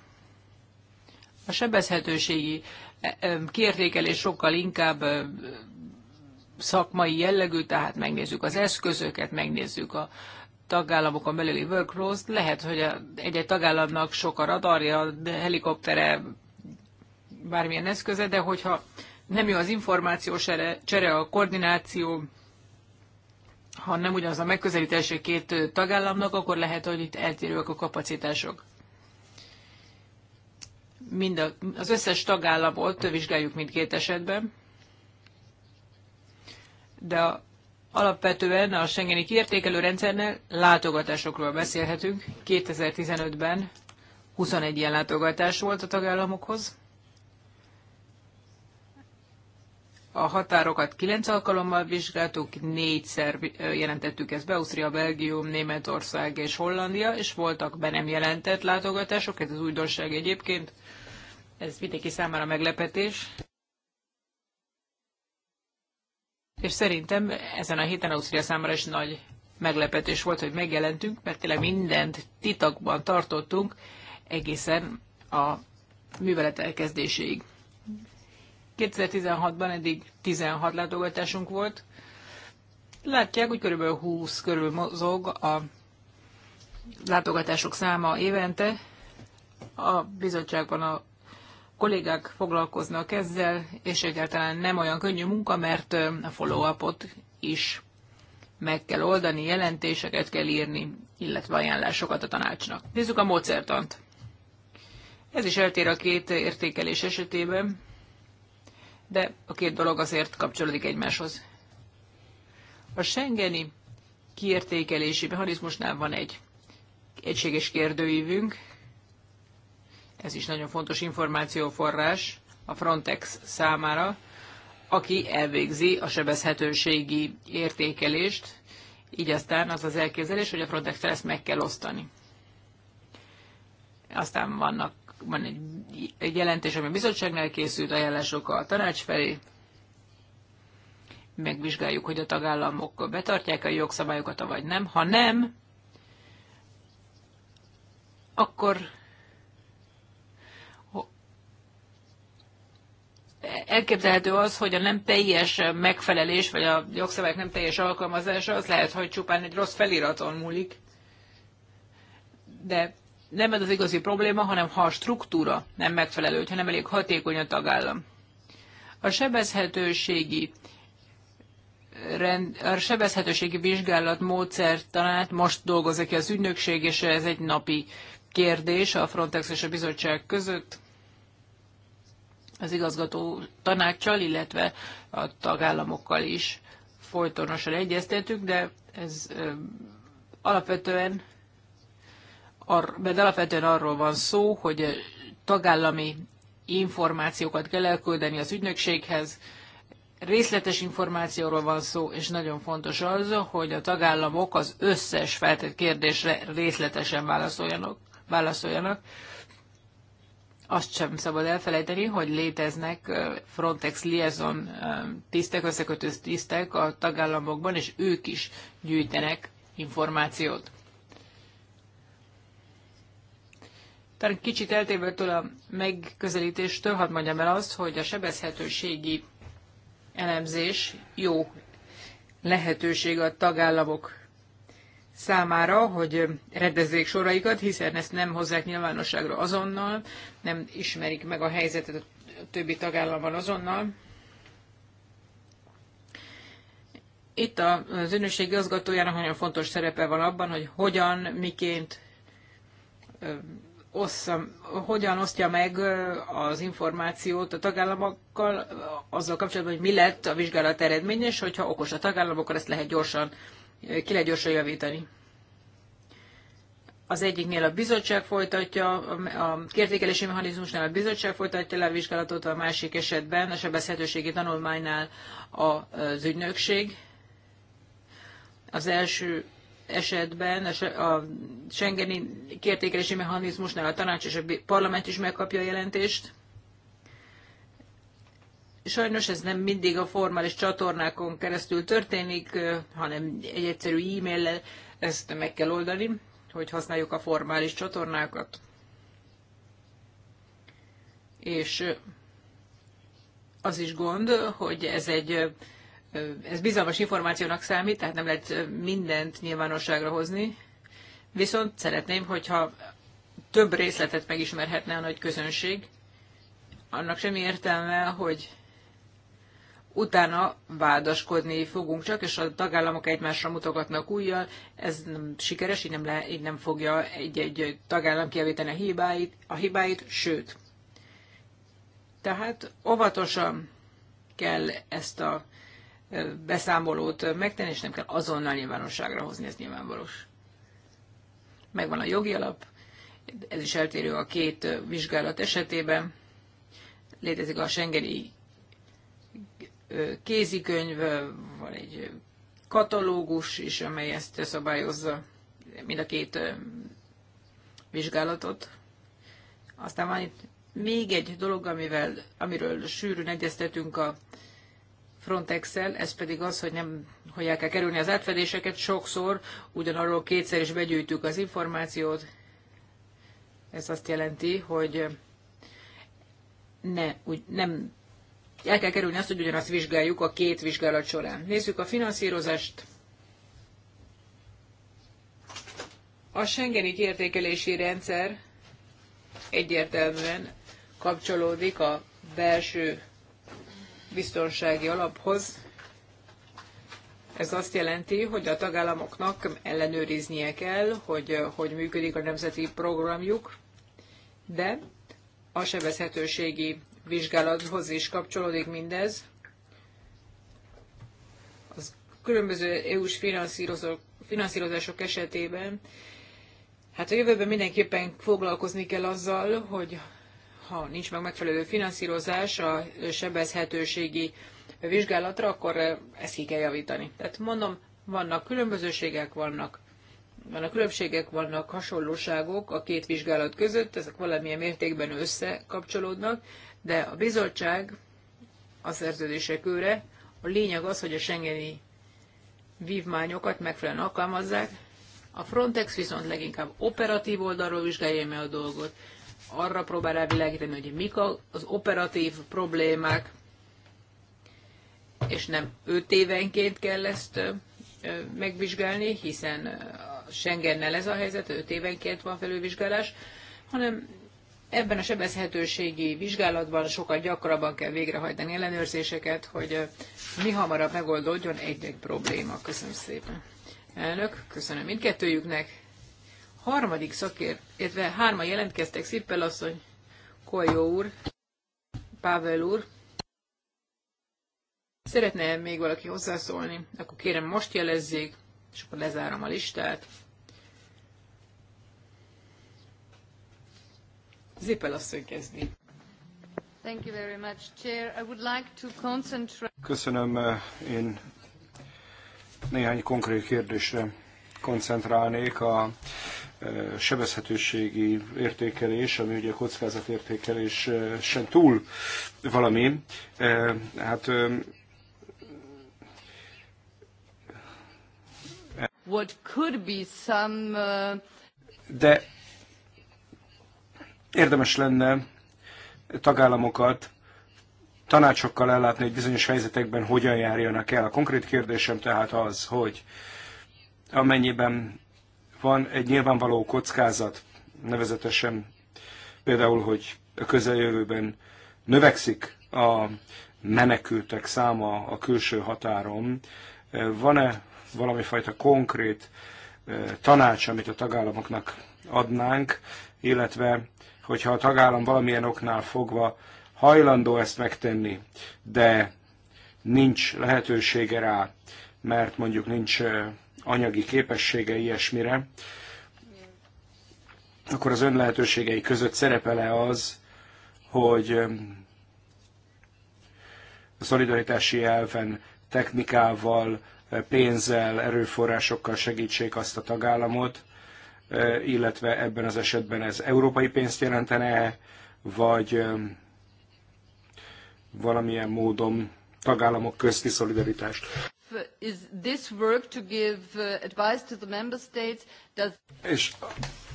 A sebezhetőségi kiértékelés sokkal inkább szakmai jellegű, tehát megnézzük az eszközöket, megnézzük a tagállamokon belüli workflows-t. Lehet, hogy egy-egy tagállamnak sok a radarja, helikoptere, bármilyen eszköze, de hogyha nem jó az információ csere, a koordináció, ha nem ugyanaz a megközelítése két tagállamnak, akkor lehet, hogy itt eltérőek a kapacitások. Mind a, az összes tagállamot vizsgáljuk mindkét esetben de a, alapvetően a Schengeni kiértékelő rendszernél látogatásokról beszélhetünk. 2015-ben 21 ilyen látogatás volt a tagállamokhoz. A határokat 9 alkalommal vizsgáltuk, négyszer jelentettük ezt be, Ausztria, Belgium, Németország és Hollandia, és voltak be nem jelentett látogatások, ez az újdonság egyébként, ez mindenki számára meglepetés. És szerintem ezen a héten Ausztria számára is nagy meglepetés volt, hogy megjelentünk, mert tényleg mindent titakban tartottunk egészen a művelet elkezdéséig. 2016-ban eddig 16 látogatásunk volt. Látják, hogy körülbelül 20 körül mozog a látogatások száma évente. A bizottságban a kollégák foglalkoznak ezzel, és egyáltalán nem olyan könnyű munka, mert a follow-upot is meg kell oldani, jelentéseket kell írni, illetve ajánlásokat a tanácsnak. Nézzük a módszertant. Ez is eltér a két értékelés esetében, de a két dolog azért kapcsolódik egymáshoz. A Schengeni kiértékelési mechanizmusnál van egy egységes kérdőívünk, ez is nagyon fontos információforrás a Frontex számára, aki elvégzi a sebezhetőségi értékelést, így aztán az az elképzelés, hogy a frontex ezt meg kell osztani. Aztán vannak, van egy, egy jelentés, ami a bizottságnál készült, ajánlások a tanács felé, megvizsgáljuk, hogy a tagállamok betartják a jogszabályokat, vagy nem. Ha nem, akkor elképzelhető az, hogy a nem teljes megfelelés, vagy a jogszabályok nem teljes alkalmazása, az lehet, hogy csupán egy rossz feliraton múlik. De nem ez az igazi probléma, hanem ha a struktúra nem megfelelő, ha nem elég hatékony a tagállam. A sebezhetőségi rend, a sebezhetőségi vizsgálat módszertanát most dolgozik az ügynökség, és ez egy napi kérdés a Frontex és a bizottság között az igazgató tanácssal, illetve a tagállamokkal is folytonosan egyeztetünk, de ez alapvetően, mert alapvetően arról van szó, hogy tagállami információkat kell elküldeni az ügynökséghez, részletes információról van szó, és nagyon fontos az, hogy a tagállamok az összes feltett kérdésre részletesen válaszoljanak. válaszoljanak azt sem szabad elfelejteni, hogy léteznek Frontex liaison tisztek, összekötő tisztek a tagállamokban, és ők is gyűjtenek információt. Talán kicsit eltérőtől a megközelítéstől, hadd mondjam el azt, hogy a sebezhetőségi elemzés jó lehetőség a tagállamok számára, hogy rendezzék soraikat, hiszen ezt nem hozzák nyilvánosságra azonnal, nem ismerik meg a helyzetet a többi tagállamban azonnal. Itt az önösség igazgatójának nagyon fontos szerepe van abban, hogy hogyan, miként osszam, hogyan osztja meg az információt a tagállamokkal azzal kapcsolatban, hogy mi lett a vizsgálat eredménye, és hogyha okos a tagállam, akkor ezt lehet gyorsan ki lehet gyorsan javítani. Az egyiknél a bizottság folytatja, a kértékelési mechanizmusnál a bizottság folytatja le a vizsgálatot, a másik esetben, a sebezhetőségi tanulmánynál az ügynökség. Az első esetben a Schengeni kértékelési mechanizmusnál a tanács és a parlament is megkapja a jelentést. Sajnos ez nem mindig a formális csatornákon keresztül történik, hanem egy egyszerű e-maillel ezt meg kell oldani, hogy használjuk a formális csatornákat. És az is gond, hogy ez egy ez bizalmas információnak számít, tehát nem lehet mindent nyilvánosságra hozni, viszont szeretném, hogyha több részletet megismerhetne a nagy közönség. Annak semmi értelme, hogy utána vádaskodni fogunk csak, és a tagállamok egymásra mutogatnak újjal, ez nem sikeres, így nem, le, így nem fogja egy-egy tagállam kiavítani a hibáit, a hibáit, sőt. Tehát óvatosan kell ezt a beszámolót megtenni, és nem kell azonnal nyilvánosságra hozni, ez nyilvánvalós. Megvan a jogi alap, ez is eltérő a két vizsgálat esetében. Létezik a Schengeni kézikönyv, van egy katalógus is, amely ezt szabályozza, mind a két vizsgálatot. Aztán van itt még egy dolog, amivel, amiről sűrűn egyeztetünk a frontex ez pedig az, hogy nem, hogy el kell kerülni az átfedéseket, sokszor ugyanarról kétszer is begyűjtjük az információt. Ez azt jelenti, hogy ne, úgy, nem el kell kerülni azt, hogy ugyanazt vizsgáljuk a két vizsgálat során. Nézzük a finanszírozást. A Schengeni értékelési rendszer egyértelműen kapcsolódik a belső biztonsági alaphoz. Ez azt jelenti, hogy a tagállamoknak ellenőriznie kell, hogy hogy működik a nemzeti programjuk, de a sebezhetőségi vizsgálathoz is kapcsolódik mindez. Az különböző EU-s finanszírozások esetében Hát a jövőben mindenképpen foglalkozni kell azzal, hogy ha nincs meg megfelelő finanszírozás a sebezhetőségi vizsgálatra, akkor eh, ezt ki kell javítani. Tehát mondom, vannak különbözőségek, vannak, vannak különbségek, vannak hasonlóságok a két vizsgálat között, ezek valamilyen mértékben összekapcsolódnak, de a bizottság a szerződések őre, a lényeg az, hogy a Schengeni vívmányokat megfelelően alkalmazzák, a Frontex viszont leginkább operatív oldalról vizsgálja meg a dolgot, arra próbál rávilágítani, hogy mik az operatív problémák, és nem 5 évenként kell ezt megvizsgálni, hiszen Schengennel ez a helyzet, 5 évenként van felülvizsgálás, hanem Ebben a sebezhetőségi vizsgálatban sokkal gyakrabban kell végrehajtani ellenőrzéseket, hogy mi hamarabb megoldódjon egy-egy probléma. Köszönöm szépen. Elnök, köszönöm mindkettőjüknek. Harmadik szakért, illetve hárman jelentkeztek, Szippel asszony, Koljó úr, Pável úr. Szeretne még valaki hozzászólni? Akkor kérem most jelezzék, és akkor lezárom a listát. asszony kezdi. Thank you very much, Chair. I would like to concentrate... Köszönöm, eh, én néhány konkrét kérdésre koncentrálnék. A eh, sebezhetőségi értékelés, ami ugye kockázatértékelés eh, sem túl valami. Hát What could be some, de érdemes lenne tagállamokat tanácsokkal ellátni, hogy bizonyos helyzetekben hogyan járjanak el. A konkrét kérdésem tehát az, hogy amennyiben van egy nyilvánvaló kockázat, nevezetesen például, hogy a közeljövőben növekszik a menekültek száma a külső határon, van-e valami fajta konkrét eh, tanács, amit a tagállamoknak adnánk, illetve hogyha a tagállam valamilyen oknál fogva hajlandó ezt megtenni, de nincs lehetősége rá, mert mondjuk nincs anyagi képessége ilyesmire, akkor az ön lehetőségei között szerepele az, hogy a szolidaritási elven technikával, pénzzel, erőforrásokkal segítsék azt a tagállamot, illetve ebben az esetben ez európai pénzt jelentene, vagy valamilyen módon tagállamok közti szolidaritást. Uh, Does... És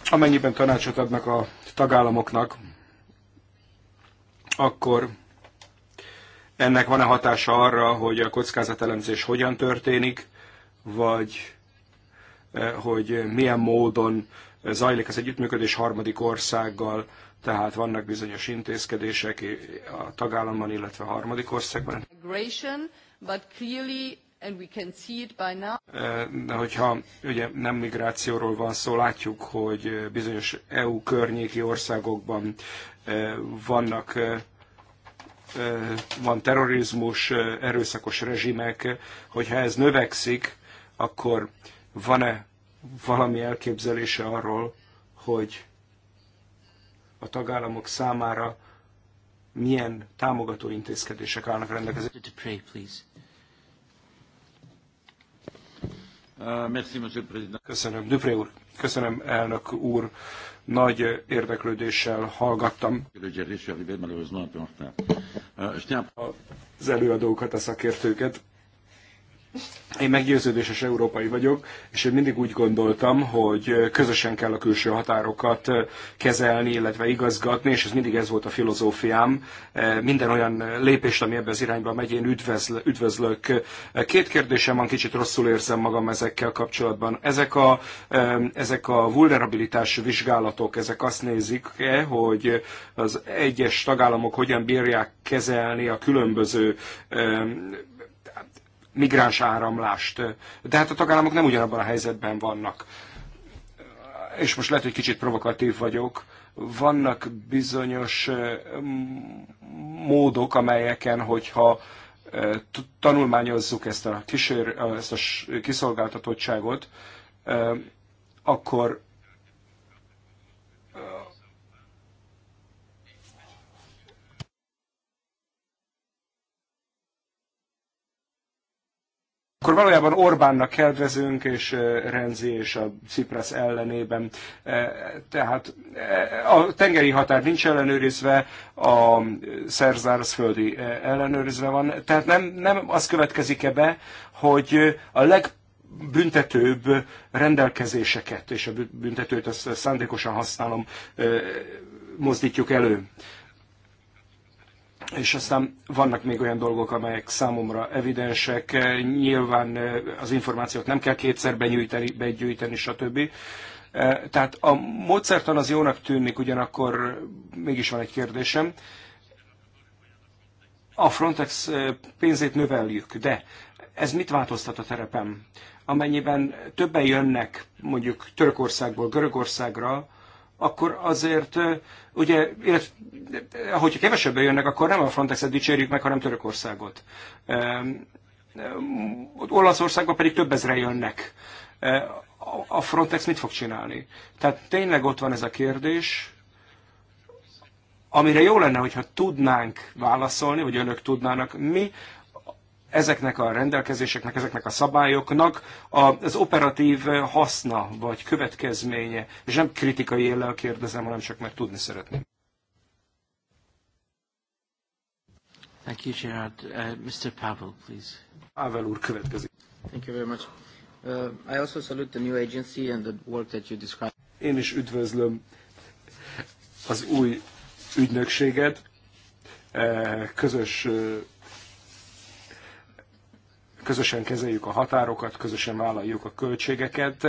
amennyiben tanácsot adnak a tagállamoknak, akkor ennek van-e hatása arra, hogy a kockázatelemzés hogyan történik, vagy Eh, hogy milyen módon zajlik az együttműködés harmadik országgal, tehát vannak bizonyos intézkedések a tagállamban, illetve a harmadik országban. Eh, de hogyha ugye nem migrációról van szó, látjuk, hogy bizonyos EU környéki országokban eh, vannak van terrorizmus, erőszakos rezsimek, hogyha ez növekszik, akkor van-e valami elképzelése arról, hogy a tagállamok számára milyen támogató intézkedések állnak rendelkezésre. Uh, Köszönöm, Dupré úr. Köszönöm, elnök úr. Nagy érdeklődéssel hallgattam euh, az előadókat, a szakértőket. Én meggyőződéses európai vagyok, és én mindig úgy gondoltam, hogy közösen kell a külső határokat kezelni, illetve igazgatni, és ez mindig ez volt a filozófiám. Minden olyan lépést, ami ebbe az irányba megy, én üdvözl, üdvözlök. Két kérdésem van, kicsit rosszul érzem magam ezekkel kapcsolatban. Ezek a, ezek a vulnerabilitás vizsgálatok, ezek azt nézik -e, hogy az egyes tagállamok hogyan bírják kezelni a különböző migráns áramlást. De hát a tagállamok nem ugyanabban a helyzetben vannak. És most lehet, hogy kicsit provokatív vagyok, vannak bizonyos módok, amelyeken, hogyha tanulmányozzuk ezt a, kísér, ezt a kiszolgáltatottságot, akkor valójában Orbánnak kedvezünk, és Renzi és a Cipras ellenében. Tehát a tengeri határ nincs ellenőrizve, a szerzárazföldi ellenőrizve van. Tehát nem, nem az következik ebbe, hogy a leg büntetőbb rendelkezéseket, és a büntetőt azt szándékosan használom, mozdítjuk elő. És aztán vannak még olyan dolgok, amelyek számomra evidensek, nyilván eh, az információt nem kell kétszer begyűjteni begyűjteni, stb. Eh, tehát a módszertan az jónak tűnik, ugyanakkor mégis van egy kérdésem. A Frontex eh, pénzét növeljük, de ez mit változtat a terepen? Amennyiben többen jönnek mondjuk Törökországból Görögországra, akkor azért Ugye, illetve, hogyha kevesebben jönnek, akkor nem a Frontexet dicsérjük meg, hanem Törökországot. Ehm, Olaszországban pedig több ezre jönnek. Ehm, a Frontex mit fog csinálni? Tehát tényleg ott van ez a kérdés, amire jó lenne, hogyha tudnánk válaszolni, vagy önök tudnának mi, ezeknek a rendelkezéseknek, ezeknek a szabályoknak az operatív haszna vagy következménye. És nem kritikai éllel kérdezem, hanem csak mert tudni szeretném. Thank you, Gerard. Uh, Mr. Pavel, please. Pavel úr következik. Thank you very much. Uh, I also salute the new agency and the work that you described. Én is üdvözlöm az új ügynökséget. Uh, közös uh, közösen kezeljük a határokat, közösen vállaljuk a költségeket.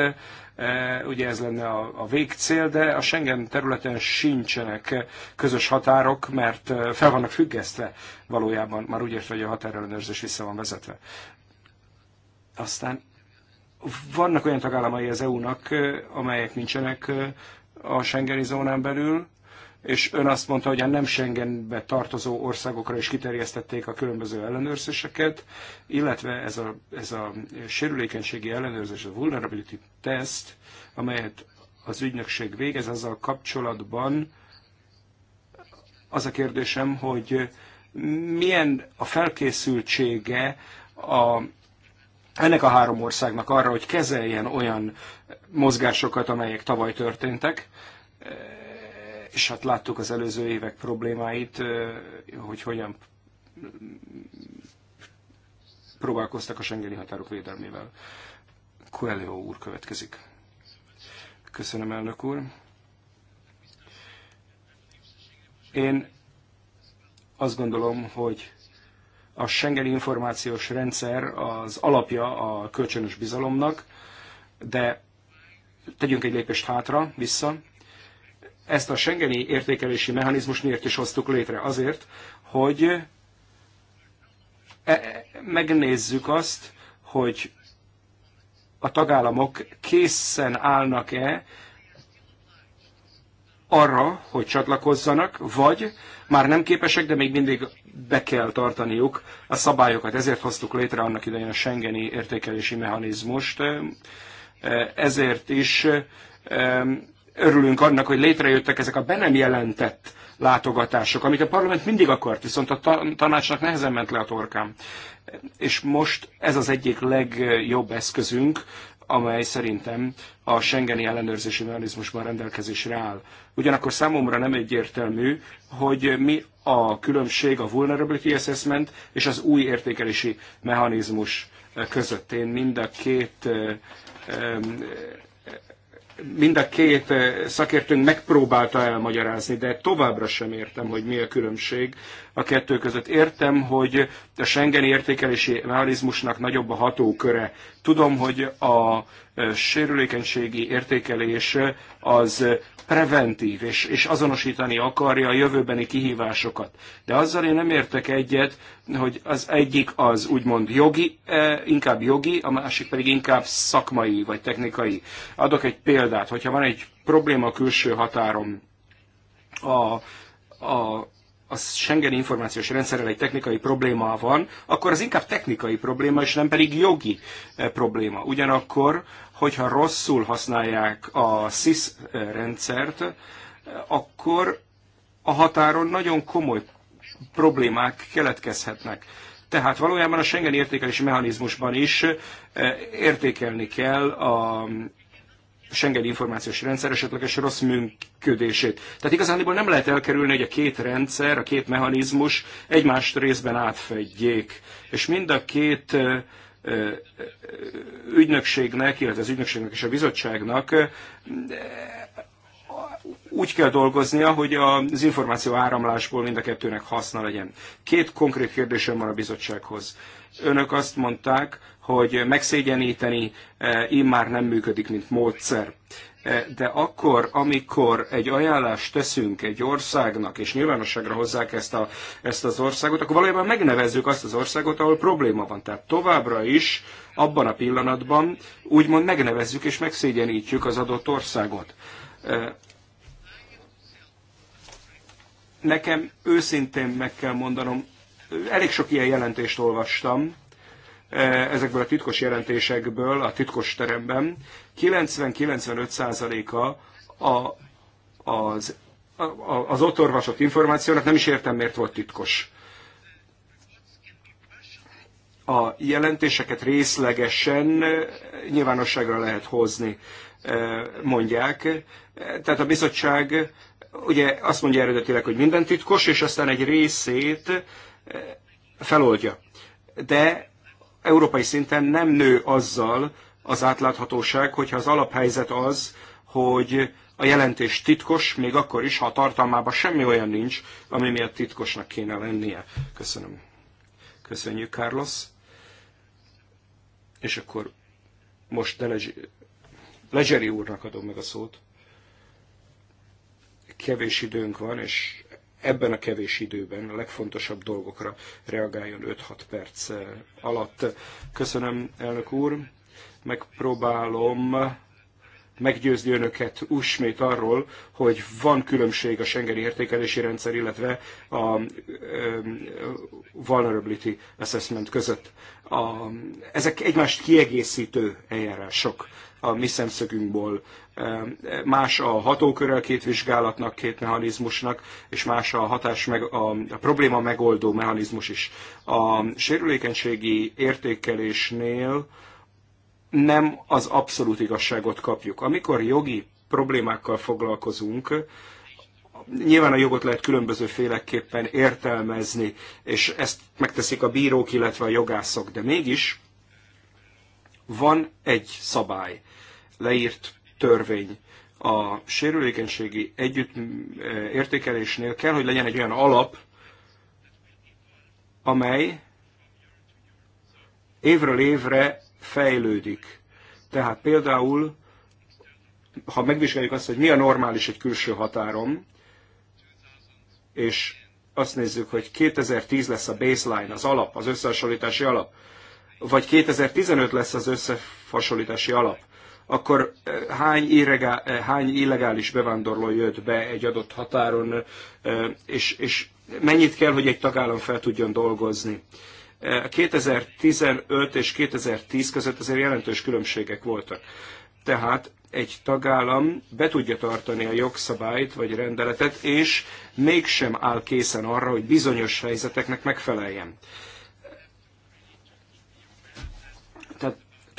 E, ugye ez lenne a, végcél, de a Schengen területen sincsenek közös határok, mert e, fel vannak függesztve valójában, már úgy értve, hogy a határellenőrzés vissza van vezetve. Aztán vannak olyan tagállamai az EU-nak, e, amelyek nincsenek a Schengeni zónán belül, és ön azt mondta, hogy a nem Schengenbe tartozó országokra is kiterjesztették a különböző ellenőrzéseket, illetve ez a, ez a sérülékenységi ellenőrzés, a vulnerability test, amelyet az ügynökség végez, azzal kapcsolatban az a kérdésem, hogy milyen a felkészültsége a, ennek a három országnak arra, hogy kezeljen olyan mozgásokat, amelyek tavaly történtek, és hát láttuk az előző évek problémáit, hogy hogyan próbálkoztak a sengeli határok védelmével. Coelho úr következik. Köszönöm, elnök úr. Én azt gondolom, hogy a Schengeni információs rendszer az alapja a kölcsönös bizalomnak, de tegyünk egy lépést hátra, vissza. Ezt a Schengeni értékelési mechanizmus miért is hoztuk létre? Azért, hogy e- megnézzük azt, hogy a tagállamok készen állnak-e arra, hogy csatlakozzanak, vagy már nem képesek, de még mindig be kell tartaniuk a szabályokat. Ezért hoztuk létre annak idején a Schengeni értékelési mechanizmust. Ezért is örülünk annak, hogy létrejöttek ezek a be nem jelentett látogatások, amit a parlament mindig akart, viszont a tanácsnak nehezen ment le a torkán. És most ez az egyik legjobb eszközünk, amely szerintem a Schengeni ellenőrzési mechanizmusban rendelkezésre áll. Ugyanakkor számomra nem egyértelmű, hogy mi a különbség a vulnerability assessment és az új értékelési mechanizmus között. Én mind a két mind a két eh, szakértőnk megpróbálta elmagyarázni, de továbbra sem értem, hogy mi a különbség a kettő között. Értem, hogy a Schengen értékelési mechanizmusnak nagyobb a hatóköre, Tudom, hogy a e, sérülékenységi értékelés e, az preventív, és, és azonosítani akarja a jövőbeni kihívásokat. De azzal én nem értek egyet, hogy az egyik az úgymond jogi, e, inkább jogi, a másik pedig inkább szakmai vagy technikai. Adok egy példát, hogyha van egy probléma a külső határon, a, a a Schengen információs rendszerrel egy technikai probléma van, akkor az inkább technikai probléma, és nem pedig jogi eh, probléma. Ugyanakkor, hogyha rosszul használják a SIS eh, rendszert, eh, akkor a határon nagyon komoly problémák keletkezhetnek. Tehát valójában a Schengen értékelési mechanizmusban is értékelni kell a Schengen információs rendszer esetleges rossz működését. Tehát igazániból nem lehet elkerülni, hogy a két rendszer, a két mechanizmus egymást részben átfedjék. És mind a két ügynökségnek, illetve az ügynökségnek és a bizottságnak úgy kell dolgoznia, hogy az információ áramlásból mind a kettőnek haszna legyen. Két konkrét kérdésem van a bizottsághoz. Önök azt mondták, hogy megszégyeníteni e, immár nem működik, mint módszer. E, de akkor, amikor egy ajánlást teszünk egy országnak, és nyilvánosságra hozzák ezt, a, ezt az országot, akkor valójában megnevezzük azt az országot, ahol probléma van. Tehát továbbra is abban a pillanatban úgymond megnevezzük és megszégyenítjük az adott országot. E, nekem őszintén meg kell mondanom, elég sok ilyen jelentést olvastam, E, ezekből a titkos jelentésekből a titkos teremben 90-95%-a a, az, a, az ott orvasott információnak nem is értem, miért volt titkos. A jelentéseket részlegesen nyilvánosságra lehet hozni, e, mondják. Tehát a bizottság ugye azt mondja eredetileg, hogy minden titkos, és aztán egy részét e, feloldja. De európai szinten nem nő azzal az átláthatóság, hogyha az alaphelyzet az, hogy a jelentés titkos, még akkor is, ha a tartalmában semmi olyan nincs, ami miatt titkosnak kéne lennie. Köszönöm. Köszönjük, Carlos. És akkor most Delegi, Legeri úrnak adom meg a szót. Kevés időnk van, és ebben a kevés időben a legfontosabb dolgokra reagáljon 5-6 perc eh, alatt. Köszönöm, elnök úr. Megpróbálom meggyőzni önöket úsmét arról, hogy van különbség a Schengeni értékelési rendszer, illetve a eh, Vulnerability Assessment között. A, ezek egymást kiegészítő eljárások a mi szemszögünkből. Más a hatókörrel két vizsgálatnak, két mechanizmusnak, és más a hatás meg, a, a probléma megoldó mechanizmus is. A sérülékenységi értékelésnél nem az abszolút igazságot kapjuk. Amikor jogi problémákkal foglalkozunk, nyilván a jogot lehet különböző féleképpen értelmezni, és ezt megteszik a bírók, illetve a jogászok, de mégis van egy szabály leírt törvény. A sérülékenységi együtt e, értékelésnél kell, hogy legyen egy olyan alap, amely évről évre fejlődik. Tehát például, ha megvizsgáljuk azt, hogy mi a normális egy külső határom, és azt nézzük, hogy 2010 lesz a baseline, az alap, az összehasonlítási alap, vagy 2015 lesz az összehasonlítási alap, akkor eh, hány, irregál, eh, hány illegális bevándorló jött be egy adott határon, eh, és, és mennyit kell, hogy egy tagállam fel tudjon dolgozni. 2015 és 2010 között azért jelentős különbségek voltak. Tehát egy tagállam be tudja tartani a jogszabályt vagy rendeletet, és mégsem áll készen arra, hogy bizonyos helyzeteknek megfeleljen.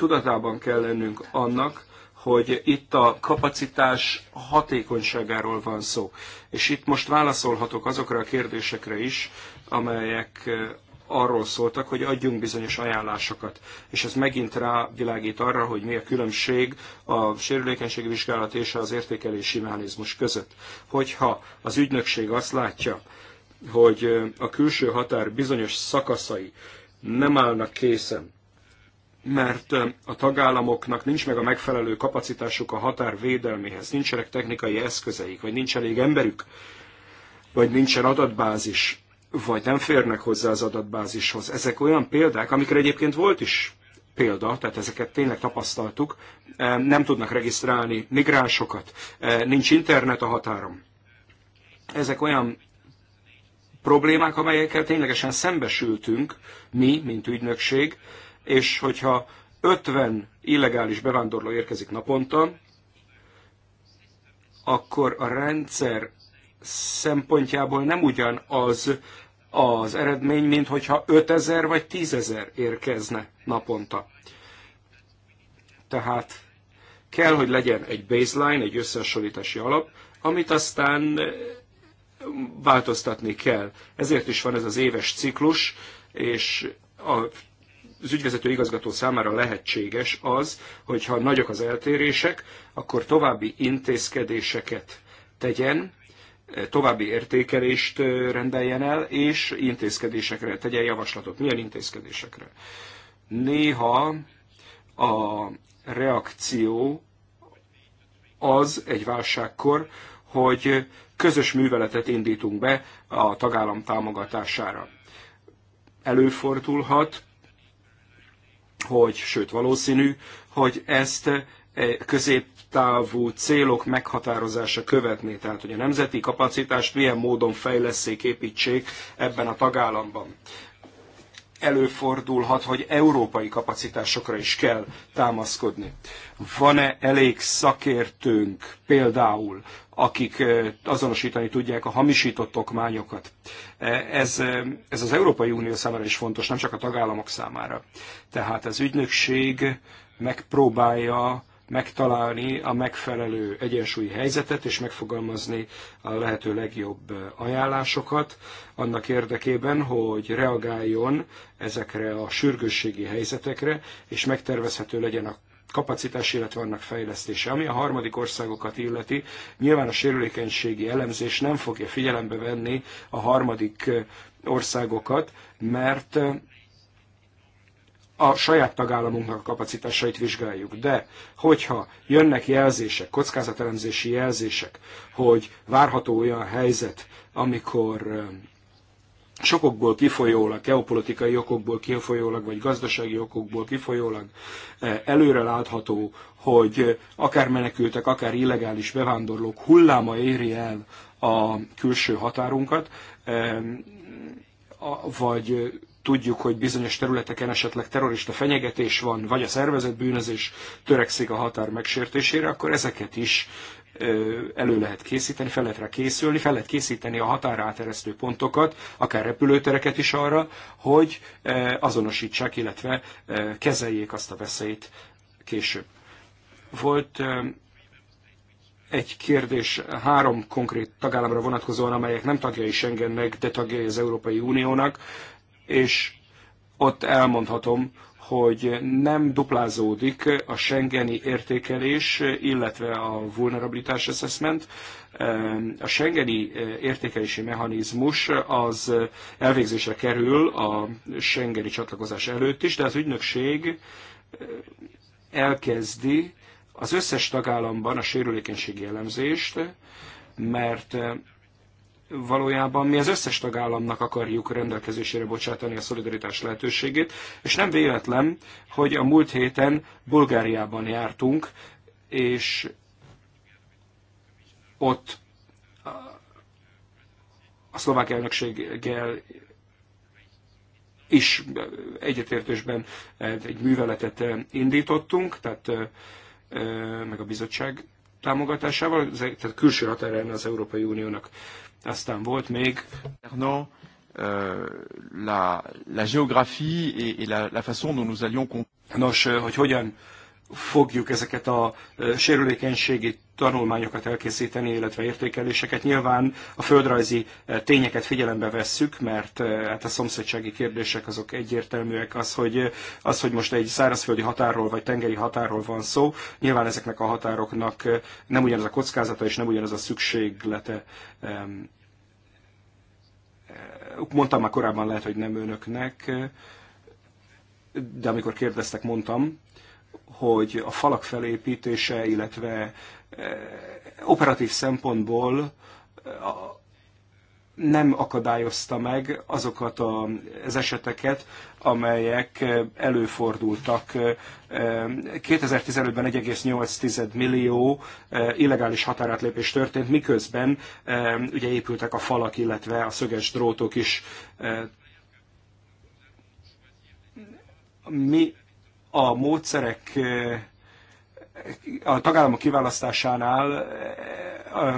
tudatában kell lennünk annak, hogy itt a kapacitás hatékonyságáról van szó. És itt most válaszolhatok azokra a kérdésekre is, amelyek eh, arról szóltak, hogy adjunk bizonyos ajánlásokat. És ez megint rávilágít arra, hogy mi a különbség a sérülékenységi vizsgálat és az értékelési mechanizmus között. Hogyha az ügynökség azt látja, hogy eh, a külső határ bizonyos szakaszai nem állnak készen, mert a tagállamoknak nincs meg a megfelelő kapacitásuk a határ védelméhez, nincsenek technikai eszközeik, vagy nincs elég emberük, vagy nincsen adatbázis, vagy nem férnek hozzá az adatbázishoz. Ezek olyan példák, amikre egyébként volt is példa, tehát ezeket tényleg tapasztaltuk, nem tudnak regisztrálni migránsokat, nincs internet a határon. Ezek olyan problémák, amelyekkel ténylegesen szembesültünk mi, mint ügynökség, és hogyha 50 illegális bevándorló érkezik naponta, akkor a rendszer szempontjából nem ugyanaz az eredmény, mint hogyha 5000 vagy 10000 érkezne naponta. Tehát kell, hogy legyen egy baseline, egy összehasonlítási alap, amit aztán eh, változtatni kell. Ezért is van ez az éves ciklus, és a az ügyvezető igazgató számára lehetséges az, hogyha nagyok az eltérések, akkor további intézkedéseket tegyen, további értékelést rendeljen el, és intézkedésekre tegyen javaslatot. Milyen intézkedésekre? Néha a reakció az egy válságkor, hogy közös műveletet indítunk be a tagállam támogatására. Előfordulhat, hogy, sőt valószínű, hogy ezt e középtávú célok meghatározása követné, tehát hogy a nemzeti kapacitást milyen módon fejleszék, építsék ebben a tagállamban előfordulhat, hogy európai kapacitásokra is kell támaszkodni. Van-e elég szakértőnk például, akik azonosítani tudják a hamisított okmányokat? E, ez, ez az Európai Unió számára is fontos, nem csak a tagállamok számára. Tehát az ügynökség megpróbálja megtalálni a megfelelő egyensúlyi helyzetet, és megfogalmazni a lehető legjobb ajánlásokat annak érdekében, hogy reagáljon ezekre a sürgősségi helyzetekre, és megtervezhető legyen a kapacitás, illetve annak fejlesztése. Ami a harmadik országokat illeti, nyilván a sérülékenységi elemzés nem fogja figyelembe venni a harmadik országokat, mert a saját tagállamunknak a kapacitásait vizsgáljuk. De hogyha jönnek jelzések, kockázatelemzési jelzések, hogy várható olyan helyzet, amikor sokokból kifolyólag, geopolitikai okokból kifolyólag, vagy gazdasági okokból kifolyólag előre látható, hogy akár menekültek, akár illegális bevándorlók hulláma éri el a külső határunkat, vagy tudjuk, hogy bizonyos területeken esetleg terrorista fenyegetés van, vagy a szervezett bűnözés törekszik a határ megsértésére, akkor ezeket is elő lehet készíteni, fel lehet rá készülni, fel lehet készíteni a határáteresztő pontokat, akár repülőtereket is arra, hogy azonosítsák, illetve kezeljék azt a veszélyt később. Volt egy kérdés három konkrét tagállamra vonatkozóan, amelyek nem tagjai Schengennek, de tagjai az Európai Uniónak és ott elmondhatom, hogy nem duplázódik a Schengeni értékelés, illetve a vulnerabilitás assessment. A Schengeni eh, értékelési mechanizmus az elvégzésre kerül a Schengeni csatlakozás előtt is, de az ügynökség eh, elkezdi az összes tagállamban a sérülékenységi elemzést, mert eh, valójában mi az összes tagállamnak akarjuk rendelkezésére bocsátani a szolidaritás lehetőségét, és nem véletlen, hogy a múlt héten Bulgáriában jártunk, és ott a szlovák elnökséggel is egyetértésben egy műveletet indítottunk, tehát meg a bizottság támogatásával, tehát külső határán az Európai Uniónak. Aztán volt még... No. Euh, la, la géographie et, et la, la façon dont nous allions... Nos, euh, hogy hogyan fogjuk ezeket a sérülékenységi tanulmányokat elkészíteni, illetve értékeléseket. Nyilván a földrajzi tényeket figyelembe vesszük, mert hát a szomszédsági kérdések azok egyértelműek. Az hogy, az, hogy most egy szárazföldi határól vagy tengeri határól van szó, nyilván ezeknek a határoknak nem ugyanaz a kockázata és nem ugyanaz a szükséglete mondtam már korábban, lehet, hogy nem önöknek, de amikor kérdeztek, mondtam, hogy a falak felépítése, illetve eh, operatív szempontból eh, nem akadályozta meg azokat a, az eseteket, amelyek eh, előfordultak. 2015-ben 1,8 millió illegális határátlépés történt, miközben ugye épültek a falak, illetve a szöges drótok is. Mi a módszerek eh, a tagállamok kiválasztásánál eh,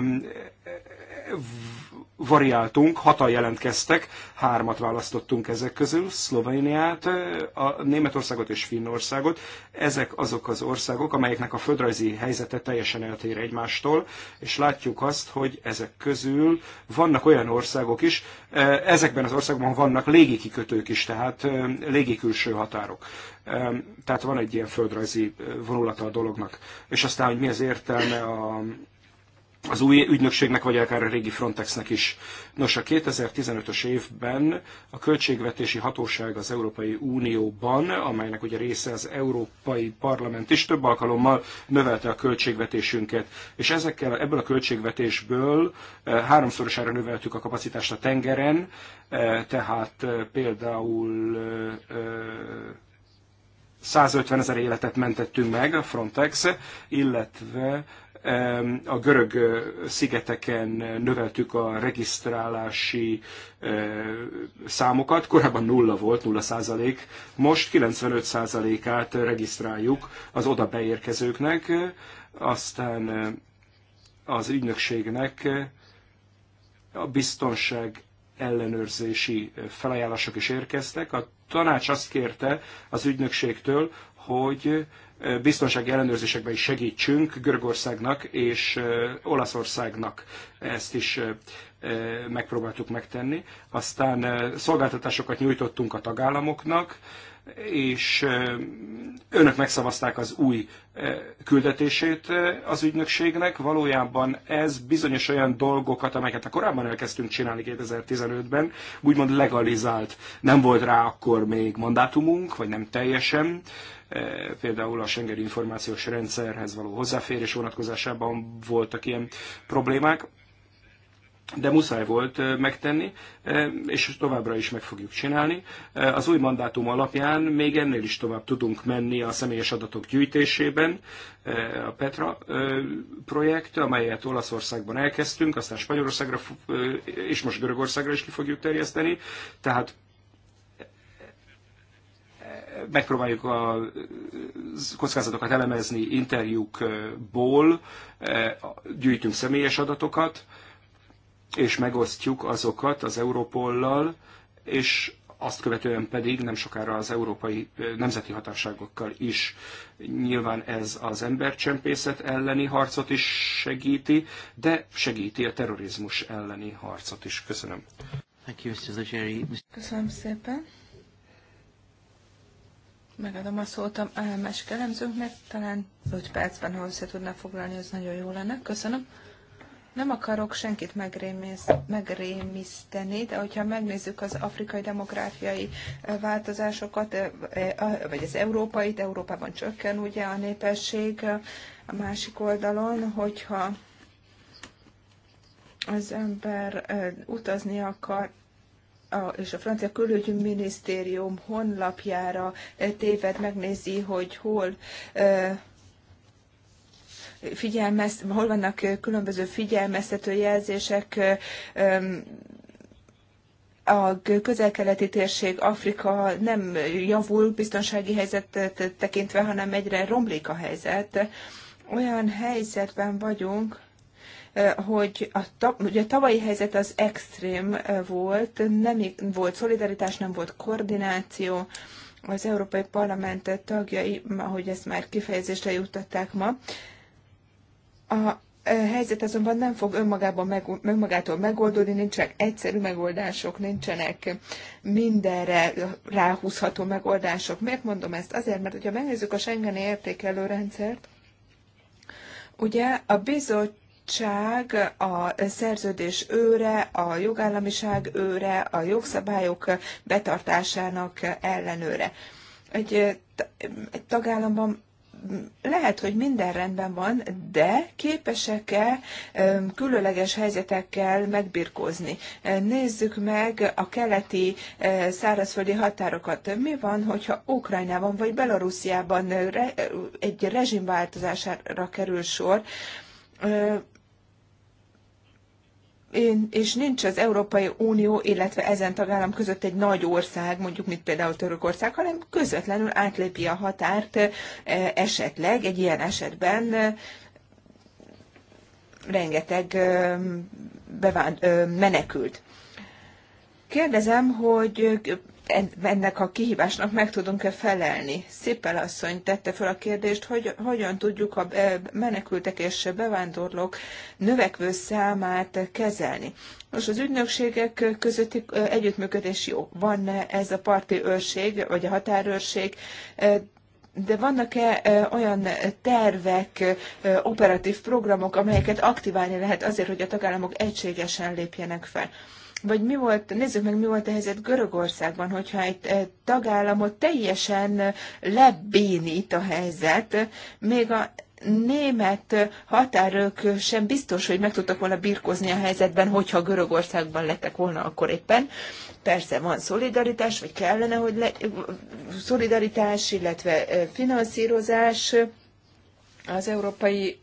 variáltunk, hatan jelentkeztek, hármat választottunk ezek közül, Szlovéniát, a Németországot és Finnországot. Ezek azok az országok, amelyeknek a földrajzi helyzete teljesen eltér egymástól, és látjuk azt, hogy ezek közül vannak olyan országok is, ezekben az országokban vannak légikikötők is, tehát légikülső határok. Tehát van egy ilyen földrajzi vonulata a dolognak. És aztán, hogy mi az értelme a az új ügynökségnek, vagy akár a régi Frontexnek is. Nos, a 2015-ös évben a Költségvetési Hatóság az Európai Unióban, amelynek ugye része az Európai Parlament is, több alkalommal növelte a költségvetésünket, és ezekkel, ebből a költségvetésből eh, háromszorosára növeltük a kapacitást a tengeren, eh, tehát eh, például 150 ezer életet mentettünk meg a Frontex, illetve a görög szigeteken növeltük a regisztrálási számokat, korábban nulla volt, nulla százalék, most 95 százalékát regisztráljuk az oda beérkezőknek, aztán az ügynökségnek a biztonság ellenőrzési eh, felajánlások is érkeztek. A tanács azt kérte az ügynökségtől, hogy eh, biztonsági ellenőrzésekben is segítsünk Görögországnak és eh, Olaszországnak. Ezt is megpróbáltuk megtenni. Aztán szolgáltatásokat nyújtottunk a tagállamoknak, és önök megszavazták az új küldetését az ügynökségnek. Valójában ez bizonyos olyan dolgokat, amelyeket a korábban elkezdtünk csinálni 2015-ben, úgymond legalizált. Nem volt rá akkor még mandátumunk, vagy nem teljesen. Például a Schengen információs rendszerhez való hozzáférés vonatkozásában voltak ilyen problémák de muszáj volt megtenni, és továbbra is meg fogjuk csinálni. Az új mandátum alapján még ennél is tovább tudunk menni a személyes adatok gyűjtésében. A Petra projekt, amelyet Olaszországban elkezdtünk, aztán Spanyolországra és most Görögországra is ki fogjuk terjeszteni. Tehát megpróbáljuk a kockázatokat elemezni interjúkból, gyűjtünk személyes adatokat, és megosztjuk azokat az Európollal, és azt követően pedig nem sokára az európai nemzeti hatásságokkal is. Nyilván ez az embercsempészet elleni harcot is segíti, de segíti a terrorizmus elleni harcot is. Köszönöm. Köszönöm szépen. Megadom a szót a másik elemzőnknek, talán 5 percben, ha össze tudná foglalni, az nagyon jó lenne. Köszönöm. Nem akarok senkit megrémiz, megrémiszteni, de hogyha megnézzük az afrikai demográfiai változásokat, vagy az európai, de Európában csökken ugye a népesség a másik oldalon, hogyha az ember utazni akar, a, és a francia külügyminisztérium honlapjára téved, megnézi, hogy hol figyelmez, hol vannak különböző figyelmeztető jelzések, a közel-keleti térség, Afrika nem javul biztonsági helyzetet tekintve, hanem egyre romlik a helyzet. Olyan helyzetben vagyunk, hogy a, ugye a tavalyi helyzet az extrém volt, nem volt szolidaritás, nem volt koordináció, az Európai Parlament tagjai, ahogy ezt már kifejezésre juttatták ma, a helyzet azonban nem fog önmagában meg, önmagától megoldódni, nincsenek egyszerű megoldások, nincsenek mindenre ráhúzható megoldások. Miért mondom ezt? Azért, mert hogyha megnézzük a Schengeni értékelő rendszert, ugye a bizottság a szerződés őre, a jogállamiság őre, a jogszabályok betartásának ellenőre. Egy, egy tagállamban lehet, hogy minden rendben van, de képesek-e különleges helyzetekkel megbirkózni? Nézzük meg a keleti e, szárazföldi határokat. Mi van, hogyha Ukrajnában vagy Belarusziában egy rezsimváltozására kerül sor? és nincs az Európai Unió, illetve ezen tagállam között egy nagy ország, mondjuk mint például Törökország, hanem közvetlenül átlépi a határt e, esetleg egy ilyen esetben e, rengeteg e, bevánd, menekült. Kérdezem, hogy ennek a kihívásnak meg tudunk-e felelni. Szippel asszony tette fel a kérdést, hogy hogyan tudjuk a e, menekültek és bevándorlók növekvő számát kezelni. Most az ügynökségek közötti e, együttműködés jó. Van ez a parti őrség, vagy a határőrség, e, de vannak-e olyan tervek, operatív programok, amelyeket aktiválni lehet azért, hogy a tagállamok egységesen lépjenek fel? vagy mi volt, nézzük meg, mi volt a helyzet Görögországban, hogyha egy eh, tagállamot teljesen eh, lebénít a helyzet, még a német határok sem biztos, hogy meg tudtak volna birkozni a helyzetben, hogyha Görögországban lettek volna akkor éppen. Persze van szolidaritás, vagy kellene, hogy le, szolidaritás, illetve eh, finanszírozás az Európai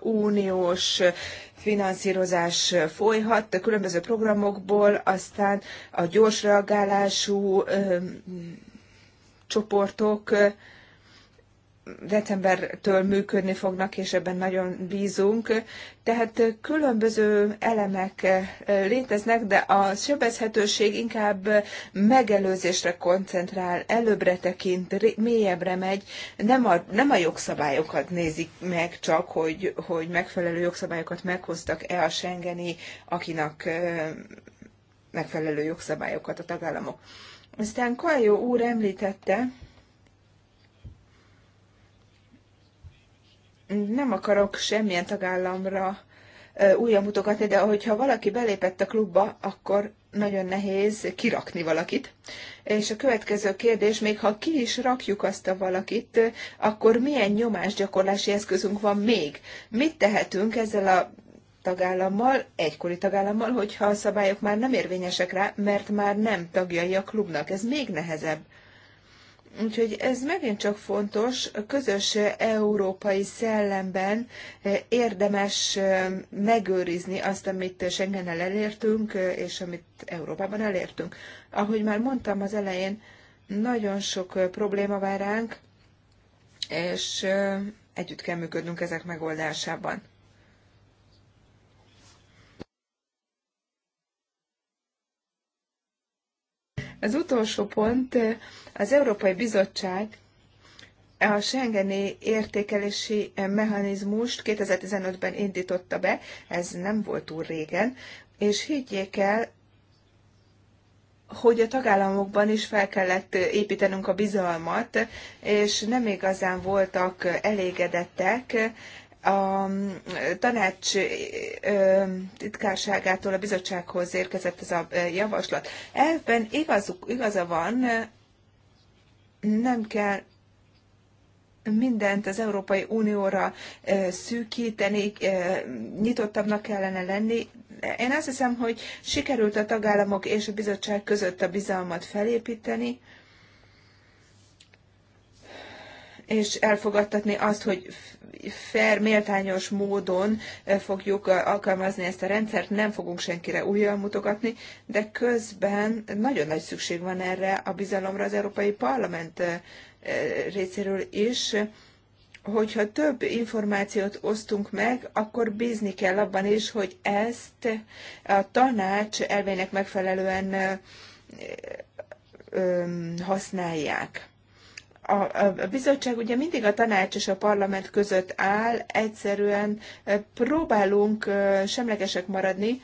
Uniós finanszírozás folyhat a különböző programokból, aztán a gyors reagálású csoportok decembertől működni fognak, és ebben nagyon bízunk. Tehát különböző elemek eh, léteznek, de a sebezhetőség inkább megelőzésre koncentrál, előbbre tekint, mélyebbre megy, nem a, nem a jogszabályokat nézik meg csak, hogy, hogy megfelelő jogszabályokat meghoztak-e a Schengeni, akinek eh, megfelelő jogszabályokat a tagállamok. Aztán Kajó úr említette, nem akarok semmilyen tagállamra újra mutogatni, de hogyha valaki belépett a klubba, akkor nagyon nehéz kirakni valakit. És a következő kérdés, még ha ki is rakjuk azt a valakit, akkor milyen nyomásgyakorlási eszközünk van még? Mit tehetünk ezzel a tagállammal, egykori tagállammal, hogyha a szabályok már nem érvényesek rá, mert már nem tagjai a klubnak. Ez még nehezebb. Úgyhogy ez megint csak fontos, közös európai szellemben eh, érdemes eh, megőrizni azt, amit Schengennel elértünk, eh, és amit Európában elértünk. Ahogy már mondtam az elején, nagyon sok probléma vár ránk, és együtt kell működnünk ezek megoldásában. Az utolsó pont, az Európai Bizottság a Schengeni értékelési mechanizmust 2015-ben indította be, ez nem volt túl régen, és higgyék el, hogy a tagállamokban is fel kellett építenünk a bizalmat, és nem igazán voltak elégedettek a tanács titkárságától a bizottsághoz érkezett ez a javaslat. Ebben igazuk, igaza van, nem kell mindent az Európai Unióra szűkíteni, nyitottabbnak kellene lenni. Én azt hiszem, hogy sikerült a tagállamok és a bizottság között a bizalmat felépíteni, és elfogadtatni azt, hogy fair, méltányos módon eh, fogjuk eh, alkalmazni ezt a rendszert, nem fogunk senkire újjal mutogatni, de közben nagyon nagy szükség van erre a bizalomra az Európai Parlament eh, részéről is, hogyha több információt osztunk meg, akkor bízni kell abban is, hogy ezt a tanács elvének megfelelően használják a, a bizottság ugye mindig a tanács és a parlament között áll, egyszerűen próbálunk semlegesek maradni,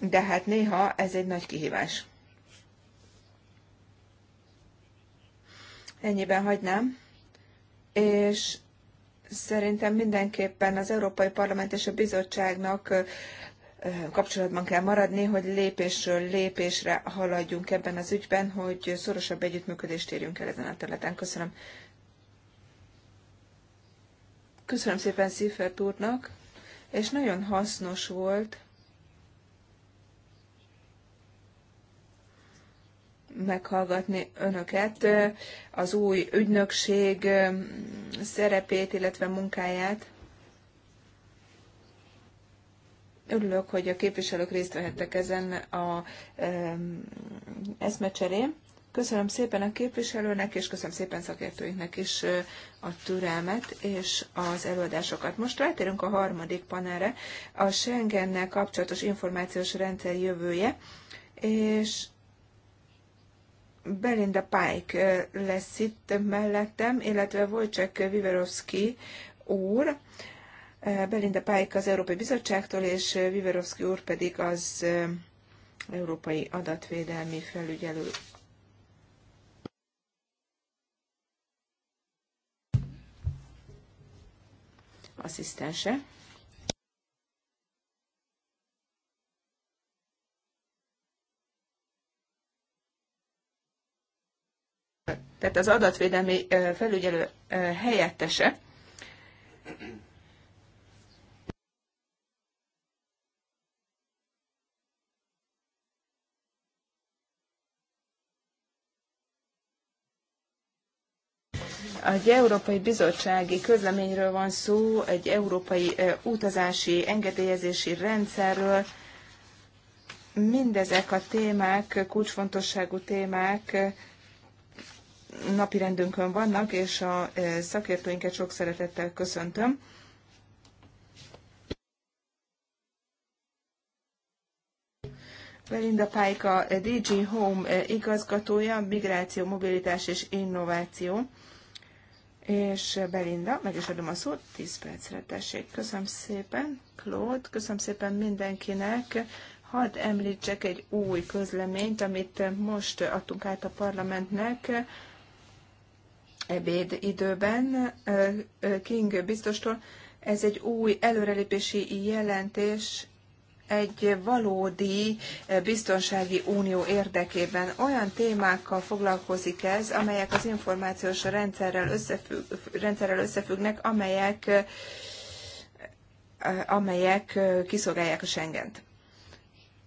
de hát néha ez egy nagy kihívás. Ennyiben hagynám. És szerintem mindenképpen az Európai Parlament és a bizottságnak kapcsolatban kell maradni, hogy lépésről lépésre haladjunk ebben az ügyben, hogy szorosabb együttműködést érjünk el ezen a területen. Köszönöm. Köszönöm szépen Szifert úrnak, és nagyon hasznos volt meghallgatni önöket, az új ügynökség szerepét, illetve munkáját. Örülök, hogy a képviselők részt vehettek ezen a eszmecserén. Köszönöm szépen a képviselőnek, és köszönöm szépen szakértőinknek is a türelmet és az előadásokat. Most rátérünk a harmadik panelre, a Schengennel kapcsolatos információs rendszer jövője, és Belinda Pike lesz itt mellettem, illetve Wojciech Viverovsky úr, Eh, Belinda Pályk az Európai Bizottságtól, és eh, Viverovszki úr pedig az eh, Európai Adatvédelmi Felügyelő. asszisztense. Tehát az adatvédelmi felügyelő helyettese Egy Európai Bizottsági közleményről van szó, egy európai utazási engedélyezési rendszerről. Mindezek a témák, kulcsfontosságú témák napirendünkön vannak, és a szakértőinket sok szeretettel köszöntöm. Belinda Pajka, DG Home igazgatója, migráció, mobilitás és innováció. És Belinda, meg is adom a szót, 10 percre tessék. Köszönöm szépen, Claude, köszönöm szépen mindenkinek. Hadd említsek egy új közleményt, amit most adtunk át a parlamentnek ebéd időben King biztostól. Ez egy új előrelépési jelentés egy valódi eh, biztonsági unió érdekében. Olyan témákkal foglalkozik ez, amelyek az információs rendszerrel, összefügg, rendszerrel összefüggnek, amelyek, eh, amelyek eh, kiszolgálják a Schengent.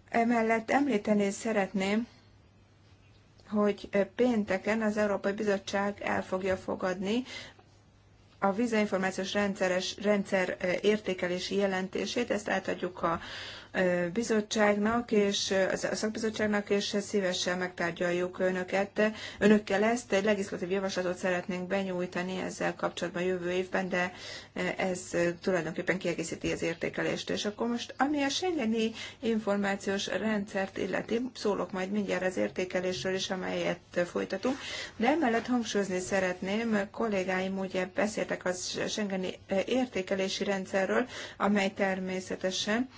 Emellett említeni szeretném, hogy pénteken az Európai Bizottság el fogja fogadni a vízainformációs rendszeres, rendszer értékelési jelentését, ezt átadjuk a bizottságnak és a szakbizottságnak, és szívesen megtárgyaljuk önöket. Önökkel ezt egy legislatív javaslatot szeretnénk benyújtani ezzel kapcsolatban jövő évben, de ez tulajdonképpen kiegészíti az értékelést. És akkor most, ami a Schengeni információs rendszert illeti, szólok majd mindjárt az értékelésről is, amelyet folytatunk, de emellett hangsúlyozni szeretném, kollégáim ugye beszéltek az Schengeni értékelési rendszerről, amely természetesen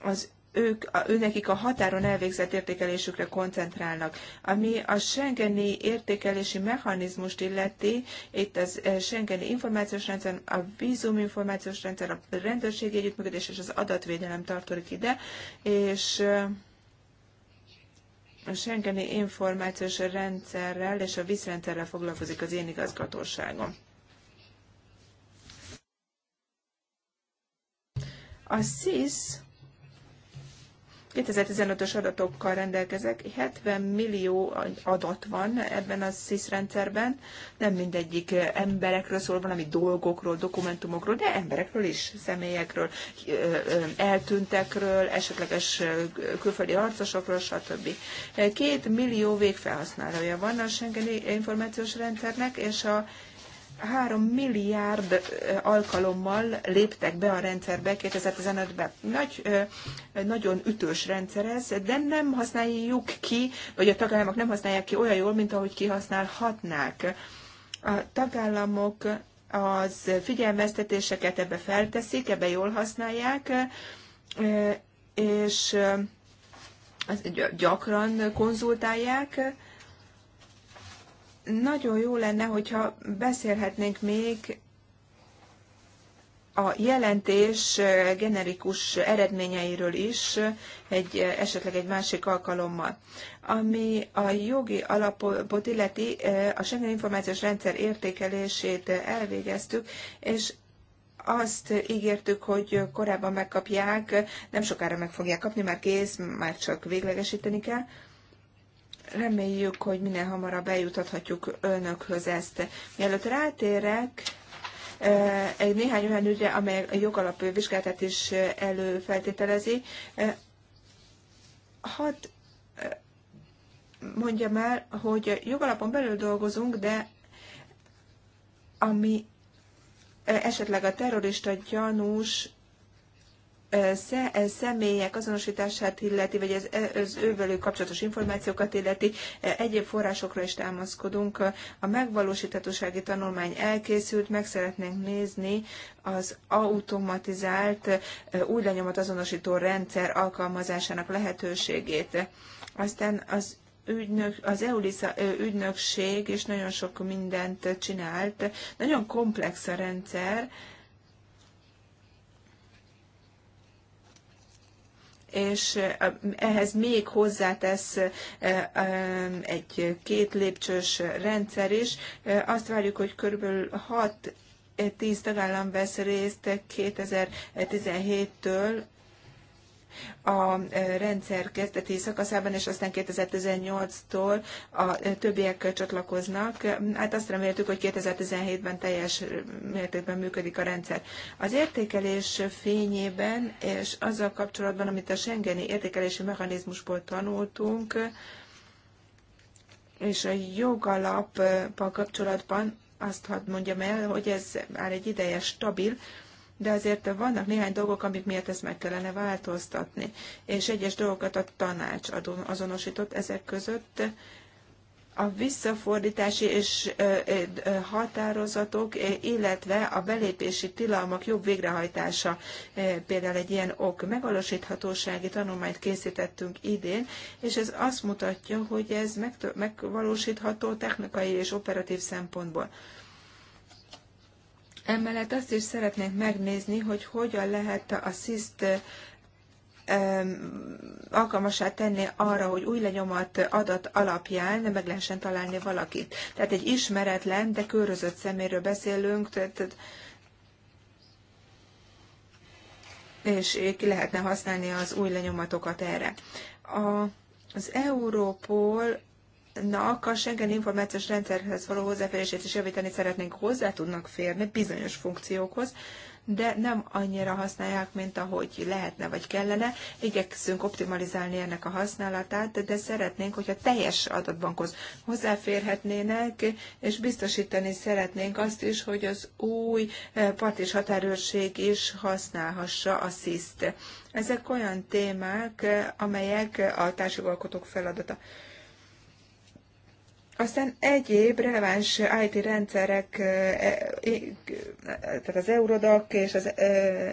az ők, a őnekik a határon elvégzett értékelésükre koncentrálnak. Ami a Schengeni értékelési mechanizmust illeti, itt az eh, Schengeni információs rendszer, a vízum információs rendszer, a rendőrségi együttműködés és az adatvédelem tartozik ide, és eh, a Schengeni információs rendszerrel és a vízrendszerrel foglalkozik az én igazgatóságom. A SIS 2015-ös adatokkal rendelkezek, 70 millió adat van ebben a SIS rendszerben, nem mindegyik emberekről szól, valami dolgokról, dokumentumokról, de emberekről is, személyekről, eltűntekről, esetleges külföldi harcosokról, stb. Két millió végfelhasználója van a Schengeni információs rendszernek, és a 3 milliárd alkalommal léptek be a rendszerbe 2015-ben. Nagy, nagyon ütős rendszer ez, de nem használjuk ki, vagy a tagállamok nem használják ki olyan jól, mint ahogy kihasználhatnák. A tagállamok az figyelmeztetéseket ebbe felteszik, ebbe jól használják, és gyakran konzultálják nagyon jó lenne, hogyha beszélhetnénk még a jelentés generikus eredményeiről is egy, esetleg egy másik alkalommal. Ami a jogi alapot illeti, a Schengen információs rendszer értékelését elvégeztük, és azt ígértük, hogy korábban megkapják, nem sokára meg fogják kapni, már kész, már csak véglegesíteni kell. Reméljük, hogy minél hamarabb bejutathatjuk önökhöz ezt. Mielőtt rátérek, e, egy néhány olyan ügyre, amely a jogalapú vizsgálatát is előfeltételezi. E, hadd e, mondjam el, hogy jogalapon belül dolgozunk, de ami esetleg a terrorista gyanús személyek azonosítását illeti, vagy az, az ővelő kapcsolatos információkat illeti, egyéb forrásokra is támaszkodunk. A megvalósíthatósági tanulmány elkészült, meg szeretnénk nézni az automatizált új lenyomat rendszer alkalmazásának lehetőségét. Aztán az ügynök, az EULISA ügynökség is nagyon sok mindent csinált. Nagyon komplex a rendszer, és ehhez még hozzátesz egy két lépcsős rendszer is. Azt várjuk, hogy körülbelül 6 10 tagállam vesz részt 2017-től a rendszer kezdeti szakaszában, és aztán 2018-tól a többiek csatlakoznak. Hát azt reméltük, hogy 2017-ben teljes mértékben működik a rendszer. Az értékelés fényében és azzal kapcsolatban, amit a Schengeni értékelési mechanizmusból tanultunk, és a jogalappal kapcsolatban azt hadd mondjam el, hogy ez már egy ideje stabil, de azért vannak néhány dolgok, amik miatt ezt meg kellene változtatni. És egyes dolgokat a tanács azonosított ezek között, a visszafordítási és határozatok, illetve a belépési tilalmak jobb végrehajtása, például egy ilyen ok megvalósíthatósági tanulmányt készítettünk idén, és ez azt mutatja, hogy ez megvalósítható technikai és operatív szempontból. Emellett azt is szeretnénk megnézni, hogy hogyan lehet a SZISZT alkalmasá tenni arra, hogy új lenyomat adat alapján meg lehessen találni valakit. Tehát egy ismeretlen, de körözött szeméről beszélünk, tehát és ki lehetne használni az új lenyomatokat erre. A, az Európol Nak a Schengen információs rendszerhez való hozzáférését is javítani szeretnénk, hozzá tudnak férni bizonyos funkciókhoz, de nem annyira használják, mint ahogy lehetne vagy kellene. Igyekszünk optimalizálni ennek a használatát, de szeretnénk, hogyha teljes adatbankhoz hozzáférhetnének, és biztosítani szeretnénk azt is, hogy az új eh, part és határőrség is használhassa a sis t Ezek olyan témák, eh, amelyek a alkotók feladata. Aztán egyéb releváns IT rendszerek, e, tehát az Eurodoc és az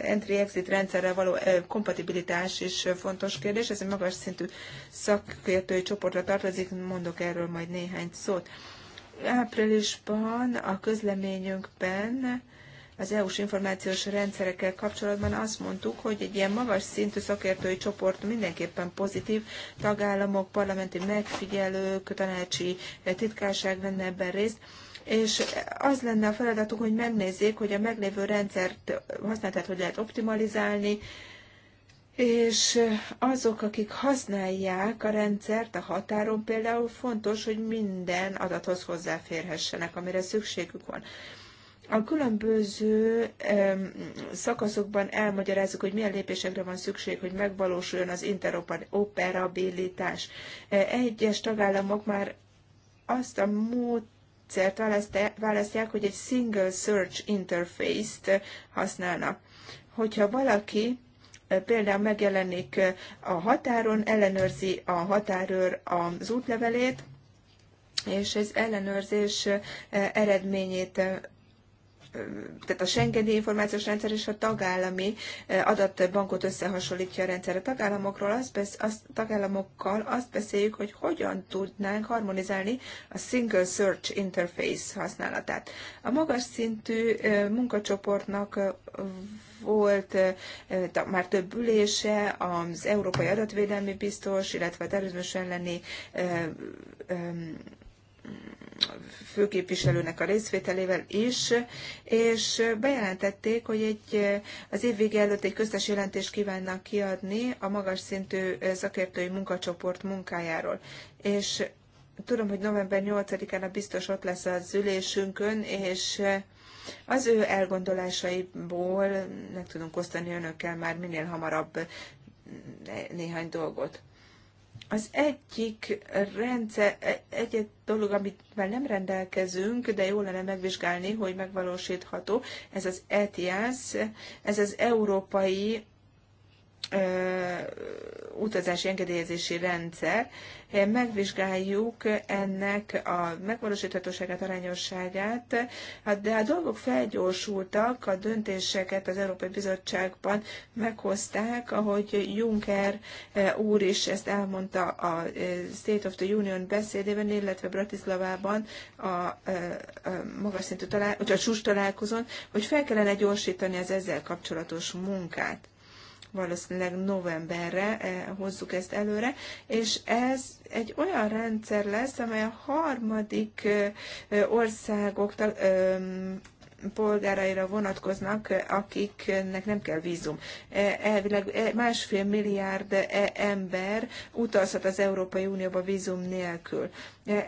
Entry-Exit rendszerrel való kompatibilitás is fontos kérdés. Ez egy magas szintű szakértői csoportra tartozik, mondok erről majd néhány szót. Áprilisban a közleményünkben az EU-s információs rendszerekkel kapcsolatban azt mondtuk, hogy egy ilyen magas szintű szakértői csoport mindenképpen pozitív, tagállamok, parlamenti megfigyelők, tanácsi titkárság venne ebben részt, és az lenne a feladatuk, hogy megnézzék, hogy a meglévő rendszert használatát hogy lehet optimalizálni, és azok, akik használják a rendszert a határon például, fontos, hogy minden adathoz hozzáférhessenek, amire szükségük van. A különböző szakaszokban elmagyarázzuk, hogy milyen lépésekre van szükség, hogy megvalósuljon az interoperabilitás. E, egyes tagállamok már azt a mód módszert választják, hogy egy single search interface-t használnak. Hogyha valaki e, például megjelenik e, a határon, ellenőrzi a határőr az útlevelét, és ez ellenőrzés eredményét tehát a Schengeni információs rendszer és a tagállami adatbankot összehasonlítja a rendszer. A tagállamokról azt, besz, azt, tagállamokkal azt beszéljük, hogy hogyan tudnánk harmonizálni a Single Search Interface használatát. A magas szintű munkacsoportnak volt már több ülése, az Európai Adatvédelmi Biztos, illetve a terrorizmus elleni főképviselőnek a részvételével is, és bejelentették, hogy egy, az év vége előtt egy köztes jelentést kívánnak kiadni a magas szintű szakértői munkacsoport munkájáról. És tudom, hogy november 8-án a biztos ott lesz az ülésünkön, és az ő elgondolásaiból meg tudunk osztani önökkel már minél hamarabb néhány dolgot. Az egyik rendszer, egy, egy dolog, már nem rendelkezünk, de jó lenne megvizsgálni, hogy megvalósítható, ez az ETIAS, ez az Európai utazási engedélyezési rendszer. Megvizsgáljuk ennek a megvalósíthatóságát, arányosságát, de a dolgok felgyorsultak, a döntéseket az Európai Bizottságban meghozták, ahogy Juncker úr is ezt elmondta a State of the Union beszédében, illetve Bratislavában a, a magas szintű a találkozón, hogy fel kellene gyorsítani az ezzel kapcsolatos munkát valószínűleg novemberre eh, hozzuk ezt előre, és ez egy olyan rendszer lesz, amely a harmadik eh, eh, országok polgáraira vonatkoznak, akiknek nem kell vízum. Elvileg másfél milliárd ember utazhat az Európai Unióba vízum nélkül.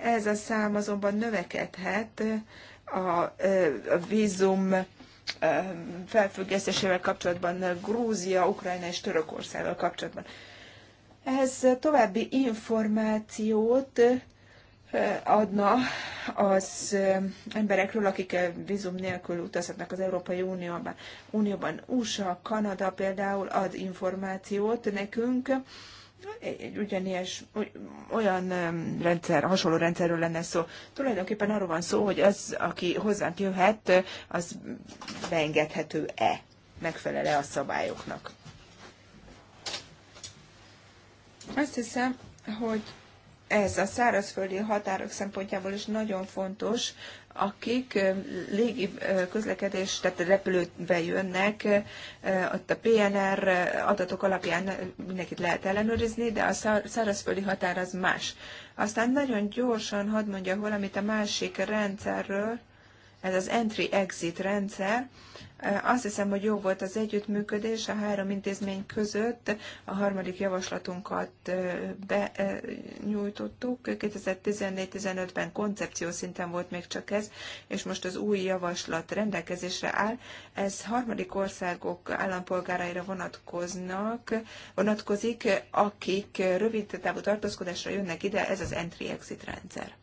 Ez a szám azonban növekedhet a, vízum felfüggesztésével kapcsolatban, Grúzia, Ukrajna és Törökországgal kapcsolatban. Ehhez további információt adna az emberekről, akik vízum nélkül utazhatnak az Európai Unióban. Unióban USA, Kanada például ad információt nekünk egy ugyanilyes, olyan rendszer, hasonló rendszerről lenne szó. Tulajdonképpen arról van szó, hogy az, aki hozzánk jöhet, az beengedhető-e, megfelele a szabályoknak. Azt hiszem, hogy ez a szárazföldi határok szempontjából is nagyon fontos, akik légi közlekedés, tehát repülőbe jönnek, ott a PNR adatok alapján mindenkit lehet ellenőrizni, de a szárazföldi határ az más. Aztán nagyon gyorsan hadd mondja valamit a másik rendszerről, ez az entry-exit rendszer, azt hiszem, hogy jó volt az együttműködés a három intézmény között. A harmadik javaslatunkat benyújtottuk. 2014-15-ben koncepció szinten volt még csak ez, és most az új javaslat rendelkezésre áll. Ez harmadik országok állampolgáraira vonatkoznak, vonatkozik, akik rövid távú tartózkodásra jönnek ide, ez az entry-exit rendszer.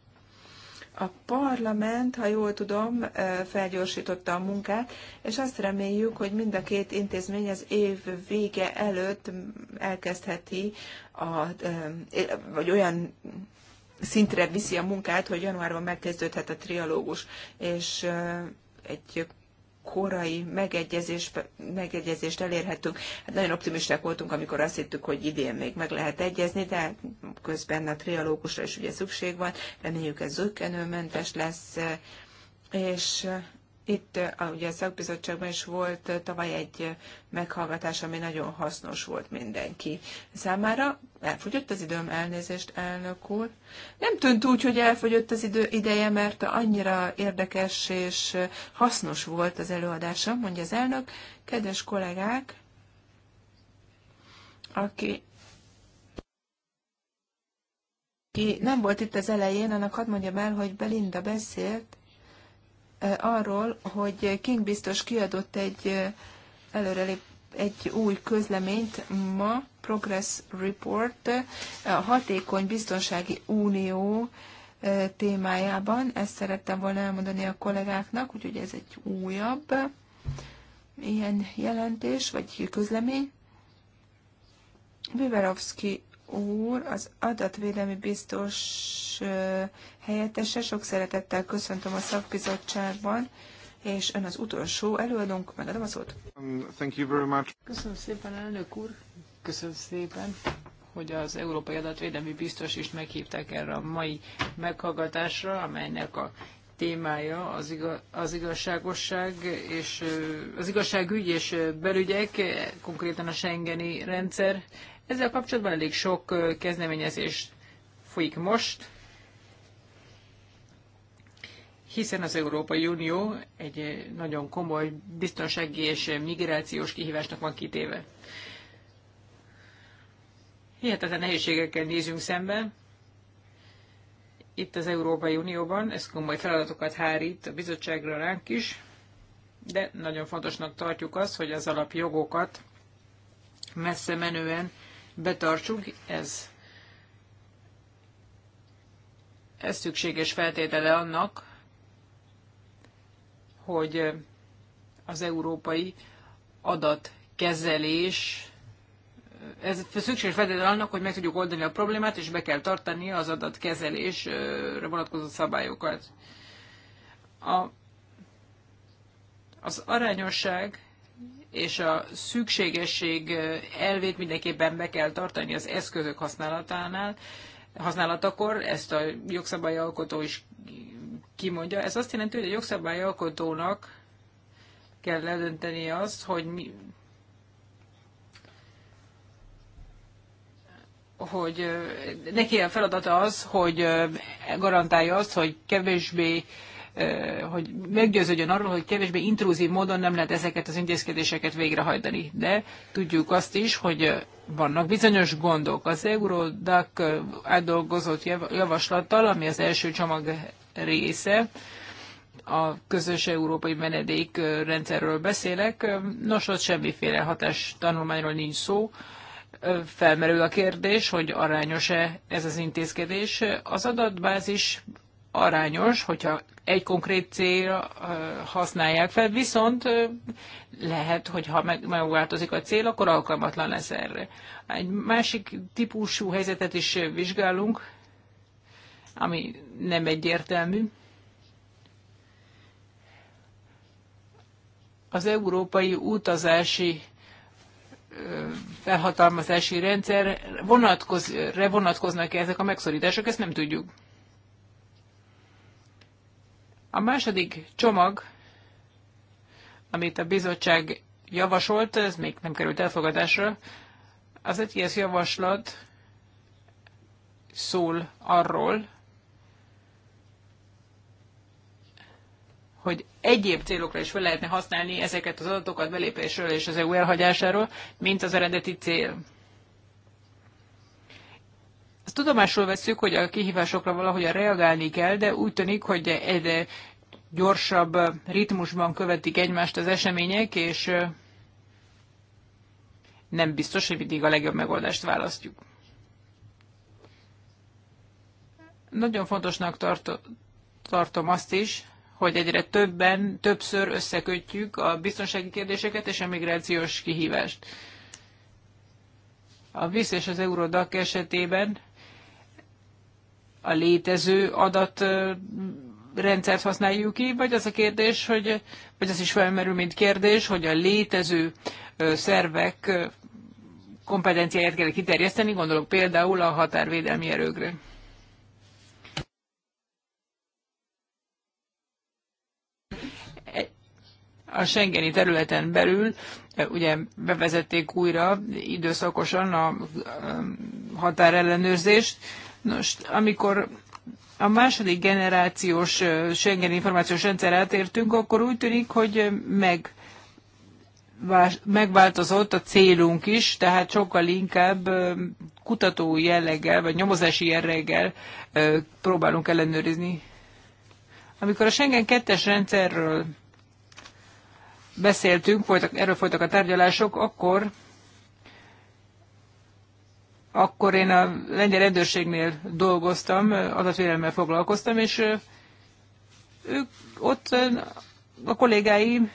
A parlament, ha jól tudom, felgyorsította a munkát, és azt reméljük, hogy mind a két intézmény az év vége előtt elkezdheti, a, vagy olyan szintre viszi a munkát, hogy januárban megkezdődhet a trialógus, és egy korai megegyezés, megegyezést elérhetünk. Hát nagyon optimisták voltunk, amikor azt hittük, hogy idén még meg lehet egyezni, de hát közben a trialógusra is ugye szükség van. Reméljük ez zöggenőmentes lesz, és itt ugye a szakbizottságban is volt tavaly egy meghallgatás, ami nagyon hasznos volt mindenki számára. Elfogyott az időm, elnézést, elnök úr. Nem tűnt úgy, hogy elfogyott az idő ideje, mert annyira érdekes és hasznos volt az előadása, mondja az elnök. Kedves kollégák, aki ki nem volt itt az elején, annak hadd mondjam el, hogy Belinda beszélt arról, hogy King biztos kiadott egy előrelép egy új közleményt ma, Progress Report, a hatékony biztonsági unió témájában. Ezt szerettem volna elmondani a kollégáknak, úgyhogy ez egy újabb ilyen jelentés, vagy közlemény. Biverovski úr, az adatvédelmi biztos helyettese. Sok szeretettel köszöntöm a szakbizottságban, és ön az utolsó előadónk, megadom a szót. Um, thank you very much. Köszönöm szépen, elnök úr. Köszönöm szépen, hogy az Európai Adatvédelmi Biztos is meghívták erre a mai meghallgatásra, amelynek a témája az, igaz, az igazságosság és az igazságügy és belügyek, konkrétan a Schengeni rendszer ezzel kapcsolatban elég sok kezdeményezés folyik most, hiszen az Európai Unió egy nagyon komoly biztonsági és migrációs kihívásnak van kitéve. Hihetetlen nehézségekkel nézünk szembe. Itt az Európai Unióban ez komoly feladatokat hárít a bizottságra ránk is, de nagyon fontosnak tartjuk azt, hogy az alapjogokat messze menően betartsuk, ez, ez szükséges feltétele annak, hogy az európai adatkezelés ez szükséges feltétele annak, hogy meg tudjuk oldani a problémát, és be kell tartani az adatkezelésre vonatkozó szabályokat. A, az arányosság és a szükségesség eh, elvét mindenképpen be kell tartani az eszközök használatánál, használatakor, ezt a jogszabályalkotó is kimondja. Ez azt jelenti, hogy a jogszabályalkotónak kell ledönteni azt, hogy mi, hogy eh, neki a feladata az, hogy eh, garantálja azt, hogy kevésbé hogy meggyőződjön arról, hogy kevésbé intrúzív módon nem lehet ezeket az intézkedéseket végrehajtani. De tudjuk azt is, hogy vannak bizonyos gondok. Az Eurodac átdolgozott javaslattal, ami az első csomag része, a közös európai menedékrendszerről beszélek. Nos, ott semmiféle hatás tanulmányról nincs szó. Felmerül a kérdés, hogy arányos-e ez az intézkedés. Az adatbázis arányos, hogyha egy konkrét célra használják fel, viszont lehet, hogy ha megváltozik a cél, akkor alkalmatlan lesz erre. Egy másik típusú helyzetet is vizsgálunk, ami nem egyértelmű. Az európai utazási felhatalmazási rendszer vonatkoz, vonatkoznak -e ezek a megszorítások, ezt nem tudjuk. A második csomag, amit a bizottság javasolt, ez még nem került elfogadásra, az egy ilyen javaslat szól arról, hogy egyéb célokra is fel lehetne használni ezeket az adatokat belépésről és az EU elhagyásáról, mint az eredeti cél tudomásul veszük, hogy a kihívásokra valahogyan reagálni kell, de úgy tűnik, hogy egy gyorsabb ritmusban követik egymást az események, és nem biztos, hogy mindig a legjobb megoldást választjuk. Nagyon fontosnak tartom azt is, hogy egyre többen, többször összekötjük a biztonsági kérdéseket és a migrációs kihívást. A VISZ és az Eurodac esetében a létező adat rendszert használjuk ki, vagy az a kérdés, hogy, vagy az is felmerül, mint kérdés, hogy a létező szervek kompetenciáját kell kiterjeszteni, gondolok például a határvédelmi erőkre. a Schengeni területen belül ugye bevezették újra időszakosan a határellenőrzést. Nos, amikor a második generációs Schengen információs rendszer átértünk, akkor úgy tűnik, hogy meg megváltozott a célunk is, tehát sokkal inkább kutató jelleggel, vagy nyomozási jelleggel próbálunk ellenőrizni. Amikor a Schengen 2-es rendszerről beszéltünk, folytak, erről folytak a tárgyalások, akkor akkor én a lengyel rendőrségnél dolgoztam, adatvédelemmel foglalkoztam, és ők ott a kollégái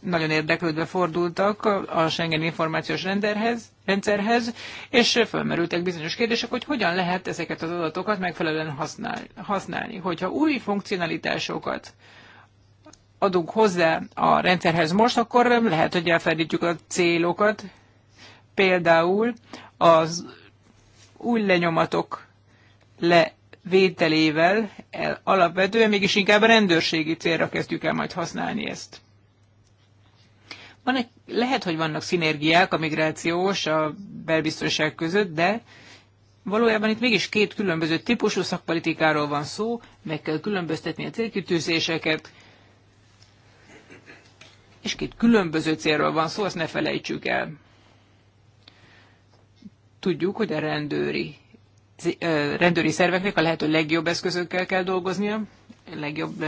nagyon érdeklődve fordultak a Schengen információs renderhez, rendszerhez, és felmerültek bizonyos kérdések, hogy hogyan lehet ezeket az adatokat megfelelően használni. Hogyha új funkcionalitásokat adunk hozzá a rendszerhez most, akkor lehet, hogy elfelejtjük a célokat. Például az új lenyomatok levételével el, alapvetően mégis inkább rendőrségi célra kezdjük el majd használni ezt. Van egy, lehet, hogy vannak szinergiák a migrációs, a belbiztonság között, de valójában itt mégis két különböző típusú szakpolitikáról van szó, meg kell különböztetni a célkitűzéseket, és két különböző célról van szó, azt ne felejtsük el tudjuk, hogy a rendőri, rendőri szerveknek a lehető legjobb eszközökkel kell dolgoznia, legjobb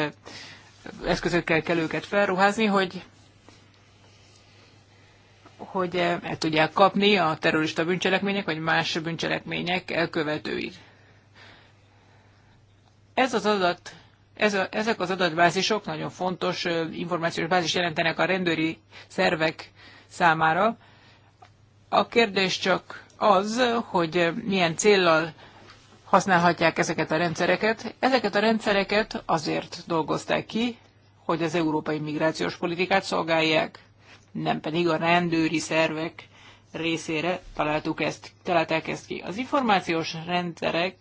eszközökkel kell őket felruházni, hogy hogy el tudják kapni a terrorista bűncselekmények, vagy más bűncselekmények elkövetőit. Ez az adat, ez a, ezek az adatbázisok nagyon fontos információs bázis jelentenek a rendőri szervek számára. A kérdés csak az, hogy milyen céllal használhatják ezeket a rendszereket. Ezeket a rendszereket azért dolgozták ki, hogy az európai migrációs politikát szolgálják, nem pedig a rendőri szervek részére találtuk ezt, találták ezt ki. Az információs rendszereket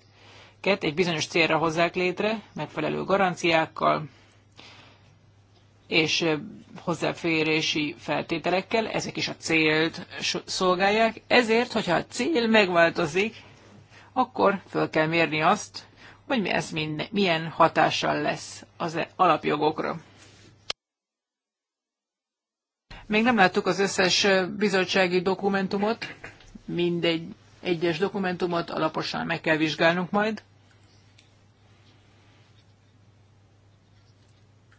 egy bizonyos célra hozzák létre, megfelelő garanciákkal, és hozzáférési feltételekkel, ezek is a célt szolgálják. Ezért, hogyha a cél megváltozik, akkor föl kell mérni azt, hogy mi ez minden, milyen hatással lesz az e-, alapjogokra. Még nem láttuk az összes bizottsági dokumentumot, mindegy egyes dokumentumot alaposan meg kell vizsgálnunk majd.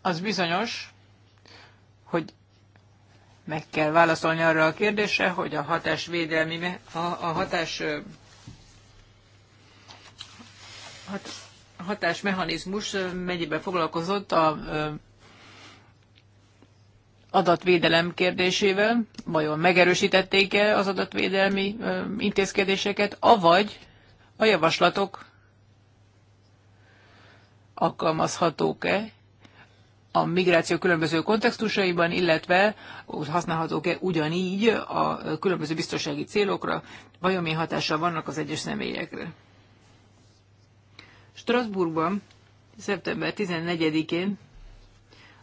Az bizonyos, hogy meg kell válaszolni arra a kérdésre, hogy a hatás védelmi, a, a hatás hat, hatásmechanizmus mennyiben foglalkozott a adatvédelem kérdésével, vajon megerősítették-e az adatvédelmi intézkedéseket, avagy a javaslatok alkalmazhatók-e a migráció különböző kontextusaiban, illetve használhatók-e ugyanígy a különböző biztonsági célokra, vajon mi hatással vannak az egyes személyekre. Strasbourgban szeptember 14-én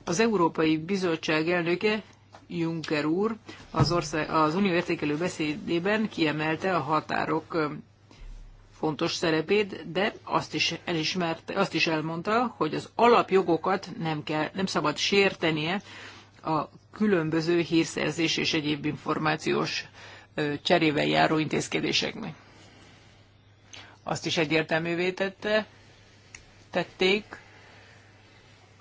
az Európai Bizottság elnöke Juncker úr az, ország, az unió értékelő beszédében kiemelte a határok fontos szerepét, de azt is, elismerte, azt is elmondta, hogy az alapjogokat nem, kell, nem szabad sértenie a különböző hírszerzés és egyéb információs cserével járó intézkedéseknek. Azt is egyértelművé tette, tették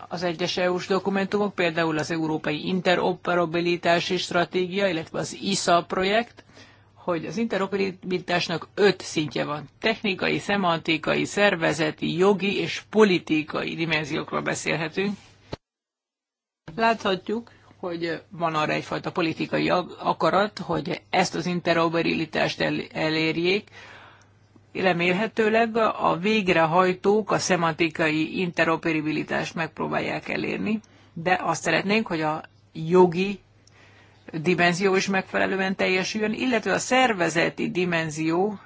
az egyes EU-s dokumentumok, például az Európai Interoperabilitási Stratégia, illetve az ISA projekt, hogy az interoperabilitásnak öt szintje van. Technikai, szemantikai, szervezeti, jogi és politikai dimenziókról beszélhetünk. Láthatjuk, hogy van arra egyfajta politikai akarat, hogy ezt az interoperabilitást el- elérjék. Remélhetőleg a végrehajtók a szemantikai interoperabilitást megpróbálják elérni, de azt szeretnénk, hogy a jogi dimenzió is megfelelően teljesüljön, illetve a szervezeti dimenzió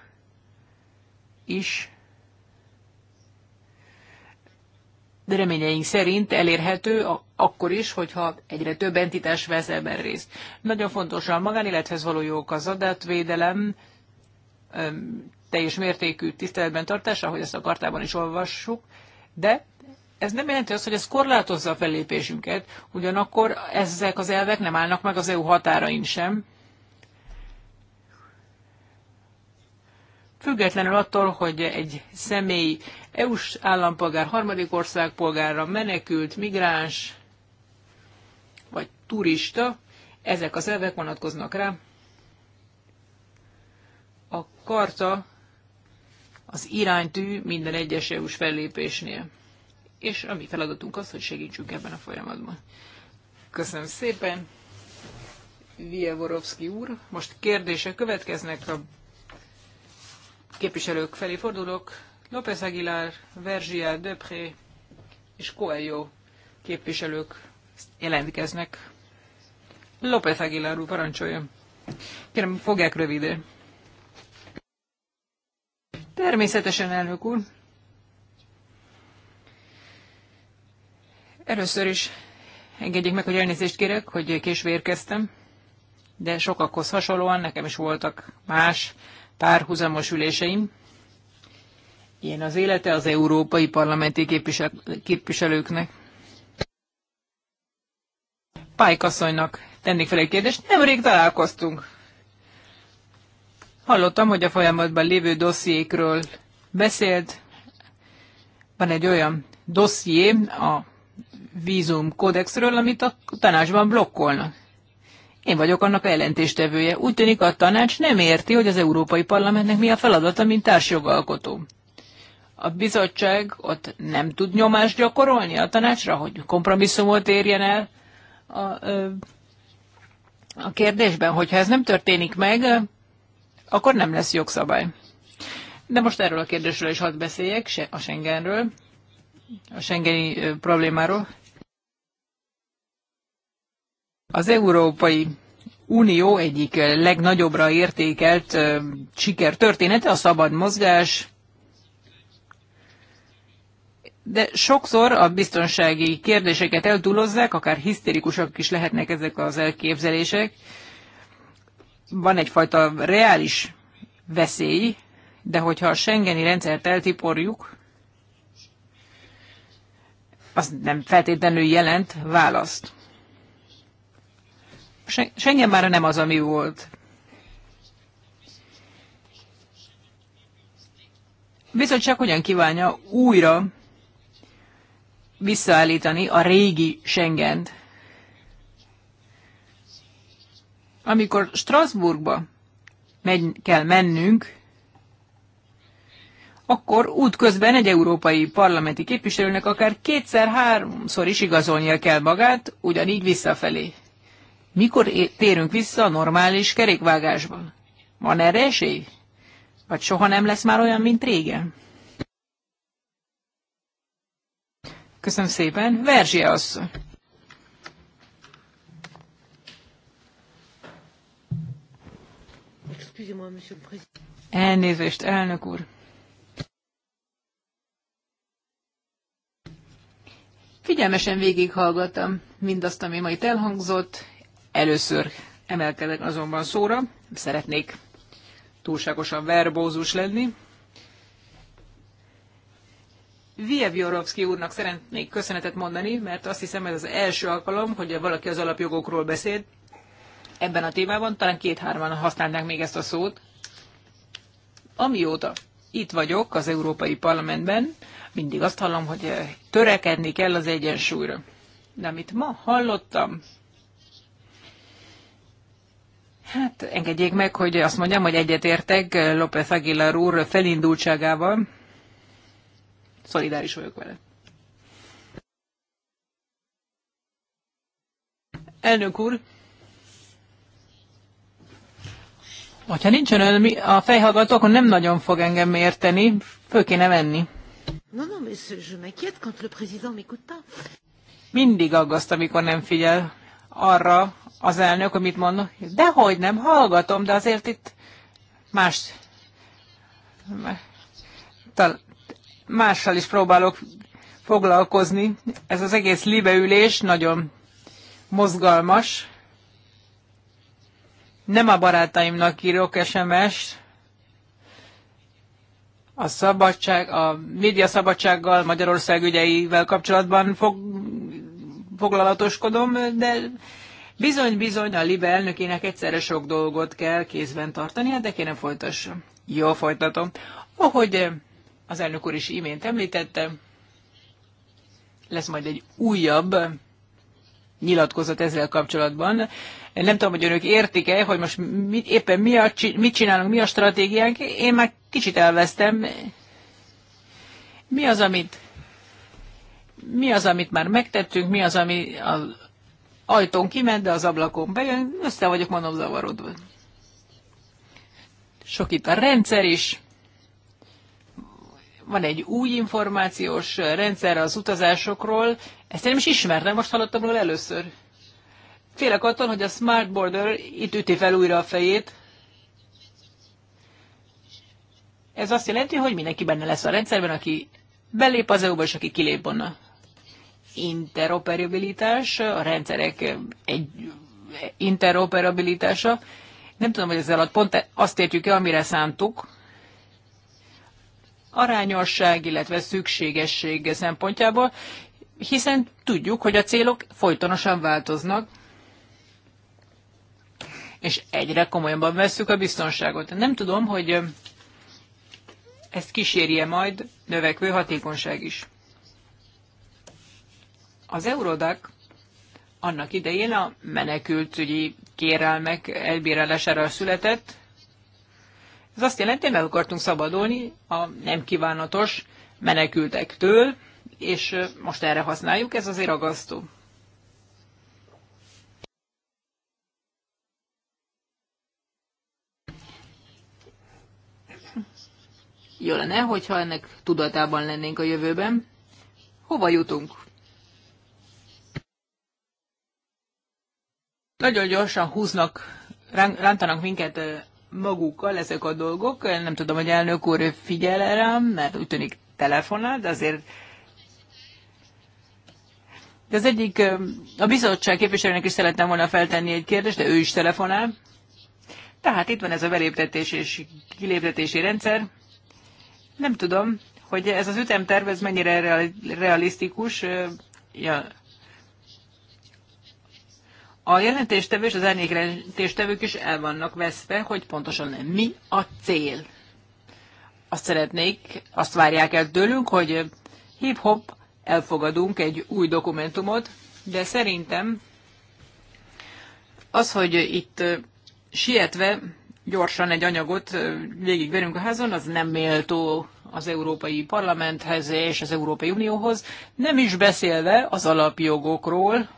is de reményeink szerint elérhető akkor is, hogyha egyre több entitás vesz ebben részt. Nagyon fontos a magánélethez való jók az adatvédelem, teljes mértékű tiszteletben tartása, ahogy ezt a kartában is olvassuk, de ez nem jelenti azt, hogy ez korlátozza a fellépésünket, ugyanakkor ezek az elvek nem állnak meg az EU határain sem. Függetlenül attól, hogy egy személy EU-s állampolgár, harmadik ország polgára, menekült, migráns vagy turista, ezek az elvek vonatkoznak rá. A karta az iránytű minden egyes EU-s fellépésnél és a mi feladatunk az, hogy segítsünk ebben a folyamatban. Köszönöm szépen, Vievorovszki úr. Most kérdések következnek a képviselők felé fordulok. López Aguilar, Verzsia, Döpré és Coelho képviselők jelentkeznek. López Aguilar úr, parancsoljon. Kérem, fogják röviden. Természetesen, elnök úr. Először is engedjék meg, hogy elnézést kérek, hogy késve érkeztem, de sokakhoz hasonlóan nekem is voltak más párhuzamos üléseim. Ilyen az élete az európai parlamenti képvisel képviselőknek. Pálykasszonynak tennék fel egy kérdést. Nemrég találkoztunk. Hallottam, hogy a folyamatban lévő dossziékről beszélt. Van egy olyan dosszié a vízum kódexről, amit a tanácsban blokkolnak. Én vagyok annak ellentéstevője. Úgy tűnik a tanács nem érti, hogy az Európai Parlamentnek mi a feladata, mint társjogalkotó. A bizottság ott nem tud nyomást gyakorolni a tanácsra, hogy kompromisszumot érjen el a, a kérdésben. Hogyha ez nem történik meg, akkor nem lesz jogszabály. De most erről a kérdésről is hadd beszéljek, se a Schengenről, a Schengeni problémáról. Az Európai Unió egyik legnagyobbra értékelt siker története a szabad mozgás, de sokszor a biztonsági kérdéseket eltúlozzák, akár hisztérikusak is lehetnek ezek az elképzelések. Van egyfajta reális veszély, de hogyha a Schengeni rendszert eltiporjuk, az nem feltétlenül jelent választ. Schengen már nem az, ami volt. Viszont csak hogyan kívánja újra visszaállítani a régi Schengent. Amikor Strasbourgba megy, kell mennünk, akkor útközben egy európai parlamenti képviselőnek akár kétszer-háromszor is igazolnia kell magát, ugyanígy visszafelé. Mikor térünk vissza a normális kerékvágásban? Van erre esély? Vagy soha nem lesz már olyan, mint régen? Köszönöm szépen. Verzsia asszony. Elnézést, elnök úr. Figyelmesen végighallgattam mindazt, ami ma itt elhangzott. Először emelkedek azonban szóra, nem szeretnék túlságosan verbózus lenni. Jorovszki úrnak szeretnék köszönetet mondani, mert azt hiszem ez az első alkalom, hogy valaki az alapjogokról beszélt ebben a témában, talán két-hárman használnák még ezt a szót. Amióta itt vagyok az Európai Parlamentben, mindig azt hallom, hogy törekedni kell az egyensúlyra. De amit ma hallottam, Hát engedjék meg, hogy azt mondjam, hogy egyetértek López Aguilar úr felindultságával. Szolidáris vagyok vele. Elnök úr, hogyha nincsen ön a fejhallgató, akkor nem nagyon fog engem érteni, föl kéne venni. Non, non, mais je m'inquiète quand le président m'écoute pas. Mindig aggaszt, amikor nem figyel arra, az elnök, amit mondok, dehogy nem, hallgatom, de azért itt más, tal, mással is próbálok foglalkozni. Ez az egész libeülés nagyon mozgalmas. Nem a barátaimnak írok sms a szabadság, a média szabadsággal, Magyarország ügyeivel kapcsolatban fog, foglalatoskodom, de Bizony-bizony a Libe elnökének egyszerre sok dolgot kell kézben tartania, hát de kérem folytassa. Jó, folytatom. Ahogy az elnök úr is imént említette, lesz majd egy újabb nyilatkozat ezzel kapcsolatban. Nem tudom, hogy önök értik-e, hogy most mit, éppen mi a, mit csinálunk, mi a stratégiánk. Én már kicsit elvesztem. Mi az, amit mi az, amit már megtettünk, mi az, ami a ajtón kiment, de az ablakon bejön, össze vagyok mondom zavarodva. Sok itt a rendszer is, van egy új információs rendszer az utazásokról, ezt én nem is ismertem, most hallottam róla először. Félek attól, hogy a Smart Border itt üti fel újra a fejét. Ez azt jelenti, hogy mindenki benne lesz a rendszerben, aki belép az EU-ba, és aki kilép onnan interoperabilitás, a rendszerek egy interoperabilitása. Nem tudom, hogy ezzel alatt pont azt értjük el, amire szántuk. Arányosság, illetve szükségesség szempontjából, hiszen tudjuk, hogy a célok folytonosan változnak, és egyre komolyabban veszük a biztonságot. Nem tudom, hogy ezt kísérje majd növekvő hatékonyság is. Az Eurodac annak idején a menekültügyi kérelmek elbírálására született. Ez azt jelenti, hogy meg akartunk szabadulni a nem kívánatos menekültektől, és most erre használjuk, ez azért agasztó. Jó lenne, hogyha ennek tudatában lennénk a jövőben. Hova jutunk? Nagyon gyorsan húznak, rántanak minket magukkal ezek a dolgok. Nem tudom, hogy elnök úr figyel erre, mert úgy tűnik telefonál, de azért de az egyik, a bizottság képviselőnek is szerettem volna feltenni egy kérdést, de ő is telefonál. Tehát itt van ez a beléptetés és kiléptetési rendszer. Nem tudom, hogy ez az ütemterv, ez mennyire realisztikus. Ja, a jelentéstevő és az jelentéstevők is el vannak veszve, hogy pontosan mi a cél. Azt szeretnék, azt várják el tőlünk, hogy hip-hop elfogadunk egy új dokumentumot, de szerintem az, hogy itt sietve gyorsan egy anyagot végigverünk a házon, az nem méltó az Európai Parlamenthez és az Európai Unióhoz, nem is beszélve az alapjogokról,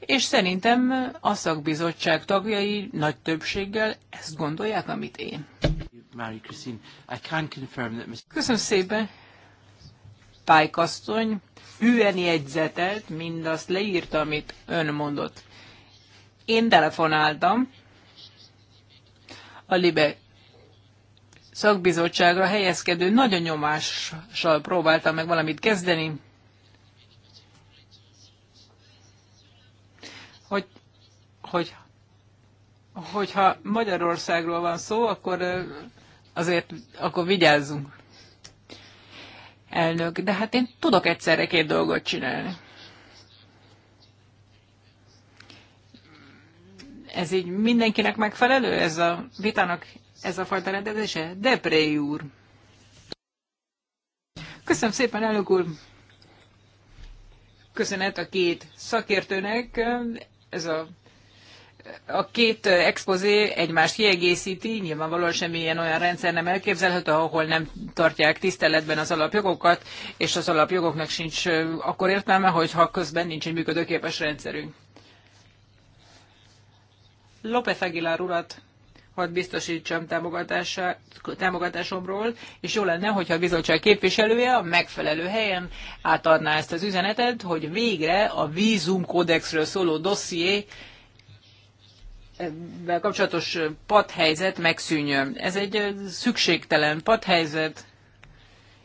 és szerintem a szakbizottság tagjai nagy többséggel ezt gondolják, amit én. Köszönöm szépen, Pálykasztony Hűen jegyzetelt, mindazt leírta, amit ön mondott. Én telefonáltam a Libe szakbizottságra helyezkedő nagyon nyomással próbáltam meg valamit kezdeni, hogy hogyha Magyarországról van szó, akkor azért akkor vigyázzunk. Elnök, de hát én tudok egyszerre két dolgot csinálni. Ez így mindenkinek megfelelő, ez a vitának ez a fajta rendezése? Depré úr. Köszönöm szépen, elnök úr. Köszönet a két szakértőnek. Ez a a két expozé egymást kiegészíti, nyilvánvalóan semmilyen olyan rendszer nem elképzelhető, ahol nem tartják tiszteletben az alapjogokat, és az alapjogoknak sincs akkor értelme, hogyha közben nincs egy működőképes rendszerünk. López Aguilar urat hadd biztosítsam támogatásomról, és jó lenne, hogyha a bizottság képviselője a megfelelő helyen átadná ezt az üzenetet, hogy végre a vízumkódexről szóló dosszié kapcsolatos padhelyzet megszűnjön. Ez egy szükségtelen padhelyzet.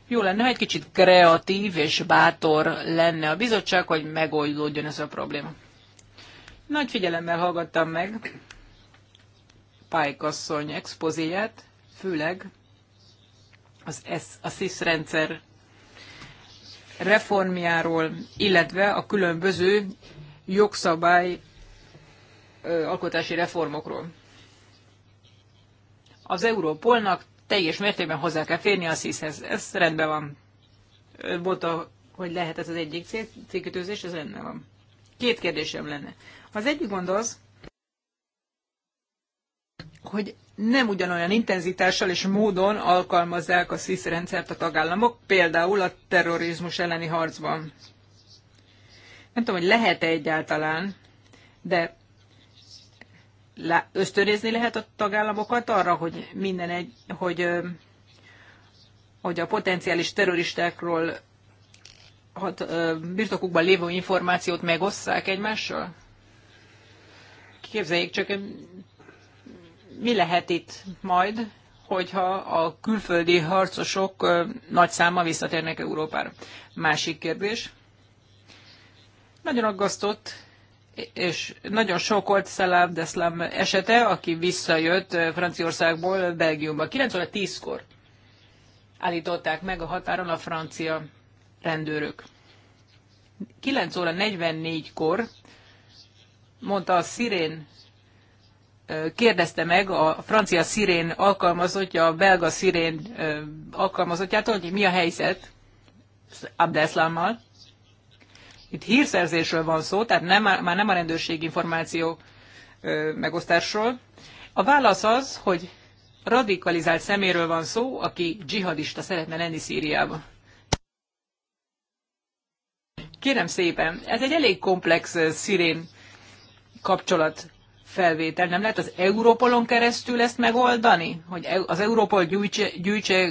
Jó lenne, ha egy kicsit kreatív és bátor lenne a bizottság, hogy megoldódjon ez a probléma. Nagy figyelemmel hallgattam meg Pálykasszony expozéját, főleg az S, SIS rendszer reformjáról, illetve a különböző jogszabály alkotási reformokról. Az Európolnak teljes mértékben hozzá kell férni a SZISZ-hez. Ez rendben van. Mondta, hogy lehet ez az egyik cél, ez rendben van. Két kérdésem lenne. Az egyik gond az, hogy nem ugyanolyan intenzitással és módon alkalmazzák a SZISZ rendszert a tagállamok, például a terrorizmus elleni harcban. Nem tudom, hogy lehet-e egyáltalán, de ösztönözni lehet a tagállamokat arra, hogy minden egy, hogy, hogy a potenciális terroristákról hat, birtokukban lévő információt megosszák egymással? Képzeljék csak, mi lehet itt majd, hogyha a külföldi harcosok nagy száma visszatérnek Európára. Másik kérdés. Nagyon aggasztott és nagyon sok volt Szelám Deszlám esete, aki visszajött eh, Franciaországból Belgiumba. 9 óra 10-kor állították meg a határon a francia rendőrök. 9 óra 44-kor mondta a szirén, eh, kérdezte meg a francia szirén alkalmazottja, a belga szirén eh, alkalmazottjától, hogy mi a helyzet Abdeslammal. Itt hírszerzésről van szó, tehát nem, már nem a rendőrség információ megosztásról. A válasz az, hogy radikalizált szeméről van szó, aki dzsihadista szeretne lenni Szíriában. Kérem szépen, ez egy elég komplex szirén kapcsolat felvétel. Nem lehet az Európolon keresztül ezt megoldani? Hogy e- az Európol gyűjtse, gyűjtse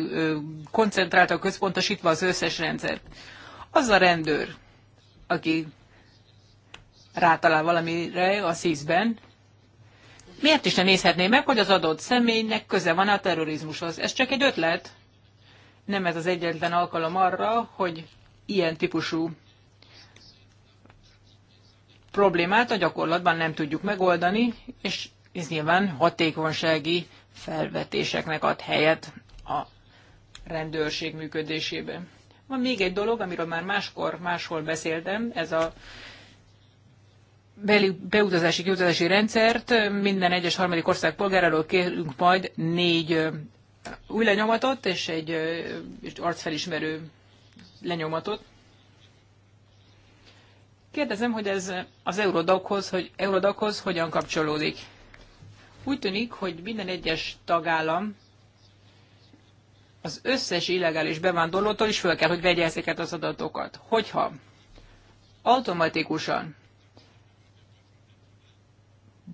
koncentrálta, központosítva az összes rendszert. Az a rendőr, aki rátalál valamire a szízben, miért is ne nézhetné meg, hogy az adott személynek köze van a terrorizmushoz? Ez csak egy ötlet. Nem ez az egyetlen alkalom arra, hogy ilyen típusú problémát a gyakorlatban nem tudjuk megoldani, és ez nyilván hatékonysági felvetéseknek ad helyet a rendőrség működésében. Van még egy dolog, amiről már máskor, máshol beszéltem, ez a beutazási kiutazási rendszert. Minden egyes harmadik ország polgáráról kérünk majd négy új lenyomatot és egy, arcfelismerő lenyomatot. Kérdezem, hogy ez az Eurodaghoz, hogy Eurodaghoz hogyan kapcsolódik. Úgy tűnik, hogy minden egyes tagállam az összes illegális bevándorlótól is föl kell, hogy vegye ezeket az adatokat. Hogyha automatikusan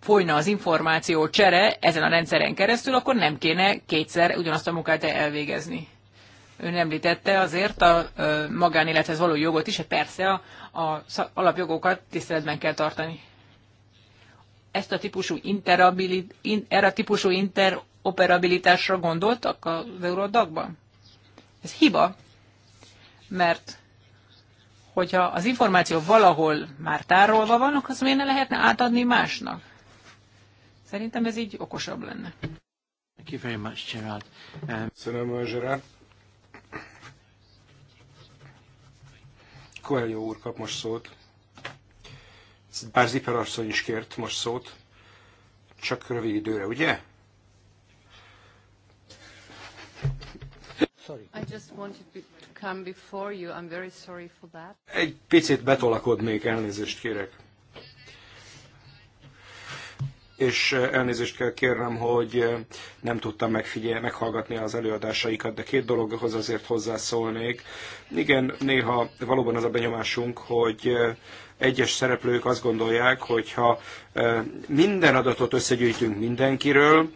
folyna az információ csere ezen a rendszeren keresztül, akkor nem kéne kétszer ugyanazt a munkát elvégezni. Ön említette azért a magánélethez való jogot is, hát persze a, a alapjogokat tiszteletben kell tartani. Ezt a típusú, erre a típusú inter, interoperabilitásra gondoltak az eurodagban? Ez hiba, mert hogyha az információ valahol már tárolva van, akkor az miért ne lehetne átadni másnak? Szerintem ez így okosabb lenne. Thank you very much, Gerard. Um... Köszönöm, Gerard. Coelho úr kap most szót. Bár Zipper asszony is kért most szót. Csak rövid időre, ugye? Sorry. I just wanted to come before you. I'm very sorry for that. Egy picit betolakodnék, elnézést kérek. És eh, elnézést kell kérnem, hogy eh, nem tudtam megfigyel, meghallgatni az előadásaikat, de két dologhoz azért hozzászólnék. Igen, néha valóban az a benyomásunk, hogy eh, egyes szereplők azt gondolják, hogy ha minden adatot összegyűjtünk mindenkiről,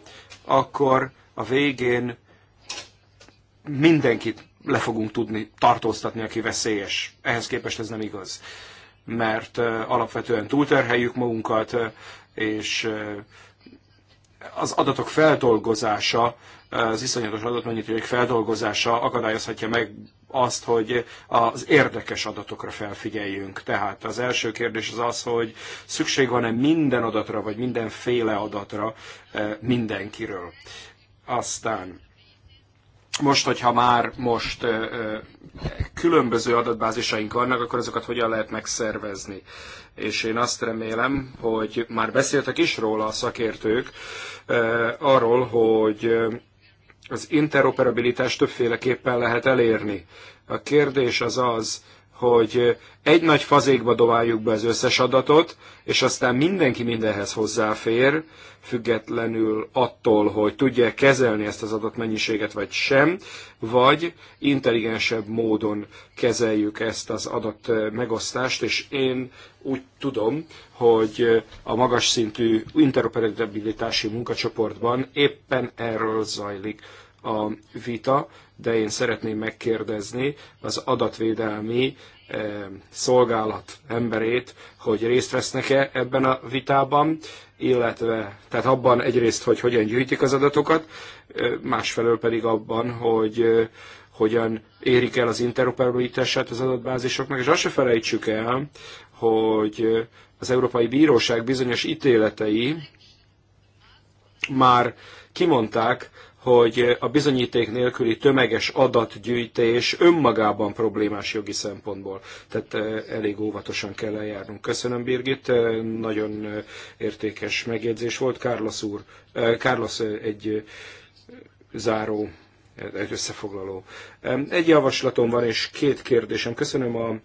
akkor a végén mindenkit le fogunk tudni tartóztatni, aki veszélyes. Ehhez képest ez nem igaz. Mert alapvetően túlterheljük magunkat, és az adatok feldolgozása, az iszonyatos adatmennyitőjék feldolgozása akadályozhatja meg azt, hogy az érdekes adatokra felfigyeljünk. Tehát az első kérdés az az, hogy szükség van-e minden adatra, vagy mindenféle adatra mindenkiről. Aztán most, hogyha már most különböző adatbázisaink vannak, akkor azokat hogyan lehet megszervezni. És én azt remélem, hogy már beszéltek is róla a szakértők arról, hogy az interoperabilitást többféleképpen lehet elérni. A kérdés az az, hogy egy nagy fazékba dobáljuk be az összes adatot, és aztán mindenki mindenhez hozzáfér, függetlenül attól, hogy tudja kezelni ezt az adott mennyiséget vagy sem, vagy intelligensebb módon kezeljük ezt az adat megosztást, és én úgy tudom, hogy a magas szintű interoperabilitási munkacsoportban éppen erről zajlik a vita, de én szeretném megkérdezni az adatvédelmi eh, szolgálat emberét, hogy részt vesznek-e ebben a vitában, illetve tehát abban egyrészt, hogy hogyan gyűjtik az adatokat, eh, másfelől pedig abban, hogy eh, hogyan érik el az interoperabilitását az adatbázisoknak, és azt se felejtsük el, hogy az Európai Bíróság bizonyos ítéletei már kimondták, hogy a bizonyíték nélküli tömeges adatgyűjtés önmagában problémás jogi szempontból. Tehát eh, elég óvatosan kell eljárnunk. Köszönöm, Birgit. Eh, nagyon eh, értékes megjegyzés volt. Carlos úr, Carlos egy záró egy összefoglaló. Egy javaslatom van, és két kérdésem. Köszönöm a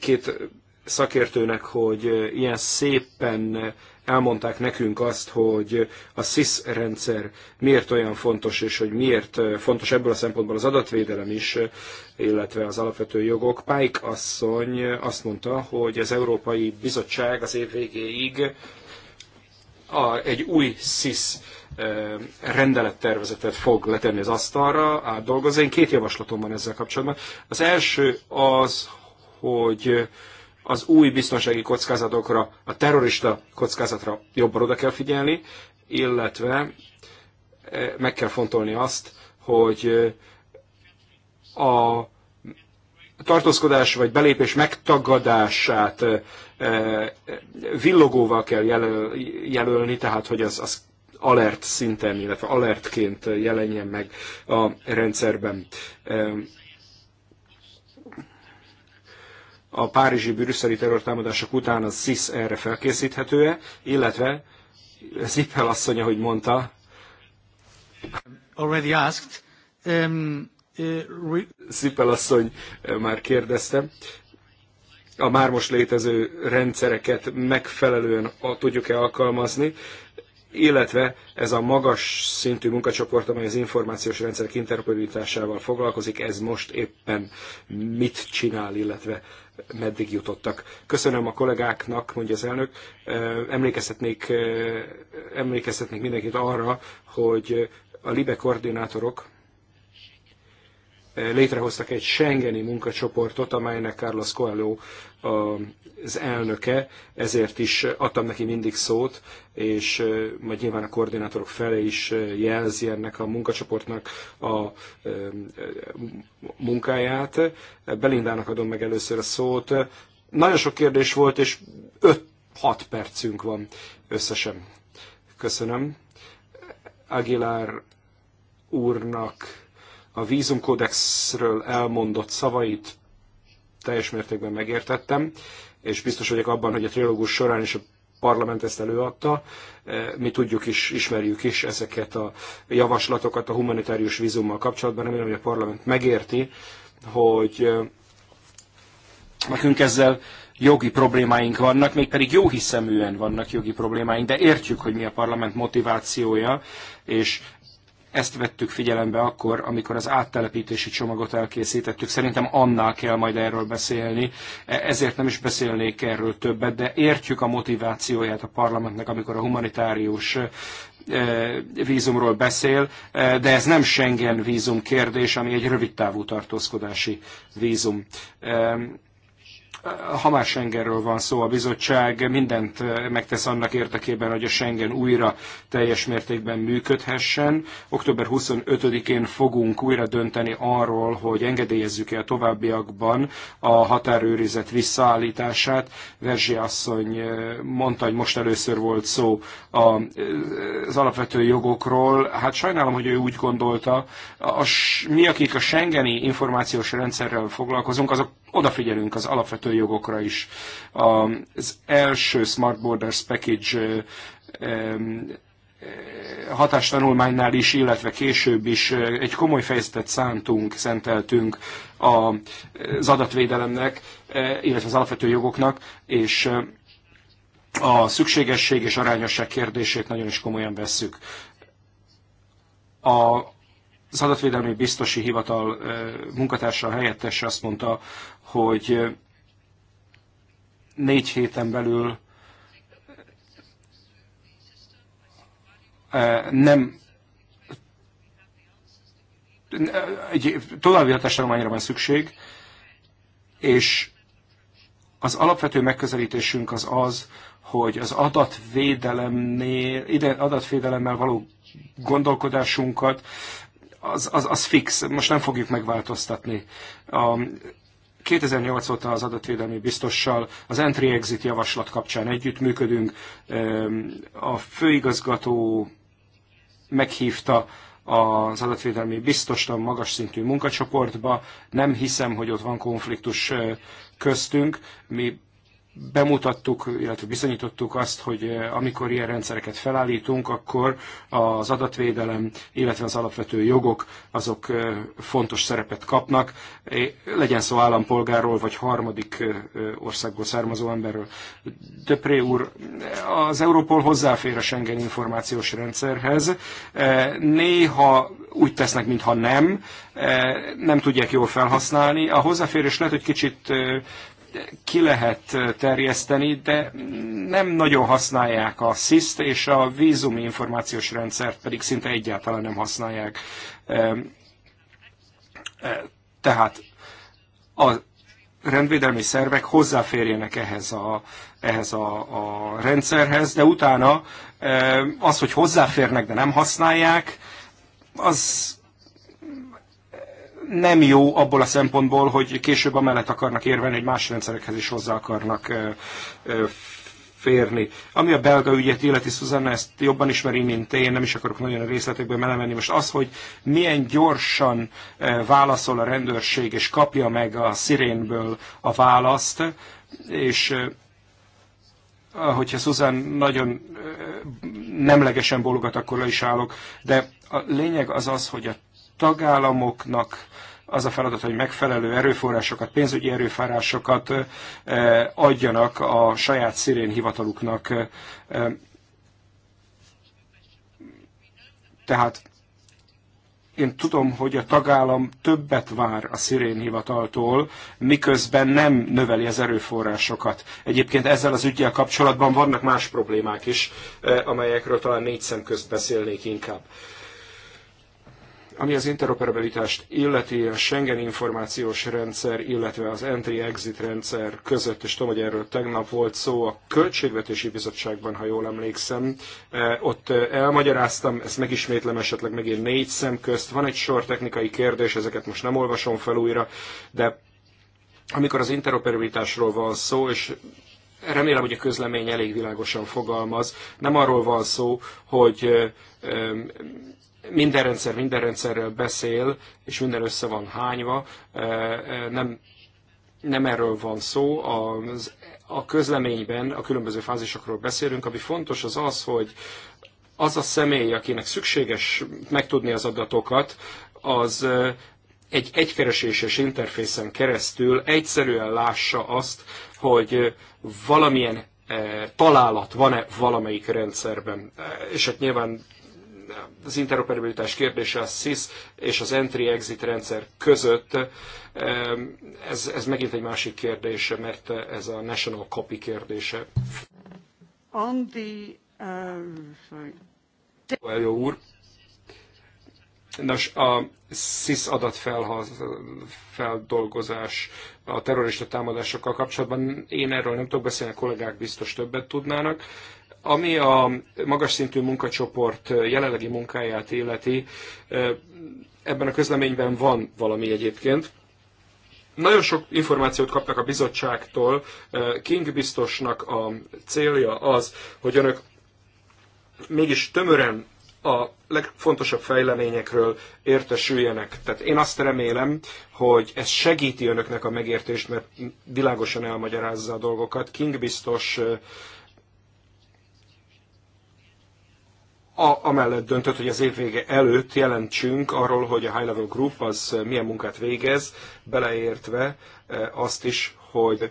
két szakértőnek, hogy ilyen szépen elmondták nekünk azt, hogy a SIS rendszer miért olyan fontos, és hogy miért fontos ebből a szempontból az adatvédelem is, illetve az alapvető jogok. Pike asszony azt mondta, hogy az Európai Bizottság az év végéig a, egy új SIS rendelettervezetet fog letenni az asztalra, átdolgozni. Én két javaslatom van ezzel kapcsolatban. Az első az, hogy az új biztonsági kockázatokra, a terrorista kockázatra jobban oda kell figyelni, illetve eh, meg kell fontolni azt, hogy eh, a tartózkodás vagy belépés megtagadását eh, villogóval kell jelölni, tehát hogy az, az alert szinten, illetve alertként jelenjen meg a rendszerben. a párizsi brüsszeli terrortámadások után a SIS erre felkészíthető-e, illetve Zippel asszony, ahogy mondta, already asked, um, uh, Zippel asszony eh, már kérdezte, a már most létező rendszereket megfelelően tudjuk-e alkalmazni, illetve ez a magas szintű munkacsoport, amely az információs rendszerek interoperabilitásával foglalkozik, ez most éppen mit csinál, illetve meddig jutottak. Köszönöm a kollégáknak, mondja az elnök. Emlékeztetnék, emlékeztetnék mindenkit arra, hogy a LIBE koordinátorok létrehoztak egy Schengeni munkacsoportot, amelynek Carlos Coelho az elnöke, ezért is adtam neki mindig szót, és majd nyilván a koordinátorok felé is jelzi ennek a munkacsoportnak a munkáját. Belindának adom meg először a szót. Nagyon sok kérdés volt, és 5-6 percünk van összesen. Köszönöm. Aguilar úrnak a vízumkódexről elmondott szavait teljes mértékben megértettem, és biztos vagyok abban, hogy a trilógus során is a parlament ezt előadta. E, mi tudjuk is, ismerjük is ezeket a javaslatokat a humanitárius vízummal kapcsolatban. Remélem, hogy a parlament megérti, hogy e, nekünk ezzel jogi problémáink vannak, mégpedig jó hiszeműen vannak jogi problémáink, de értjük, hogy mi a parlament motivációja, és ezt vettük figyelembe akkor, amikor az áttelepítési csomagot elkészítettük. Szerintem annál kell majd erről beszélni, ezért nem is beszélnék erről többet, de értjük a motivációját a parlamentnek, amikor a humanitárius eh, vízumról beszél, eh, de ez nem Schengen vízum kérdés, ami egy rövidtávú tartózkodási vízum. Eh, ha már Schengenről van szó, a bizottság mindent megtesz annak érdekében, hogy a Schengen újra teljes mértékben működhessen. Október 25-én fogunk újra dönteni arról, hogy engedélyezzük-e a továbbiakban a határőrizet visszaállítását. Verzsi asszony mondta, hogy most először volt szó az alapvető jogokról. Hát sajnálom, hogy ő úgy gondolta, a, mi, akik a Schengeni információs rendszerrel foglalkozunk, azok odafigyelünk az alapvető jogokra is. Az első Smart Borders Package hatástanulmánynál is, illetve később is egy komoly fejezetet szántunk, szenteltünk az adatvédelemnek, illetve az alapvető jogoknak, és a szükségesség és arányosság kérdését nagyon is komolyan vesszük. A, az adatvédelmi biztosi hivatal munkatársa helyettese azt mondta, hogy négy héten belül nem egy további hatástanulmányra van szükség, és az alapvető megközelítésünk az az, hogy az adatvédelemnél, ide, adatvédelemmel való gondolkodásunkat az, az, az fix, most nem fogjuk megváltoztatni. A, 2008 óta az adatvédelmi biztossal az entry-exit javaslat kapcsán együttműködünk. A főigazgató meghívta az adatvédelmi biztost a magas szintű munkacsoportba. Nem hiszem, hogy ott van konfliktus köztünk. Mi bemutattuk, illetve bizonyítottuk azt, hogy eh, amikor ilyen rendszereket felállítunk, akkor az adatvédelem, illetve az alapvető jogok azok eh, fontos szerepet kapnak, legyen szó állampolgáról vagy harmadik eh, országból származó emberről. Döpré úr, az Europol hozzáfér a Schengen információs rendszerhez. Néha úgy tesznek, mintha nem, nem tudják jól felhasználni. A hozzáférés lehet, hogy kicsit ki lehet terjeszteni, de nem nagyon használják a SIS-t, és a vízumi információs rendszert pedig szinte egyáltalán nem használják. Tehát a rendvédelmi szervek hozzáférjenek ehhez a, ehhez a, a rendszerhez, de utána az, hogy hozzáférnek, de nem használják, az nem jó abból a szempontból, hogy később amellett akarnak érvelni, hogy más rendszerekhez is hozzá akarnak férni. Ami a belga ügyet illeti, Szuzanna ezt jobban ismeri, mint én, nem is akarok nagyon a részletekbe melemenni. Most az, hogy milyen gyorsan válaszol a rendőrség, és kapja meg a szirénből a választ, és hogyha Susan nagyon nemlegesen bólogat, akkor le is állok, de a lényeg az az, hogy a tagállamoknak az a feladat, hogy megfelelő erőforrásokat, pénzügyi erőforrásokat adjanak a saját szirén hivataluknak. Tehát én tudom, hogy a tagállam többet vár a szirén hivataltól, miközben nem növeli az erőforrásokat. Egyébként ezzel az ügyel kapcsolatban vannak más problémák is, amelyekről talán négy szem közt beszélnék inkább. Ami az interoperabilitást illeti, a Schengen információs rendszer, illetve az entry-exit rendszer között, és tudom, hogy erről tegnap volt szó, a Költségvetési Bizottságban, ha jól emlékszem, eh, ott eh, elmagyaráztam, ezt megismétlem esetleg megint négy szem közt. Van egy sor technikai kérdés, ezeket most nem olvasom fel újra, de amikor az interoperabilitásról van szó, és remélem, hogy a közlemény elég világosan fogalmaz, nem arról van szó, hogy eh, minden rendszer minden rendszerről beszél, és minden össze van hányva. Nem, nem erről van szó. A, a közleményben a különböző fázisokról beszélünk, ami fontos az az, hogy az a személy, akinek szükséges megtudni az adatokat, az egy egykereséses interfészen keresztül egyszerűen lássa azt, hogy valamilyen találat van-e valamelyik rendszerben. És hát nyilván az interoperabilitás kérdése a SIS és az entry-exit rendszer között, ez, ez megint egy másik kérdése, mert ez a national copy kérdése. On the, uh, sorry. Jó úr. Nos, a SIS adatfeldolgozás a terrorista támadásokkal kapcsolatban én erről nem tudok beszélni, a kollégák biztos többet tudnának. Ami a magas szintű munkacsoport jelenlegi munkáját illeti, ebben a közleményben van valami egyébként. Nagyon sok információt kapnak a bizottságtól. King biztosnak a célja az, hogy önök mégis tömören a legfontosabb fejleményekről értesüljenek. Tehát én azt remélem, hogy ez segíti önöknek a megértést, mert világosan elmagyarázza a dolgokat. King biztos a, amellett döntött, hogy az év vége előtt jelentsünk arról, hogy a High Level Group az eh, milyen munkát végez, beleértve eh, azt is, hogy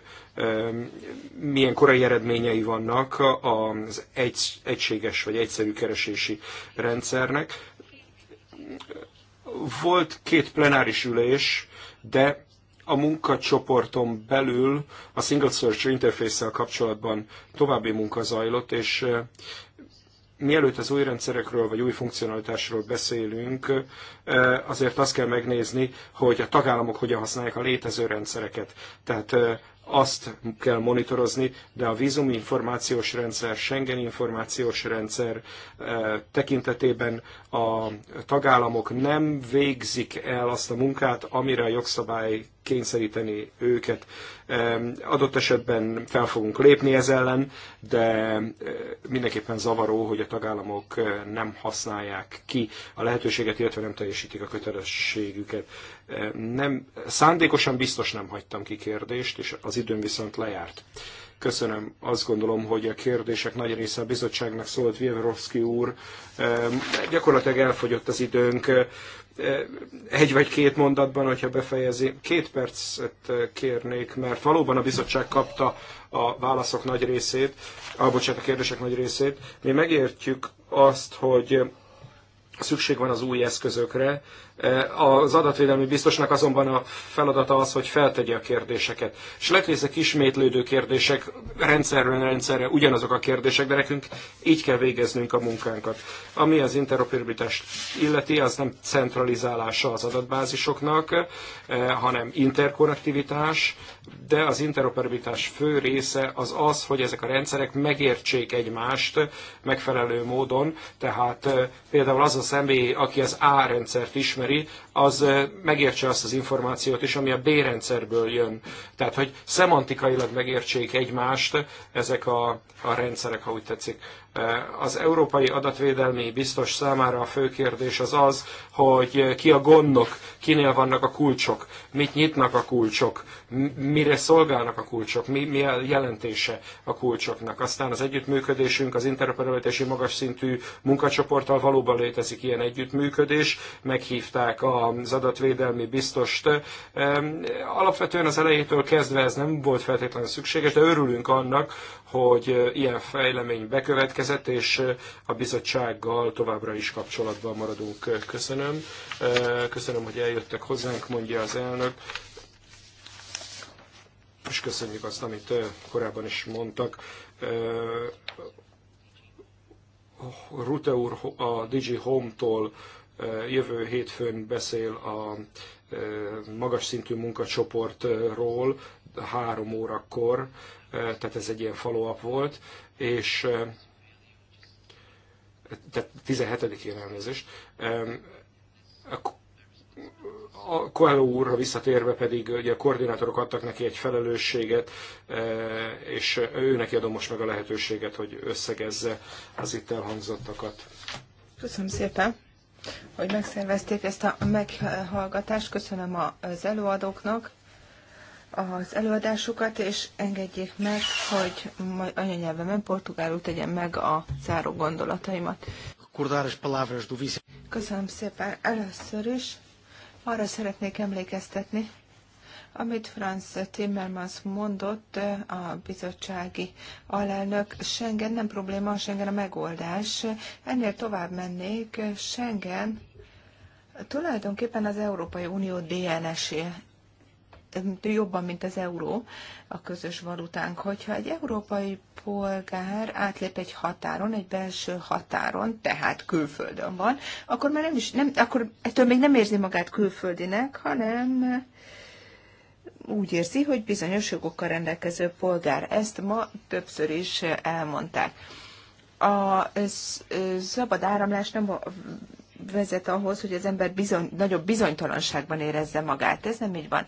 milyen korai eredményei vannak az egy, egységes vagy egyszerű keresési rendszernek. Volt két plenáris ülés, de a munkacsoporton belül a Single Search Interface-szel kapcsolatban további munka zajlott, és eh, mielőtt az új rendszerekről vagy új funkcionalitásról beszélünk, eh, azért azt kell megnézni, hogy a tagállamok hogyan használják a létező rendszereket. Tehát eh, azt kell monitorozni, de a vízum információs rendszer, Schengen információs rendszer eh, tekintetében a tagállamok nem végzik el azt a munkát, amire a jogszabály kényszeríteni őket. Adott esetben fel fogunk lépni ez ellen, de mindenképpen zavaró, hogy a tagállamok nem használják ki a lehetőséget, illetve nem teljesítik a kötelességüket. Nem, szándékosan biztos nem hagytam ki kérdést, és az időm viszont lejárt. Köszönöm. Azt gondolom, hogy a kérdések nagy része a bizottságnak szólt. Vievorovszki úr, gyakorlatilag elfogyott az időnk. Eh, egy vagy két mondatban, hogyha befejezi. Két percet eh, kérnék, mert valóban a bizottság kapta a válaszok nagy részét, a, ah, bocsánat, a kérdések nagy részét. Mi megértjük azt, hogy szükség van az új eszközökre. E, az adatvédelmi biztosnak azonban a feladata az, hogy feltegye a kérdéseket. És lehet, hogy ezek ismétlődő kérdések, rendszerről rendszerre ugyanazok a kérdések, de nekünk így kell végeznünk a munkánkat. Ami az interoperabilitást illeti, az nem centralizálása az adatbázisoknak, e, hanem interkonnektivitás, de az interoperabilitás fő része az az, hogy ezek a rendszerek megértsék egymást megfelelő módon, tehát e, például az az személy, aki az A rendszert ismeri, az megértse azt az információt is, ami a B rendszerből jön. Tehát, hogy szemantikailag megértsék egymást ezek a, a rendszerek, ha úgy tetszik. Az európai adatvédelmi biztos számára a fő kérdés az az, hogy ki a gondok, kinél vannak a kulcsok, mit nyitnak a kulcsok, mire szolgálnak a kulcsok, mi, mi a jelentése a kulcsoknak. Aztán az együttműködésünk az interoperabilitási magas szintű munkacsoporttal valóban létezik ilyen együttműködés, meghívták az adatvédelmi biztost. Alapvetően az elejétől kezdve ez nem volt feltétlenül szükséges, de örülünk annak, hogy ilyen fejlemény bekövetkezik, igyekezett, és a bizottsággal továbbra is kapcsolatban maradunk. Köszönöm. Köszönöm, hogy eljöttek hozzánk, mondja az elnök. És köszönjük azt, amit korábban is mondtak. Rute úr a Digi Home-tól jövő hétfőn beszél a magas szintű munkacsoportról három órakor, tehát ez egy ilyen follow volt, és tehát 17-én elnézést. A Coelho úrra visszatérve pedig ugye a koordinátorok adtak neki egy felelősséget, e, és ő neki adom most meg a lehetőséget, hogy összegezze az itt elhangzottakat. Köszönöm szépen, hogy megszervezték ezt a meghallgatást. Köszönöm az előadóknak az előadásukat, és engedjék meg, hogy majd anyanyelvemen portugálul tegyem meg a záró gondolataimat. Köszönöm szépen. Először is arra szeretnék emlékeztetni, amit Franz Timmermans mondott, a bizottsági alelnök, Schengen nem probléma, Schengen a megoldás. Ennél tovább mennék, Schengen tulajdonképpen az Európai Unió DNS-é jobban, mint az euró, a közös valutánk. Hogyha egy európai polgár átlép egy határon, egy belső határon, tehát külföldön van, akkor már nem is, nem, akkor ettől még nem érzi magát külföldinek, hanem úgy érzi, hogy bizonyos jogokkal rendelkező polgár. Ezt ma többször is elmondták. A szabad áramlás nem vezet ahhoz, hogy az ember bizony, nagyobb bizonytalanságban érezze magát. Ez nem így van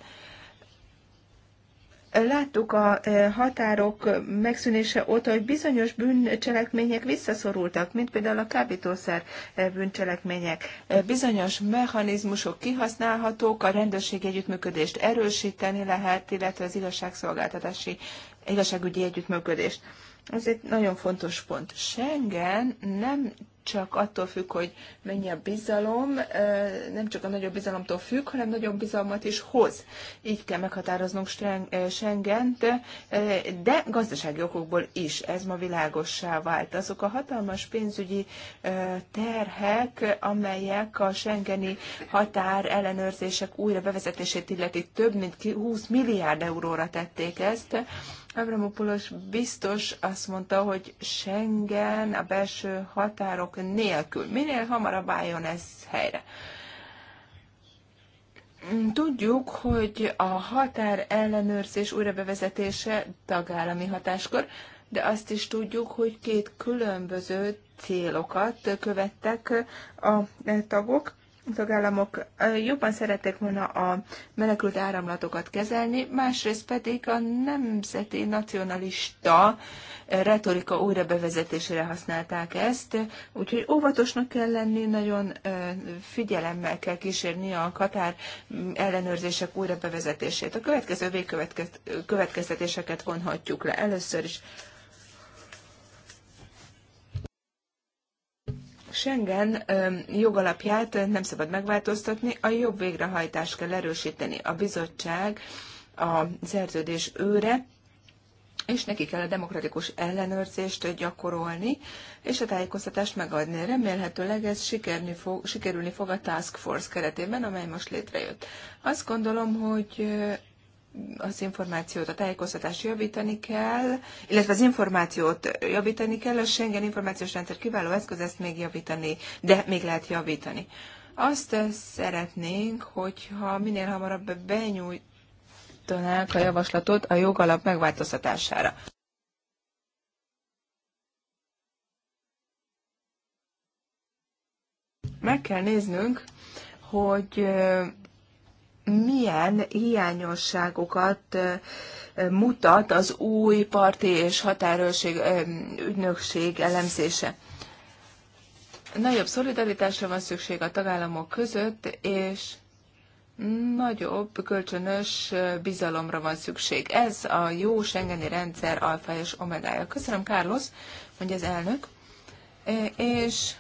láttuk a e, határok megszűnése óta, hogy bizonyos bűncselekmények visszaszorultak, mint például a kábítószer e, bűncselekmények. E, bizonyos mechanizmusok kihasználhatók, a rendőrség együttműködést erősíteni lehet, illetve az igazságszolgáltatási igazságügyi együttműködést. Ez egy nagyon fontos pont. Schengen nem csak attól függ, hogy mennyi a bizalom, nem csak a nagyobb bizalomtól függ, hanem nagyobb bizalmat is hoz. Így kell meghatároznunk Schengent, de gazdasági okokból is. Ez ma világossá vált. Azok a hatalmas pénzügyi terhek, amelyek a Schengeni határ ellenőrzések újra bevezetését illeti több mint 20 milliárd euróra tették ezt, Avramopoulos biztos azt mondta, hogy Schengen a belső határok nélkül minél hamarabb álljon ez helyre. Tudjuk, hogy a határ ellenőrzés újrabevezetése tagállami hatáskor, de azt is tudjuk, hogy két különböző célokat követtek a tagok tagállamok jobban szeretek volna a menekült áramlatokat kezelni, másrészt pedig a nemzeti nacionalista retorika újra bevezetésére használták ezt, úgyhogy óvatosnak kell lenni, nagyon figyelemmel kell kísérni a Katár ellenőrzések újra bevezetését. A következő végkövetkeztetéseket vonhatjuk le. Először is Schengen jogalapját nem szabad megváltoztatni, a jobb végrehajtást kell erősíteni. A bizottság a szerződés őre, és neki kell a demokratikus ellenőrzést gyakorolni, és a tájékoztatást megadni. Remélhetőleg ez sikerni fog, sikerülni fog a Task Force keretében, amely most létrejött. Azt gondolom, hogy az információt, a tájékoztatást javítani kell, illetve az információt javítani kell, a Schengen információs rendszer kiváló eszköz, ezt még javítani, de még lehet javítani. Azt szeretnénk, hogyha minél hamarabb benyújtanák a javaslatot a jogalap megváltoztatására. Meg kell néznünk, hogy milyen hiányosságokat mutat az új parti és határőrség ügynökség elemzése. Nagyobb szolidaritásra van szükség a tagállamok között, és nagyobb kölcsönös bizalomra van szükség. Ez a jó Schengeni rendszer alfa és omegája. Köszönöm, Carlos, mondja az elnök. És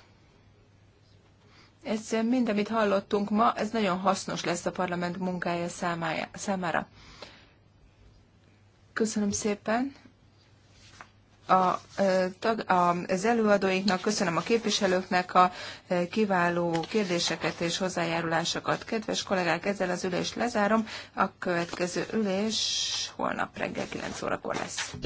ez eh, mind, amit hallottunk ma, ez nagyon hasznos lesz a parlament munkája számára. Köszönöm szépen a, eh, tag, a, az előadóinknak, köszönöm a képviselőknek a eh, kiváló kérdéseket és hozzájárulásokat. Kedves kollégák, ezzel az ülést lezárom. A következő ülés holnap reggel 9 órakor lesz.